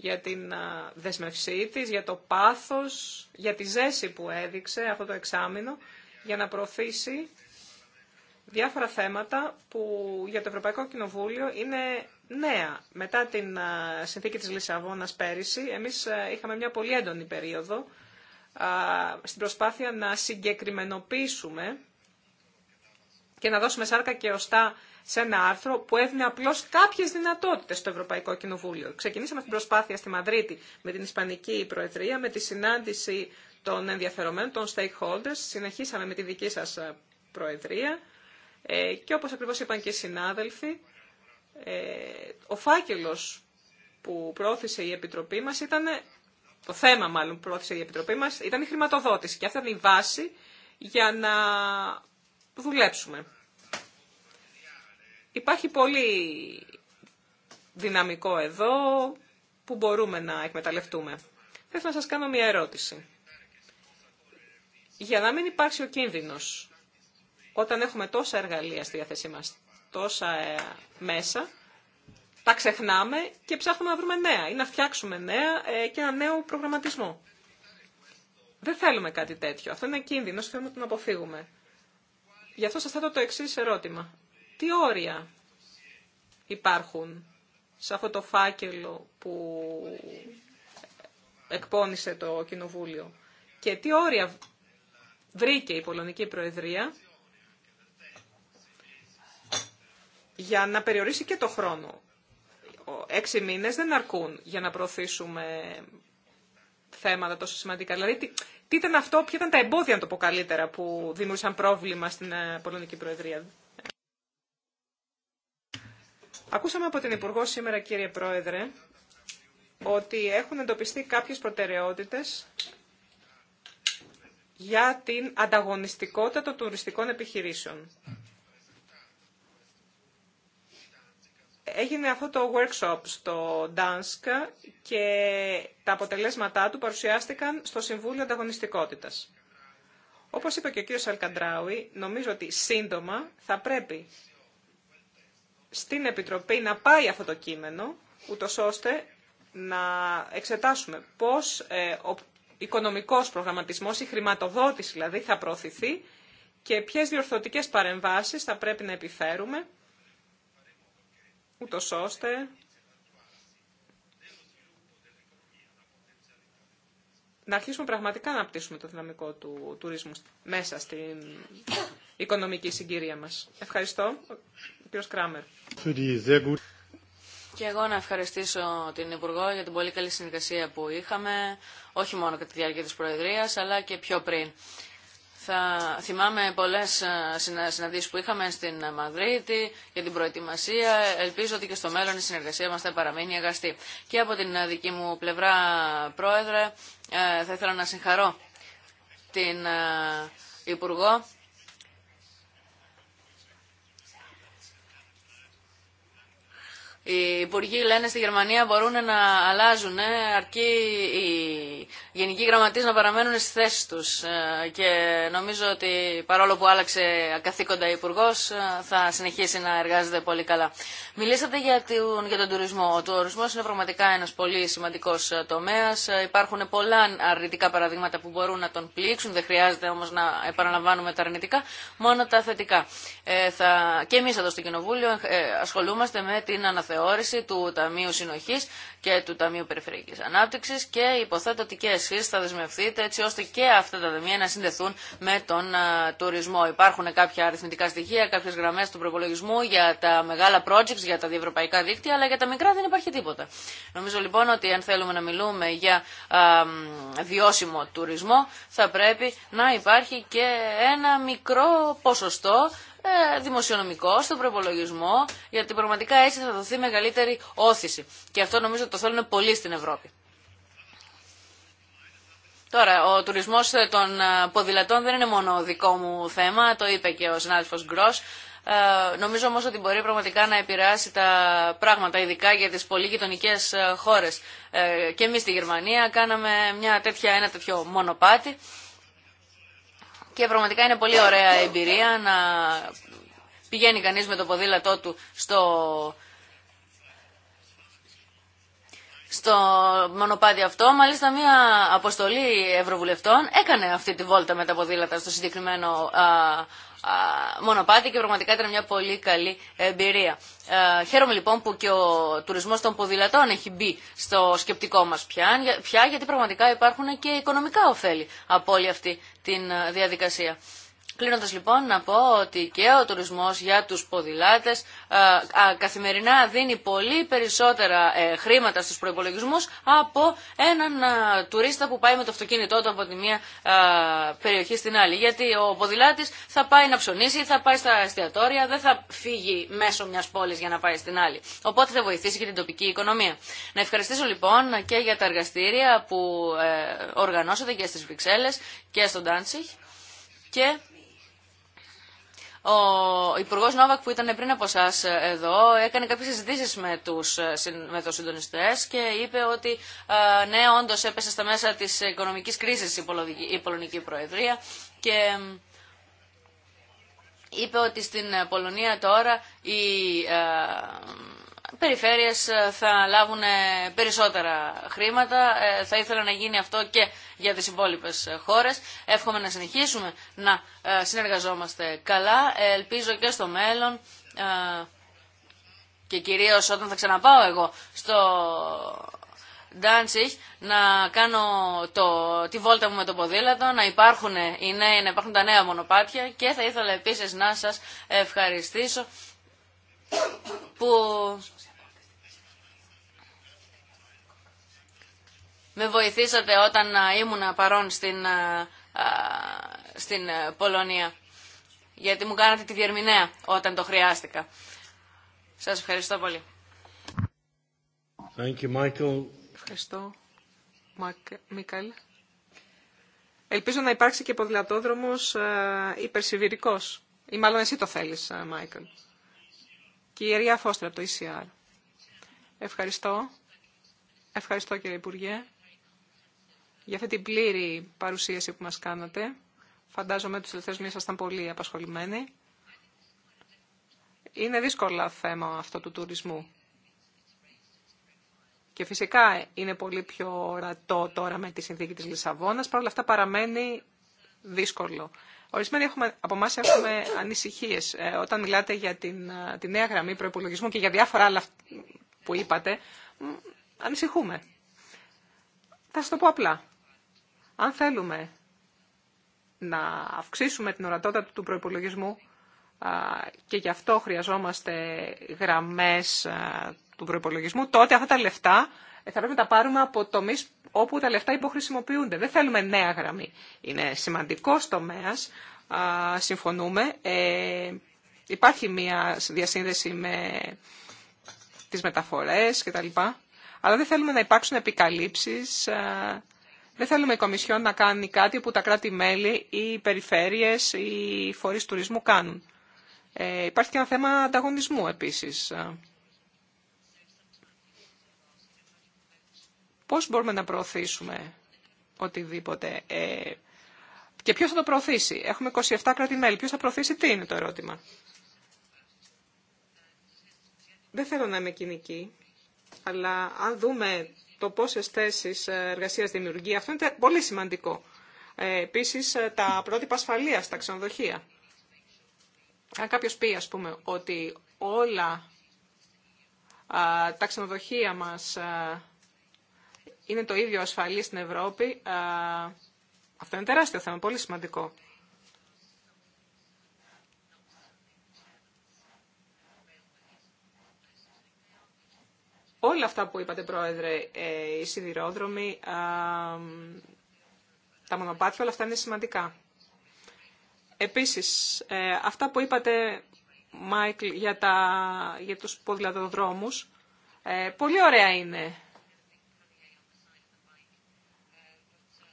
για την δεσμευσή της, για το πάθος, για τη ζέση που έδειξε αυτό το εξάμεινο για να προωθήσει διάφορα θέματα που για το Ευρωπαϊκό Κοινοβούλιο είναι νέα. Μετά την συνθήκη της Λισαβόνας πέρυσι, εμείς είχαμε μια πολύ έντονη περίοδο στην προσπάθεια να συγκεκριμενοποιήσουμε και να δώσουμε σάρκα και οστά σε ένα άρθρο που έδινε απλώ κάποιε δυνατότητε στο Ευρωπαϊκό Κοινοβούλιο. Ξεκινήσαμε την προσπάθεια στη Μαδρίτη με την Ισπανική Προεδρία, με τη συνάντηση των ενδιαφερομένων, των stakeholders. Συνεχίσαμε με τη δική σας ε, Προεδρία ε, και όπως ακριβώ είπαν και οι συνάδελφοι, ε, ο φάκελος που πρόθεσε η Επιτροπή μα ήταν, το θέμα μάλλον που πρόθεσε η Επιτροπή μα ήταν η χρηματοδότηση και αυτή ήταν η βάση για να δουλέψουμε. Υπάρχει πολύ δυναμικό εδώ που μπορούμε να εκμεταλλευτούμε. Θέλω να σας κάνω μια ερώτηση. Για να μην υπάρξει ο κίνδυνος, όταν έχουμε τόσα εργαλεία στη διάθεσή μας, τόσα ε, μέσα, τα ξεχνάμε και ψάχνουμε να βρούμε νέα ή να φτιάξουμε νέα ε, και ένα νέο προγραμματισμό. Δεν θέλουμε κάτι τέτοιο. Αυτό είναι κίνδυνος, θέλουμε να τον αποφύγουμε. Γι' αυτό σας θέτω το εξή ερώτημα. Τι όρια υπάρχουν σε αυτό το φάκελο που εκπώνησε το Κοινοβούλιο και τι όρια βρήκε η Πολωνική Προεδρία για να περιορίσει και το χρόνο. Έξι μήνες δεν αρκούν για να προωθήσουμε θέματα τόσο σημαντικά. Δηλαδή, τι, ήταν αυτό, ποια ήταν τα εμπόδια, να το πω καλύτερα, που δημιούργησαν πρόβλημα στην ε, Πολωνική Προεδρία. Ακούσαμε από την Υπουργό σήμερα, κύριε Πρόεδρε, ότι έχουν εντοπιστεί κάποιες προτεραιότητες για την ανταγωνιστικότητα των τουριστικών επιχειρήσεων. Έγινε αυτό το workshop στο Dansk και τα αποτελέσματά του παρουσιάστηκαν στο Συμβούλιο Ανταγωνιστικότητας. Όπως είπε και ο κύριος Αλκαντράουι, νομίζω ότι σύντομα θα πρέπει στην Επιτροπή να πάει αυτό το κείμενο, ούτω ώστε να εξετάσουμε πώς ε, ο οικονομικός προγραμματισμός, η χρηματοδότηση δηλαδή, θα προωθηθεί και ποιες διορθωτικές παρεμβάσεις θα πρέπει να επιφέρουμε, ούτω ώστε να αρχίσουμε πραγματικά να απτύσσουμε το δυναμικό του τουρισμού μέσα στην οικονομική συγκυρία μας. Ευχαριστώ, κύριο Κράμερ. Και εγώ να ευχαριστήσω την Υπουργό για την πολύ καλή συνεργασία που είχαμε, όχι μόνο κατά τη διάρκεια της Προεδρίας, αλλά και πιο πριν. Θα θυμάμαι πολλές ε, συναντήσεις που είχαμε στην Μαδρίτη για την προετοιμασία. Ελπίζω ότι και στο μέλλον η συνεργασία μας θα παραμείνει αγαστή. Και από την δική μου πλευρά, Πρόεδρε, ε, θα ήθελα να συγχαρώ την ε, Υπουργό Οι υπουργοί λένε στη Γερμανία μπορούν να αλλάζουν ε, αρκεί οι γενικοί γραμματείς να παραμένουν στις θέσεις τους ε, και νομίζω ότι παρόλο που άλλαξε καθήκοντα υπουργό, ε, θα συνεχίσει να εργάζεται πολύ καλά. Μιλήσατε για τον, για τον τουρισμό. Ο τουρισμός είναι πραγματικά ένας πολύ σημαντικός τομέας. Υπάρχουν πολλά αρνητικά παραδείγματα που μπορούν να τον πλήξουν. Δεν χρειάζεται όμως να επαναλαμβάνουμε τα αρνητικά, μόνο τα θετικά. θα... Και εμείς εδώ στο Κοινοβούλιο ασχολούμαστε με την αναθεώρηση θεώρηση του Ταμείου Συνοχής και του Ταμείου Περιφερειακής Ανάπτυξης και υποθέτω ότι και εσεί θα δεσμευτείτε έτσι ώστε και αυτά τα ταμεία να συνδεθούν με τον α, τουρισμό. Υπάρχουν κάποια αριθμητικά στοιχεία, κάποιε γραμμές του προπολογισμού για τα μεγάλα projects, για τα διευρωπαϊκά δίκτυα, αλλά για τα μικρά δεν υπάρχει τίποτα. Νομίζω λοιπόν ότι αν θέλουμε να μιλούμε για α, βιώσιμο τουρισμό θα πρέπει να υπάρχει και ένα μικρό ποσοστό ε, δημοσιονομικό, στον προπολογισμό, γιατί πραγματικά έτσι θα δοθεί μεγαλύτερη όθηση. Και αυτό νομίζω ότι το θέλουν πολύ στην Ευρώπη. Τώρα, ο τουρισμός ε, των ε, ποδηλατών δεν είναι μόνο δικό μου θέμα, το είπε και ο συνάδελφος Γκρός. νομίζω όμως ότι μπορεί πραγματικά να επηρεάσει τα πράγματα, ειδικά για τις πολύ γειτονικέ χώρες. Ε, και εμείς στη Γερμανία κάναμε μια ένα τέτοιο μονοπάτι και πραγματικά είναι πολύ ωραία εμπειρία να πηγαίνει κανείς με το ποδήλατό του στο, στο μονοπάτι αυτό. Μάλιστα μια αποστολή ευρωβουλευτών έκανε αυτή τη βόλτα με τα ποδήλατα στο συγκεκριμένο μονοπάτι και πραγματικά ήταν μια πολύ καλή εμπειρία. Χαίρομαι λοιπόν που και ο τουρισμός των ποδηλατών έχει μπει στο σκεπτικό μας πια, γιατί πραγματικά υπάρχουν και οικονομικά ωφέλη από όλη αυτή τη ε, διαδικασία. Κλείνοντα λοιπόν να πω ότι και ο τουρισμό για του ποδηλάτε ε, καθημερινά δίνει πολύ περισσότερα ε, χρήματα στου προπολογισμού από έναν ε, τουρίστα που πάει με το αυτοκίνητό του από τη μία περιοχή στην άλλη. Γιατί ο ποδηλάτη θα πάει να ψωνίσει, θα πάει στα εστιατόρια, δεν θα φύγει μέσω μια πόλη για να πάει στην άλλη. Οπότε θα βοηθήσει και την τοπική οικονομία. Να ευχαριστήσω λοιπόν και για τα εργαστήρια που οργανώσατε και στι Βρυξέλλε και στον Τάντσιχ και ο Υπουργό Νόβακ που ήταν πριν από εσά εδώ έκανε κάποιε συζητήσει με του με τους ε, συντονιστέ και είπε ότι ε, ναι, όντω έπεσε στα μέσα τη οικονομική κρίση η Πολωνική Προεδρία και είπε ότι στην Πολωνία τώρα η ε, περιφέρειες ε, θα λάβουν ε, περισσότερα χρήματα. Ε, θα ήθελα να γίνει αυτό και για τις υπόλοιπες χώρες. Εύχομαι να συνεχίσουμε να συνεργαζόμαστε καλά. Ελπίζω και στο μέλλον και κυρίως όταν θα ξαναπάω εγώ στο Danzig να κάνω το, τη βόλτα μου με το ποδήλατο, να υπάρχουν, να υπάρχουν τα νέα μονοπάτια και θα ήθελα επίσης να σας ευχαριστήσω που με βοηθήσατε όταν ήμουν παρόν στην, στην Πολωνία. Γιατί μου κάνατε τη διερμηνέα όταν το χρειάστηκα. Σας ευχαριστώ πολύ. Ευχαριστώ, Μίκαλ. Ελπίζω να υπάρξει και ποδηλατόδρομος υπερσιβηρικός. Ή μάλλον εσύ το θέλεις, Μάικλ. Κυρία Φώστρα από το ECR. Ευχαριστώ. Ευχαριστώ κύριε Υπουργέ για αυτή την πλήρη παρουσίαση που μας κάνατε. Φαντάζομαι τους τελευταίους μήνες ήσασταν πολύ απασχολημένοι. Είναι δύσκολο θέμα αυτό του τουρισμού. Και φυσικά είναι πολύ πιο ορατό τώρα με τη συνθήκη της Λισαβόνας, παρόλα αυτά παραμένει δύσκολο. Ορισμένοι έχουμε, από εμά έχουμε ανησυχίε. Ε, όταν μιλάτε για την, ε, τη νέα γραμμή προπολογισμού και για διάφορα άλλα που είπατε, ανησυχούμε. Θα σα το πω απλά. Αν θέλουμε να αυξήσουμε την ορατότητα του προϋπολογισμού και γι' αυτό χρειαζόμαστε γραμμές του προϋπολογισμού, τότε αυτά τα λεφτά ε, θα πρέπει να τα πάρουμε από τομεί όπου τα λεφτά υποχρησιμοποιούνται. Δεν θέλουμε νέα γραμμή. Είναι σημαντικό τομέα, συμφωνούμε. Ε, υπάρχει μια διασύνδεση με τις μεταφορές κτλ. Αλλά δεν θέλουμε να υπάρξουν επικαλύψεις δεν θέλουμε η Κομισιόν να κάνει κάτι που τα κράτη-μέλη ή οι περιφέρειες ή οι φορείς τουρισμού κάνουν. Ε, υπάρχει και ένα θέμα ανταγωνισμού επίσης. Ε, πώς μπορούμε να προωθήσουμε οτιδήποτε ε, και ποιος θα το προωθήσει. Έχουμε 27 κράτη-μέλη. Ποιος θα προωθήσει τι είναι το ερώτημα. Δεν θέλω να είμαι κοινική, αλλά αν δούμε το πόσες θέσεις ε, εργασίας δημιουργεί. Αυτό είναι πολύ σημαντικό. Ε, επίσης, ε, τα πρότυπα ασφαλείας, στα ξενοδοχεία. Αν κάποιος πει, ας πούμε, ότι όλα τα ξενοδοχεία μας είναι το ίδιο ασφαλή στην Ευρώπη, αυτό είναι τεράστιο θέμα, πολύ σημαντικό. Όλα αυτά που είπατε, Πρόεδρε, ε, οι σιδηρόδρομοι, τα μονοπάτια, όλα αυτά είναι σημαντικά. Επίσης, ε, αυτά που είπατε, Μάικλ, για, τα, για τους ποδηλατοδρόμους, ε, πολύ ωραία είναι.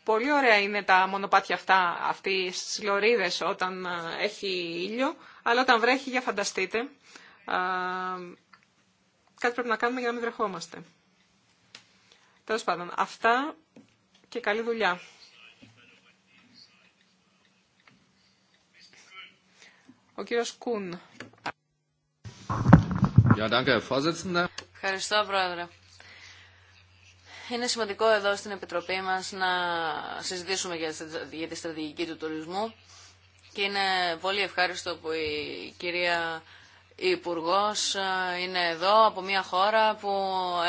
Πολύ ωραία είναι τα μονοπάτια αυτά, αυτοί στις λωρίδες όταν έχει ήλιο, αλλά όταν βρέχει, για φανταστείτε, κάτι πρέπει να κάνουμε για να μην βρεχόμαστε. Τέλος πάντων, αυτά και καλή δουλειά. Ο κύριος Κούν. Ευχαριστώ, Πρόεδρε. Είναι σημαντικό εδώ στην Επιτροπή μας να συζητήσουμε για τη στρατηγική του τουρισμού και είναι πολύ ευχάριστο που η κυρία υπουργό ε, είναι εδώ από μια χώρα που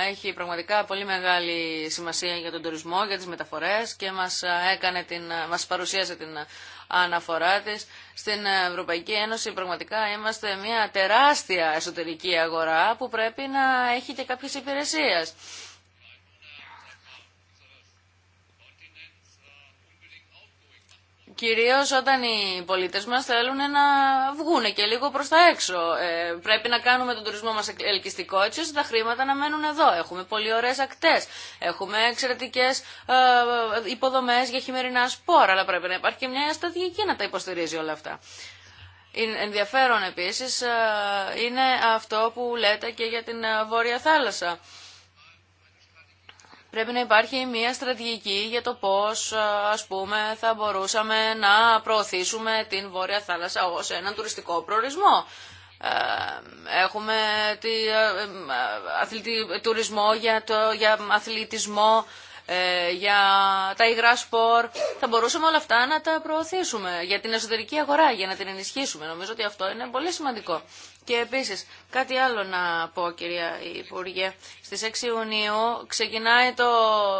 έχει πραγματικά πολύ μεγάλη σημασία για τον τουρισμό, για τις μεταφορές και μας, ε, έκανε την, ε, μας παρουσίασε την αναφορά της. Στην Ευρωπαϊκή Ένωση πραγματικά είμαστε μια τεράστια εσωτερική αγορά που πρέπει να έχει και κάποιες υπηρεσίες. Κυρίως όταν οι πολίτες μας θέλουν να βγούνε και λίγο προ τα έξω. Ε, πρέπει να κάνουμε τον τουρισμό μας ελκυστικό έτσι ώστε τα χρήματα να μένουν εδώ. Έχουμε πολύ ωραίε ακτέ, έχουμε εξαιρετικέ ε, υποδομές για χειμερινά σπόρα, αλλά πρέπει να υπάρχει και μια στρατηγική να τα υποστηρίζει όλα αυτά. Ενδιαφέρον επίσης ε, είναι αυτό που λέτε και για την ε, Βόρεια Θάλασσα πρέπει να υπάρχει μια στρατηγική για το πώς, ας πούμε, θα μπορούσαμε να προωθήσουμε την Βόρεια Θάλασσα ως έναν τουριστικό προορισμό. Ε, έχουμε τη, ε, ε, αθλητι, τουρισμό για, το, για αθλητισμό, για τα υγρά σπορ. Θα μπορούσαμε όλα αυτά να τα προωθήσουμε για την εσωτερική αγορά, για να την ενισχύσουμε. Νομίζω ότι αυτό είναι πολύ σημαντικό. Και επίση, κάτι άλλο να πω κυρία Υπουργέ. Στις 6 Ιουνίου ξεκινάει το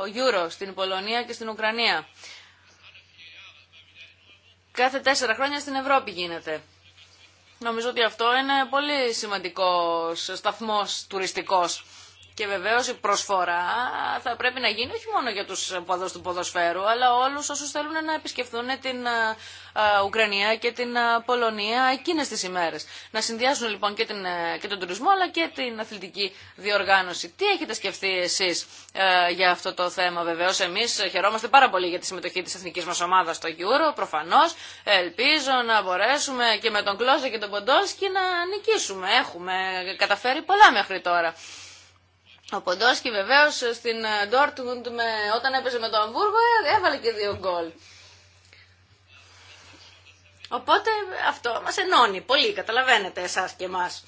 Euro στην Πολωνία και στην Ουκρανία. Κάθε τέσσερα χρόνια στην Ευρώπη γίνεται. Νομίζω ότι αυτό είναι πολύ σημαντικός σταθμός τουριστικός. Και βεβαίω η προσφορά θα πρέπει να γίνει όχι μόνο για του οπαδού του ποδοσφαίρου, αλλά όλου όσου θέλουν να επισκεφθούν την ε, ε, Ουκρανία και την ε, Πολωνία εκείνε τι ημέρε. Να συνδυάσουν λοιπόν και, την, και τον τουρισμό αλλά και την αθλητική διοργάνωση. Τι έχετε σκεφτεί εσεί για αυτό το θέμα, βεβαίω. Εμεί χαιρόμαστε πάρα πολύ για τη συμμετοχή τη εθνική μα ομάδα στο Euro, προφανώ. Ελπίζω να μπορέσουμε και με τον Κλώσσα και τον Ποντόσκι να νικήσουμε. Έχουμε καταφέρει πολλά μέχρι τώρα. Ο Ποντόσκι βεβαίω στην Ντόρτμουντ ε, όταν έπαιζε με το Αμβούργο ε, έβαλε και δύο γκολ. Οπότε αυτό μας ενώνει πολύ, καταλαβαίνετε εσάς και εμάς.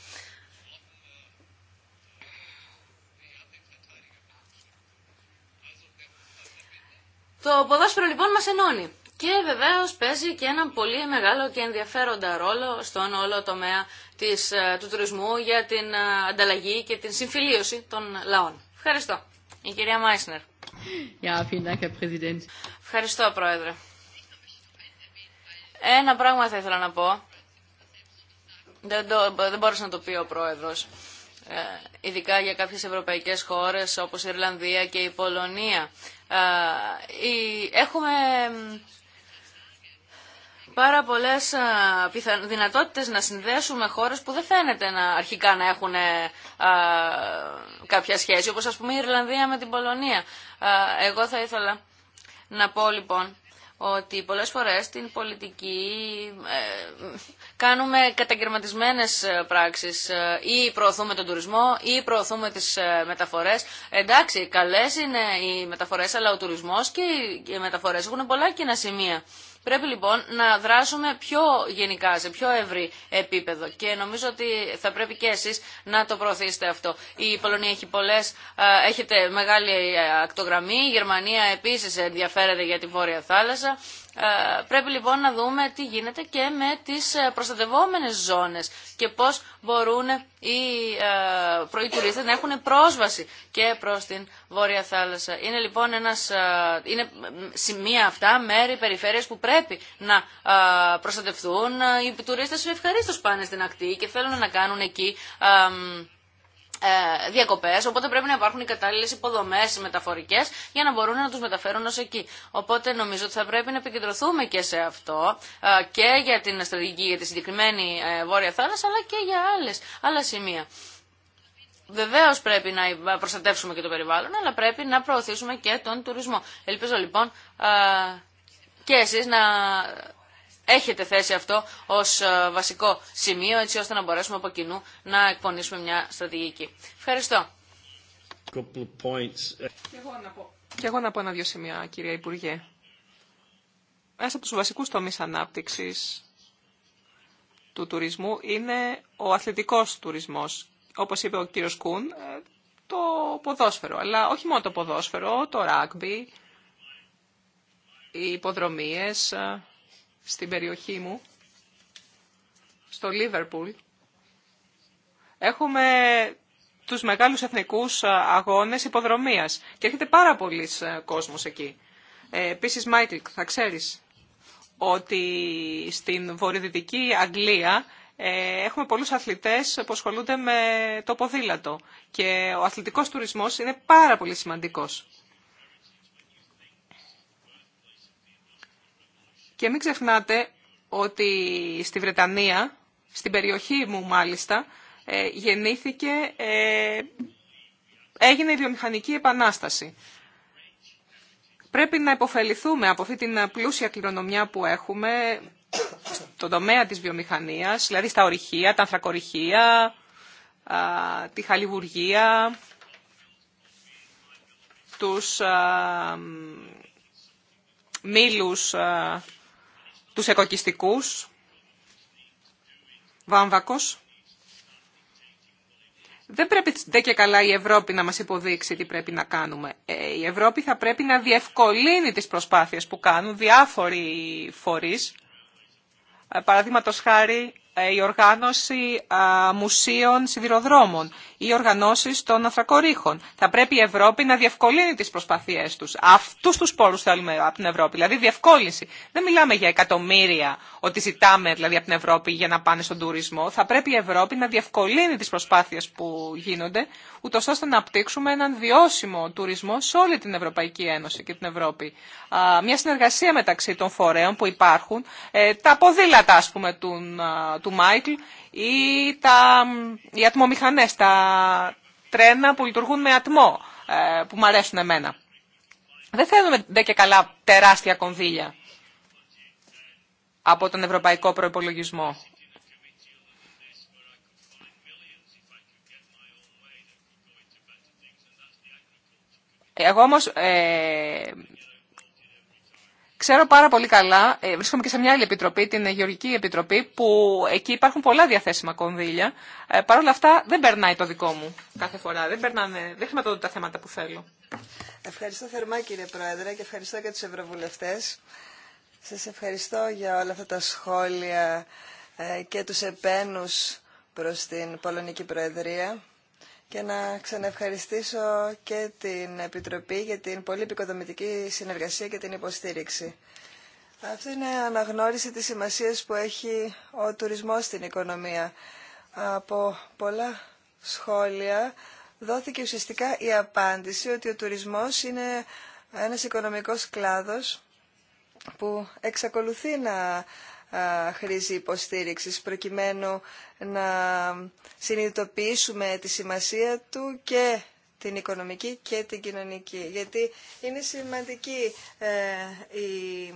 Το ποδόσφαιρο λοιπόν μας ενώνει και βεβαίως παίζει και έναν πολύ μεγάλο και ενδιαφέροντα ρόλο στον όλο τομέα της, ε, του τουρισμού για την ε, ανταλλαγή και την συμφιλίωση των λαών. Ευχαριστώ. Η κυρία Μάισνερ. Ευχαριστώ, Πρόεδρε. Ένα πράγμα θα ήθελα να πω. Δεν, το, να το πει ο Πρόεδρος. Ε, ειδικά για κάποιες ευρωπαϊκές χώρες όπως η Ιρλανδία και η Πολωνία. Έχουμε πάρα πολλέ δυνατότητε να συνδέσουμε χώρε που δεν φαίνεται να, αρχικά να έχουν ε, κάποια σχέση, όπω α πούμε η Ιρλανδία με την Πολωνία. εγώ θα ήθελα να πω λοιπόν ότι πολλές φορές στην πολιτική ε, κάνουμε καταγερματισμένες ε, πράξεις ή προωθούμε τον τουρισμό ή προωθούμε τις μεταφορές. Εντάξει, καλές είναι οι μεταφορές, αλλά ο τουρισμός και οι μεταφορές έχουν πολλά κοινά σημεία. Πρέπει λοιπόν να δράσουμε πιο γενικά, σε πιο ευρύ επίπεδο και νομίζω ότι θα πρέπει και εσείς να το προωθήσετε αυτό. Η Πολωνία έχει πολλές, έχετε μεγάλη ακτογραμμή, η Γερμανία επίσης ενδιαφέρεται για τη Βόρεια Θάλασσα ε, πρέπει λοιπόν να δούμε τι γίνεται και με τις ε, προστατευόμενες ζώνες και πώς μπορούν οι, οι ε, τουρίστες να έχουν πρόσβαση και προς την Βόρεια Θάλασσα. Είναι λοιπόν ένας, είναι σημεία αυτά, μέρη, περιφέρειες που πρέπει να προστατευτούν. Οι τουρίστες ευχαρίστως πάνε στην ακτή και θέλουν να κάνουν εκεί ε, διακοπές, οπότε πρέπει να υπάρχουν οι κατάλληλε υποδομές μεταφορικές για να μπορούν να τους μεταφέρουν ω εκεί. Οπότε νομίζω ότι θα πρέπει να επικεντρωθούμε και σε αυτό ε, και για την στρατηγική για τη συγκεκριμένη ε, Βόρεια Θάλασσα αλλά και για άλλες, άλλα σημεία. Βεβαίω πρέπει να προστατεύσουμε και το περιβάλλον, αλλά πρέπει να προωθήσουμε και τον τουρισμό. Ελπίζω λοιπόν και εσείς να έχετε θέσει αυτό ως ε, βασικό σημείο έτσι ώστε να μπορέσουμε από κοινού να εκπονήσουμε μια στρατηγική. Ευχαριστώ. Και εγώ να πω, να ένα-δύο σημεία, κυρία Υπουργέ. Ένα από τους βασικούς τομείς ανάπτυξης του τουρισμού είναι ο αθλητικός τουρισμός. Όπως είπε ο κύριος Κούν, ε, το ποδόσφαιρο. Αλλά όχι μόνο το ποδόσφαιρο, το ράγμπι, οι υποδρομίες, ε, στην περιοχή μου, στο Λίβερπουλ, έχουμε τους μεγάλους εθνικούς ε, αγώνες υποδρομίας και έρχεται πάρα πολλοί ε, κόσμος εκεί. Ε, επίσης, Μάικλ, θα ξέρεις ότι στην βορειοδυτική Αγγλία ε, έχουμε πολλούς αθλητές που ασχολούνται με το ποδήλατο και ο αθλητικός τουρισμός είναι πάρα πολύ σημαντικός. Και μην ξεχνάτε ότι στη Βρετανία, στην περιοχή μου μάλιστα, ε, γεννήθηκε, ε, έγινε η βιομηχανική επανάσταση. Πρέπει να υποφεληθούμε από αυτή την πλούσια κληρονομιά που έχουμε στον τομέα της βιομηχανίας, δηλαδή στα ορυχεία, τα ανθρακορυχεία, τη χαλιβουργία, τους μήλους τους εκοκιστικούς, βάμβακος. Δεν πρέπει δεν και καλά η Ευρώπη να μας υποδείξει τι πρέπει να κάνουμε. Ε, η Ευρώπη θα πρέπει να διευκολύνει τις προσπάθειες που κάνουν διάφοροι φορείς. Ε, Παραδείγματο χάρη ε, η οργάνωση μουσείων σιδηροδρόμων ή οργανώσεις των ανθρακορίχων. Θα πρέπει η οργανωσει των ανθρακοριχων θα πρεπει η ευρωπη να διευκολύνει τι προσπαθίε του, αυτού, του πόρου θέλουμε από την Ευρώπη, δηλαδή διευκόλυνση. Δεν μιλάμε για εκατομμύρια ότι ζητάμε δηλαδή, από την Ευρώπη για να πάνε στον τουρισμό. Θα πρέπει η Ευρώπη να διευκολύνει τι προσπάθειε που γίνονται, ούτω ώστε να απτύξουμε έναν βιώσιμο τουρισμό σε όλη την Ευρωπαϊκή Ένωση και την Ευρώπη. Μια συνεργασία μεταξύ των φορέων που υπάρχουν, ε, τα ποδήλατα πούμε του του Μάικλ ή τα, οι ατμομηχανές, τα τρένα που λειτουργούν με ατμό, ε, που μου αρέσουν εμένα. Δεν θέλουμε δε και καλά τεράστια κονδύλια από τον Ευρωπαϊκό Προϋπολογισμό. Εγώ όμως ε, Ξέρω πάρα πολύ καλά, ε, βρίσκομαι και σε μια άλλη επιτροπή, την Γεωργική Επιτροπή, που εκεί υπάρχουν πολλά διαθέσιμα κονδύλια. Ε, Παρ' όλα αυτά δεν περνάει το δικό μου κάθε φορά. Δεν, περνάνε, δεν χρηματοδοτούν τα θέματα που θέλω. Ευχαριστώ θερμά κύριε Πρόεδρε και ευχαριστώ και τους Ευρωβουλευτές. Σας ευχαριστώ για όλα αυτά τα σχόλια ε, και τους επένους προς την Πολωνική Προεδρία και να ξαναευχαριστήσω και την Επιτροπή για την πολύ επικοδομητική συνεργασία και την υποστήριξη. Αυτή είναι αναγνώριση της σημασίας που έχει ο τουρισμός στην οικονομία. Από πολλά σχόλια δόθηκε ουσιαστικά η απάντηση ότι ο τουρισμός είναι ένας οικονομικός κλάδος που εξακολουθεί να χρήση υποστήριξης προκειμένου να συνειδητοποιήσουμε τη σημασία του και την οικονομική και την κοινωνική. Γιατί είναι σημαντική ε, η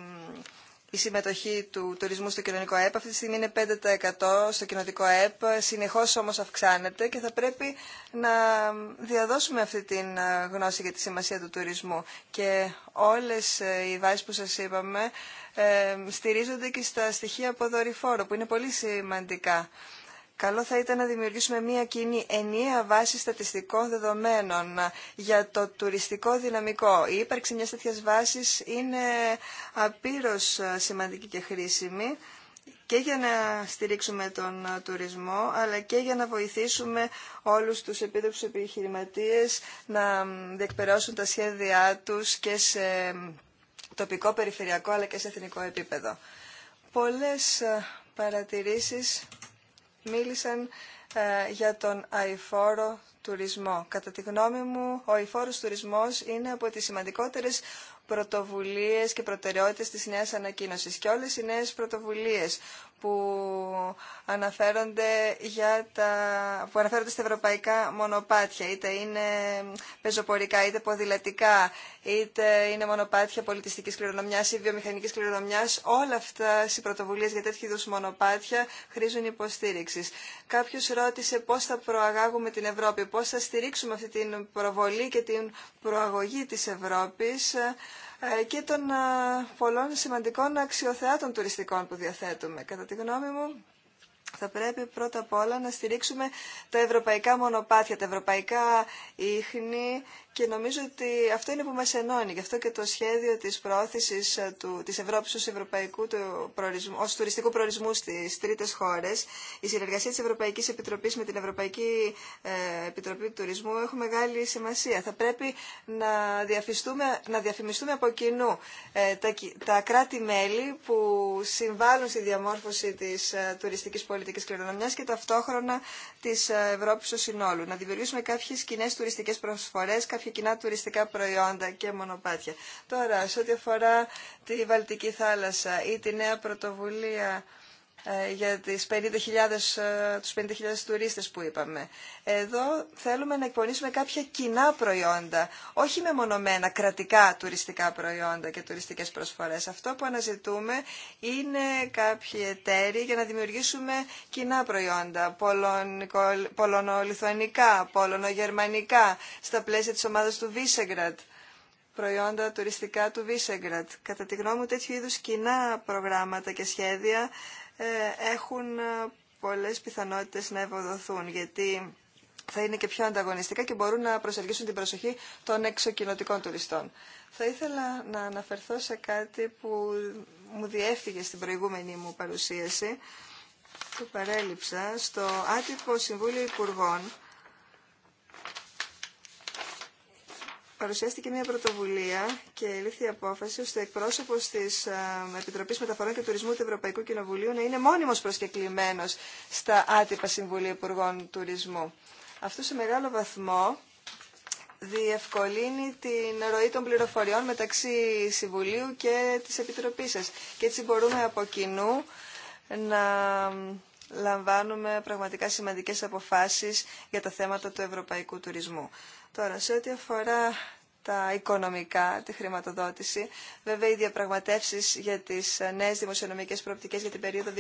η συμμετοχή του τουρισμού στο κοινωνικό ΕΠ Αυτή τη στιγμή είναι 5% στο κοινωνικό ΕΠ, συνεχώς όμως αυξάνεται και θα πρέπει να διαδώσουμε αυτή τη ε, γνώση για τη σημασία του τουρισμού. Και όλες ε, οι βάσεις που σας είπαμε ε, στηρίζονται και στα στοιχεία από δορυφόρο, που είναι πολύ σημαντικά Καλό θα ήταν να δημιουργήσουμε μια κοινή ενιαία βάση στατιστικών δεδομένων για το τουριστικό δυναμικό. Η ύπαρξη μιας τέτοιας βάσης είναι απείρως ε, σημαντική και χρήσιμη και για να στηρίξουμε τον ε, τουρισμό, αλλά και για να βοηθήσουμε όλους τους επίδοξους επιχειρηματίες να διεκπαιρώσουν τα σχέδιά τους και σε τοπικό, περιφερειακό, αλλά και σε εθνικό επίπεδο. Πολλές ε, παρατηρήσεις μίλησαν ε, για τον αηφόρο τουρισμό. Κατά τη γνώμη μου, ο αηφόρος τουρισμός είναι από τις σημαντικότερες πρωτοβουλίες και προτεραιότητες της νέας ανακοίνωσης. Και όλες οι νέες πρωτοβουλίες που αναφέρονται, για τα, που αναφέρονται στα ευρωπαϊκά μονοπάτια, είτε είναι πεζοπορικά, είτε ποδηλατικά, είτε είναι μονοπάτια πολιτιστικής κληρονομιάς ή βιομηχανικής κληρονομιάς, όλα αυτά οι πρωτοβουλίε για τέτοιου είδου μονοπάτια χρήζουν υποστήριξη. Κάποιο ρώτησε πώς θα προαγάγουμε την Ευρώπη, πώ θα στηρίξουμε αυτή την προβολή και την προαγωγή τη Ευρώπη και των πολλών σημαντικών αξιοθεάτων τουριστικών που διαθέτουμε. Κατά τη γνώμη μου, θα πρέπει πρώτα απ' όλα να στηρίξουμε τα ευρωπαϊκά μονοπάτια, τα ευρωπαϊκά ίχνη και νομίζω ότι αυτό είναι που μας ενώνει. Γι' αυτό και το σχέδιο της προώθησης ε, του, της Ευρώπης ως, ευρωπαϊκού, του προορισμού, ως τουριστικού προορισμού στις τρίτες χώρες, η συνεργασία της Ευρωπαϊκής Επιτροπής με την Ευρωπαϊκή ε, Επιτροπή του Τουρισμού έχει μεγάλη σημασία. Θα πρέπει να, να διαφημιστούμε από κοινού ε, τα, τα κράτη-μέλη που συμβάλλουν στη διαμόρφωση της τουριστικής πολιτικής κληρονομιάς και ταυτόχρονα της Ευρώπης ως συνόλου. Να δημιουργήσουμε κάποιες κοινέ τουριστικές προσφορές, και κοινά τουριστικά προϊόντα και μονοπάτια. Τώρα, σε ό,τι αφορά τη Βαλτική θάλασσα ή τη νέα πρωτοβουλία ε, για τις 50.000, ε, τους 50.000 τουρίστες που είπαμε. Εδώ θέλουμε να εκπονήσουμε κάποια κοινά προϊόντα, όχι μεμονωμένα κρατικά τουριστικά προϊόντα και τουριστικές προσφορές. Αυτό που αναζητούμε είναι κάποιοι εταίροι για να δημιουργήσουμε κοινά προϊόντα, πολωνολιθουανικά, πολωνογερμανικά, στα πλαίσια της ομάδας του Βίσεγκρατ προϊόντα τουριστικά του Βίσεγκρατ. Κατά τη γνώμη μου τέτοιου είδους κοινά προγράμματα και σχέδια ε, έχουν ε, πολλές πιθανότητες να ευοδοθούν, γιατί θα είναι και πιο ανταγωνιστικά και μπορούν να προσελκύσουν την προσοχή των εξοκοινωτικών τουριστών. Θα ήθελα να αναφερθώ σε κάτι που μου διέφυγε στην προηγούμενη μου παρουσίαση, που παρέλειψα, στο άτυπο Συμβούλιο Υπουργών παρουσιάστηκε μια πρωτοβουλία και λήφθη η απόφαση ώστε εκπρόσωπο τη ε, Επιτροπή Μεταφορών και Τουρισμού του Ευρωπαϊκού Κοινοβουλίου να είναι μόνιμο προσκεκλημένο στα άτυπα Συμβουλία Υπουργών Τουρισμού. Αυτό σε μεγάλο βαθμό διευκολύνει την ροή των πληροφοριών μεταξύ Συμβουλίου και της Επιτροπής σας. Και έτσι μπορούμε από κοινού να λαμβάνουμε πραγματικά σημαντικές αποφάσεις για τα θέματα του ευρωπαϊκού τουρισμού. Τώρα, σε ό,τι αφορά τα οικονομικά, τη χρηματοδότηση. Βέβαια, οι διαπραγματεύσει για τι νέε δημοσιονομικέ προοπτικέ για την περίοδο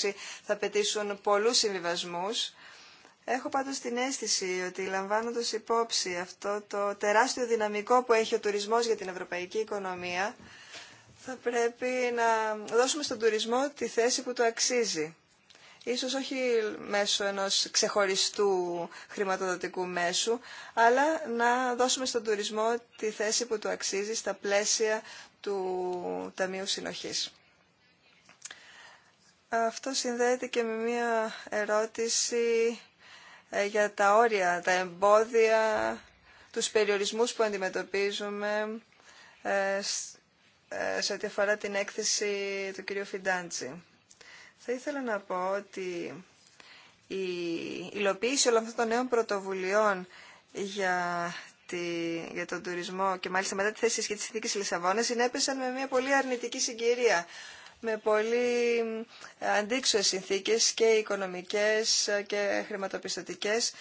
2013-2020 θα απαιτήσουν πολλού συμβιβασμού. Έχω πάντως την αίσθηση ότι λαμβάνοντας υπόψη αυτό το τεράστιο δυναμικό που έχει ο τουρισμό για την ευρωπαϊκή οικονομία, θα πρέπει να δώσουμε στον τουρισμό τη θέση που του αξίζει. Ίσως όχι μέσω ενός ξεχωριστού χρηματοδοτικού μέσου, αλλά να δώσουμε στον τουρισμό τη θέση που του αξίζει στα πλαίσια του Ταμείου Συνοχής. Αυτό συνδέεται και με μία ερώτηση ε, για τα όρια, τα εμπόδια, τους περιορισμούς που αντιμετωπίζουμε ε, ε, σε ό,τι αφορά την έκθεση του κυρίου Φιντάντζη. Θα ήθελα να πω ότι η υλοποίηση όλων αυτών των νέων πρωτοβουλειών για, τη, για τον τουρισμό και μάλιστα μετά τη θέση και της συνθήκης Λισαβόνας συνέπεσαν με μια πολύ αρνητική συγκυρία με πολύ ε, αντίξωες συνθήκες και οικονομικές ε, και χρηματοπιστωτικές.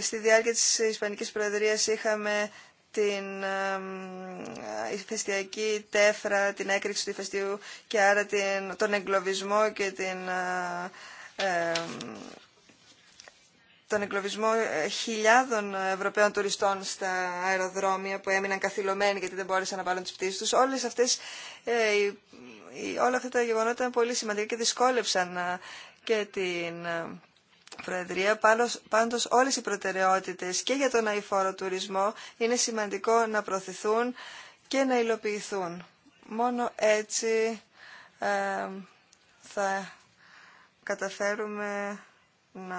Στη διάρκεια της Ισπανικής Προεδρίας είχαμε την ηφαιστιακή τέφρα, την έκρηξη του ηφαιστείου και άρα την, τον εγκλωβισμό και την, ε, τον εγκλωβισμό ε, χιλιάδων Ευρωπαίων τουριστών στα αεροδρόμια που έμειναν καθυλωμένοι γιατί δεν μπόρεσαν να βάλουν τις πτήσεις τους. Όλες αυτές, ε, όλα αυτά τα γεγονότα ήταν πολύ σημαντικά και δυσκόλεψαν ε, και την Προεδρία. Πάντως όλες οι προτεραιότητες και για τον αηφόρο τουρισμό είναι σημαντικό να προωθηθούν και να υλοποιηθούν. Μόνο έτσι θα καταφέρουμε να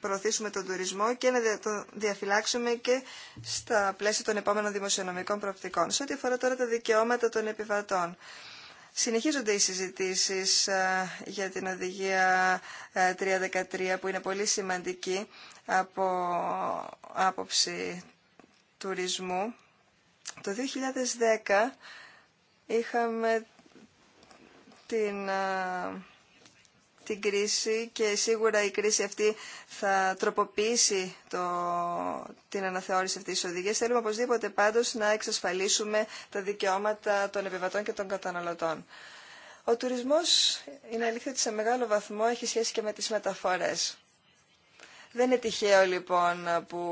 προωθήσουμε τον τουρισμό και να τον διαφυλάξουμε και στα πλαίσια των επόμενων δημοσιονομικών προοπτικών. Σε ό,τι αφορά τώρα τα δικαιώματα των επιβατών. Συνεχίζονται οι συζητήσεις ε, για την οδηγία 313 ε, που είναι πολύ σημαντική από άποψη τουρισμού. Το 2010 είχαμε την ε, την κρίση και σίγουρα η κρίση αυτή θα τροποποιήσει το, την αναθεώρηση αυτής της οδηγίας. Θέλουμε οπωσδήποτε πάντως να εξασφαλίσουμε τα δικαιώματα των επιβατών και των καταναλωτών. Ο τουρισμός είναι αλήθεια ότι σε μεγάλο βαθμό έχει σχέση και με τις μεταφορές. Δεν είναι τυχαίο λοιπόν που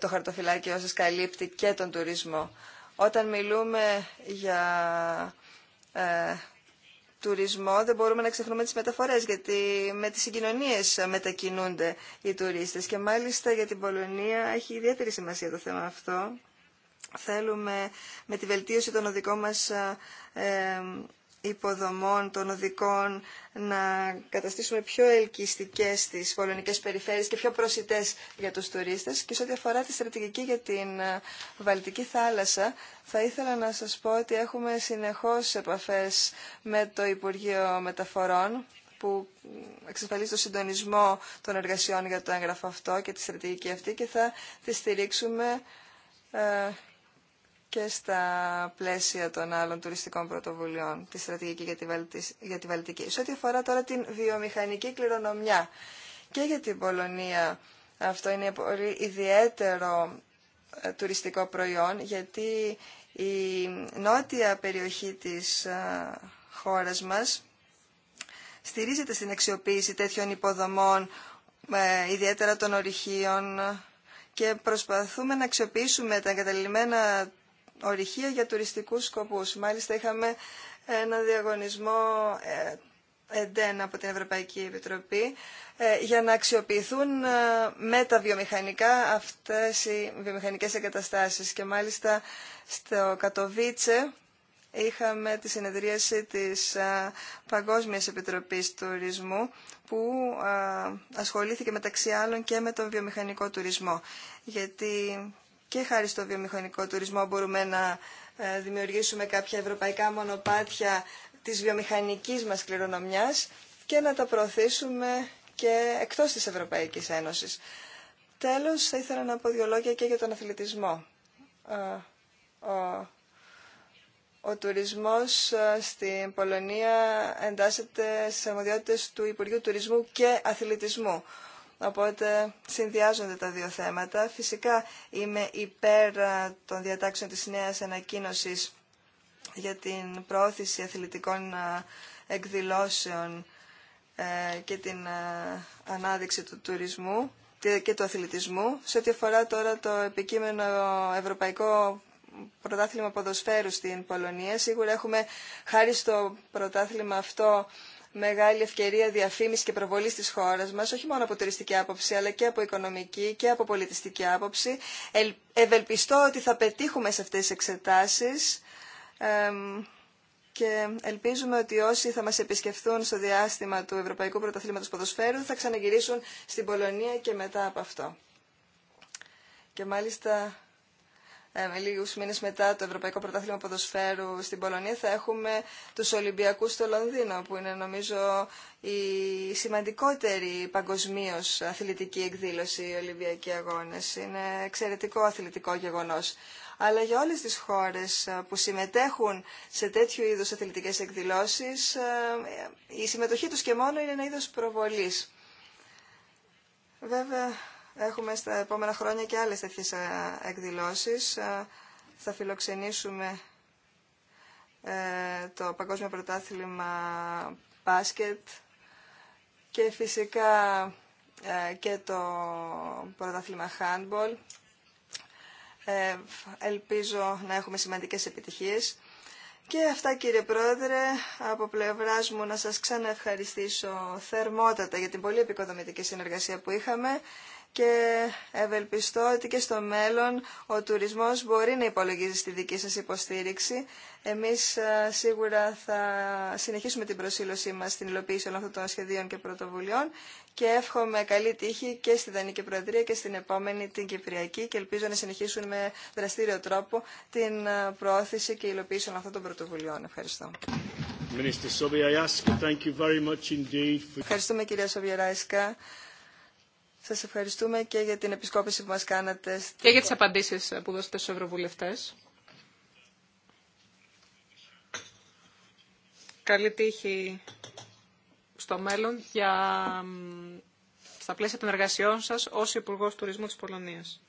το χαρτοφυλάκιο σας καλύπτει και τον τουρισμό. Όταν μιλούμε για ε, τουρισμό δεν μπορούμε να ξεχνούμε τις μεταφορές, γιατί με τις συγκοινωνίες μετακινούνται οι τουρίστες. Και μάλιστα για την Πολωνία έχει ιδιαίτερη σημασία το θέμα αυτό. Θέλουμε με τη βελτίωση των οδικών μας ε, υποδομών των οδικών, να καταστήσουμε πιο ελκυστικές τις πολωνικές περιφέρειες και πιο προσιτές για τους τουρίστες. Και σε ό,τι αφορά τη στρατηγική για την ε, Βαλτική θάλασσα, θα ήθελα να σας πω ότι έχουμε συνεχώς επαφές με το Υπουργείο Μεταφορών, που εξασφαλίζει το συντονισμό των εργασιών για το έγγραφο αυτό και τη στρατηγική αυτή και θα τη στηρίξουμε ε, και στα πλαίσια των άλλων τουριστικών πρωτοβουλειών, τη στρατηγική για τη, για τη Βαλτική. Σε ό,τι αφορά τώρα την βιομηχανική κληρονομιά και για την Πολωνία, αυτό είναι πολύ ιδιαίτερο ε, τουριστικό προϊόν, γιατί η νότια περιοχή της ε, χώρας μας στηρίζεται στην αξιοποίηση τέτοιων υποδομών, ε, ιδιαίτερα των ορυχείων, και προσπαθούμε να αξιοποιήσουμε τα εγκαταλειμμένα ορυχεία για τουριστικούς σκοπούς. Μάλιστα είχαμε ένα διαγωνισμό ε, εντέν από την Ευρωπαϊκή Επιτροπή ε, για να αξιοποιηθούν ε, μεταβιομηχανικά αυτές οι βιομηχανικές εγκαταστάσεις. Και μάλιστα στο Κατοβίτσε είχαμε τη συνεδρίαση της Παγκόσμιας Επιτροπής Τουρισμού που ασχολήθηκε μεταξύ άλλων και με τον βιομηχανικό τουρισμό. Γιατί και χάρη στο βιομηχανικό τουρισμό μπορούμε να ε, δημιουργήσουμε κάποια ευρωπαϊκά μονοπάτια της βιομηχανικής μας κληρονομιάς και να τα προωθήσουμε και εκτός της Ευρωπαϊκής Ένωσης. Τέλος, θα ήθελα να πω δύο λόγια και για τον αθλητισμό. Ε, ο, ο τουρισμός ε, στην Πολωνία εντάσσεται στις αρμοδιότητες του Υπουργείου Τουρισμού και Αθλητισμού. Οπότε συνδυάζονται τα δύο θέματα. Φυσικά είμαι υπέρ ε, των διατάξεων της νέας ανακοίνωσης για την πρόθεση αθλητικών ε, εκδηλώσεων ε, και την ανάδειξη του τουρισμού και του αθλητισμού. Σε ό,τι αφορά τώρα το επικείμενο Ευρωπαϊκό Πρωτάθλημα Ποδοσφαίρου στην Πολωνία, σίγουρα έχουμε χάρη στο πρωτάθλημα αυτό μεγάλη ευκαιρία διαφήμιση και προβολή τη χώρα μα, όχι μόνο από τουριστική άποψη, αλλά και από οικονομική και από πολιτιστική άποψη. Ευελπιστώ ότι θα πετύχουμε σε αυτέ τι εξετάσει. Και ελπίζουμε ότι όσοι θα μας επισκεφθούν στο διάστημα του Ευρωπαϊκού Πρωταθλήματος Ποδοσφαίρου θα ξαναγυρίσουν στην Πολωνία και μετά από αυτό. Και μάλιστα ε, με λίγου μήνε μετά το Ευρωπαϊκό Πρωτάθλημα Ποδοσφαίρου στην Πολωνία, θα έχουμε του Ολυμπιακού στο Λονδίνο, που είναι νομίζω η σημαντικότερη παγκοσμίω αθλητική εκδήλωση οι Ολυμπιακοί Αγώνε. Είναι εξαιρετικό αθλητικό γεγονό. Αλλά για όλε τι χώρε ε, που συμμετέχουν σε τέτοιου είδου αθλητικέ εκδηλώσει, ε, η συμμετοχή του και μόνο είναι ένα είδο προβολή. Βέβαια, Έχουμε στα επόμενα χρόνια και άλλες τέτοιες ε, εκδηλώσεις. Ε, θα φιλοξενήσουμε ε, το Παγκόσμιο Πρωτάθλημα Μπάσκετ και φυσικά και το Πρωτάθλημα Handball. Ελπίζω να έχουμε σημαντικές επιτυχίες. Και αυτά κύριε Πρόεδρε, από πλευράς μου να σας ξαναευχαριστήσω θερμότατα για την πολύ επικοδομητική συνεργασία που είχαμε και ευελπιστώ ότι και στο μέλλον ο τουρισμός μπορεί να υπολογίζει στη δική σας υποστήριξη. Εμείς ε, σίγουρα θα συνεχίσουμε την προσήλωσή μας στην υλοποίηση όλων αυτών των σχεδίων και πρωτοβουλειών και εύχομαι καλή τύχη και στη Δανική Προεδρία και στην επόμενη την Κυπριακή και ελπίζω να συνεχίσουν με δραστήριο τρόπο την ε, προώθηση και υλοποίηση όλων αυτών των πρωτοβουλειών. Ευχαριστώ. Ευχαριστούμε κυρία Σοβιεράισκα. Σας ευχαριστούμε και για την επισκόπηση που μας κάνατε. Και για τις απαντήσεις που δώσατε στους ευρωβουλευτές. Καλή τύχη στο μέλλον για στα πλαίσια των εργασιών σας ως Υπουργός Τουρισμού της Πολωνίας.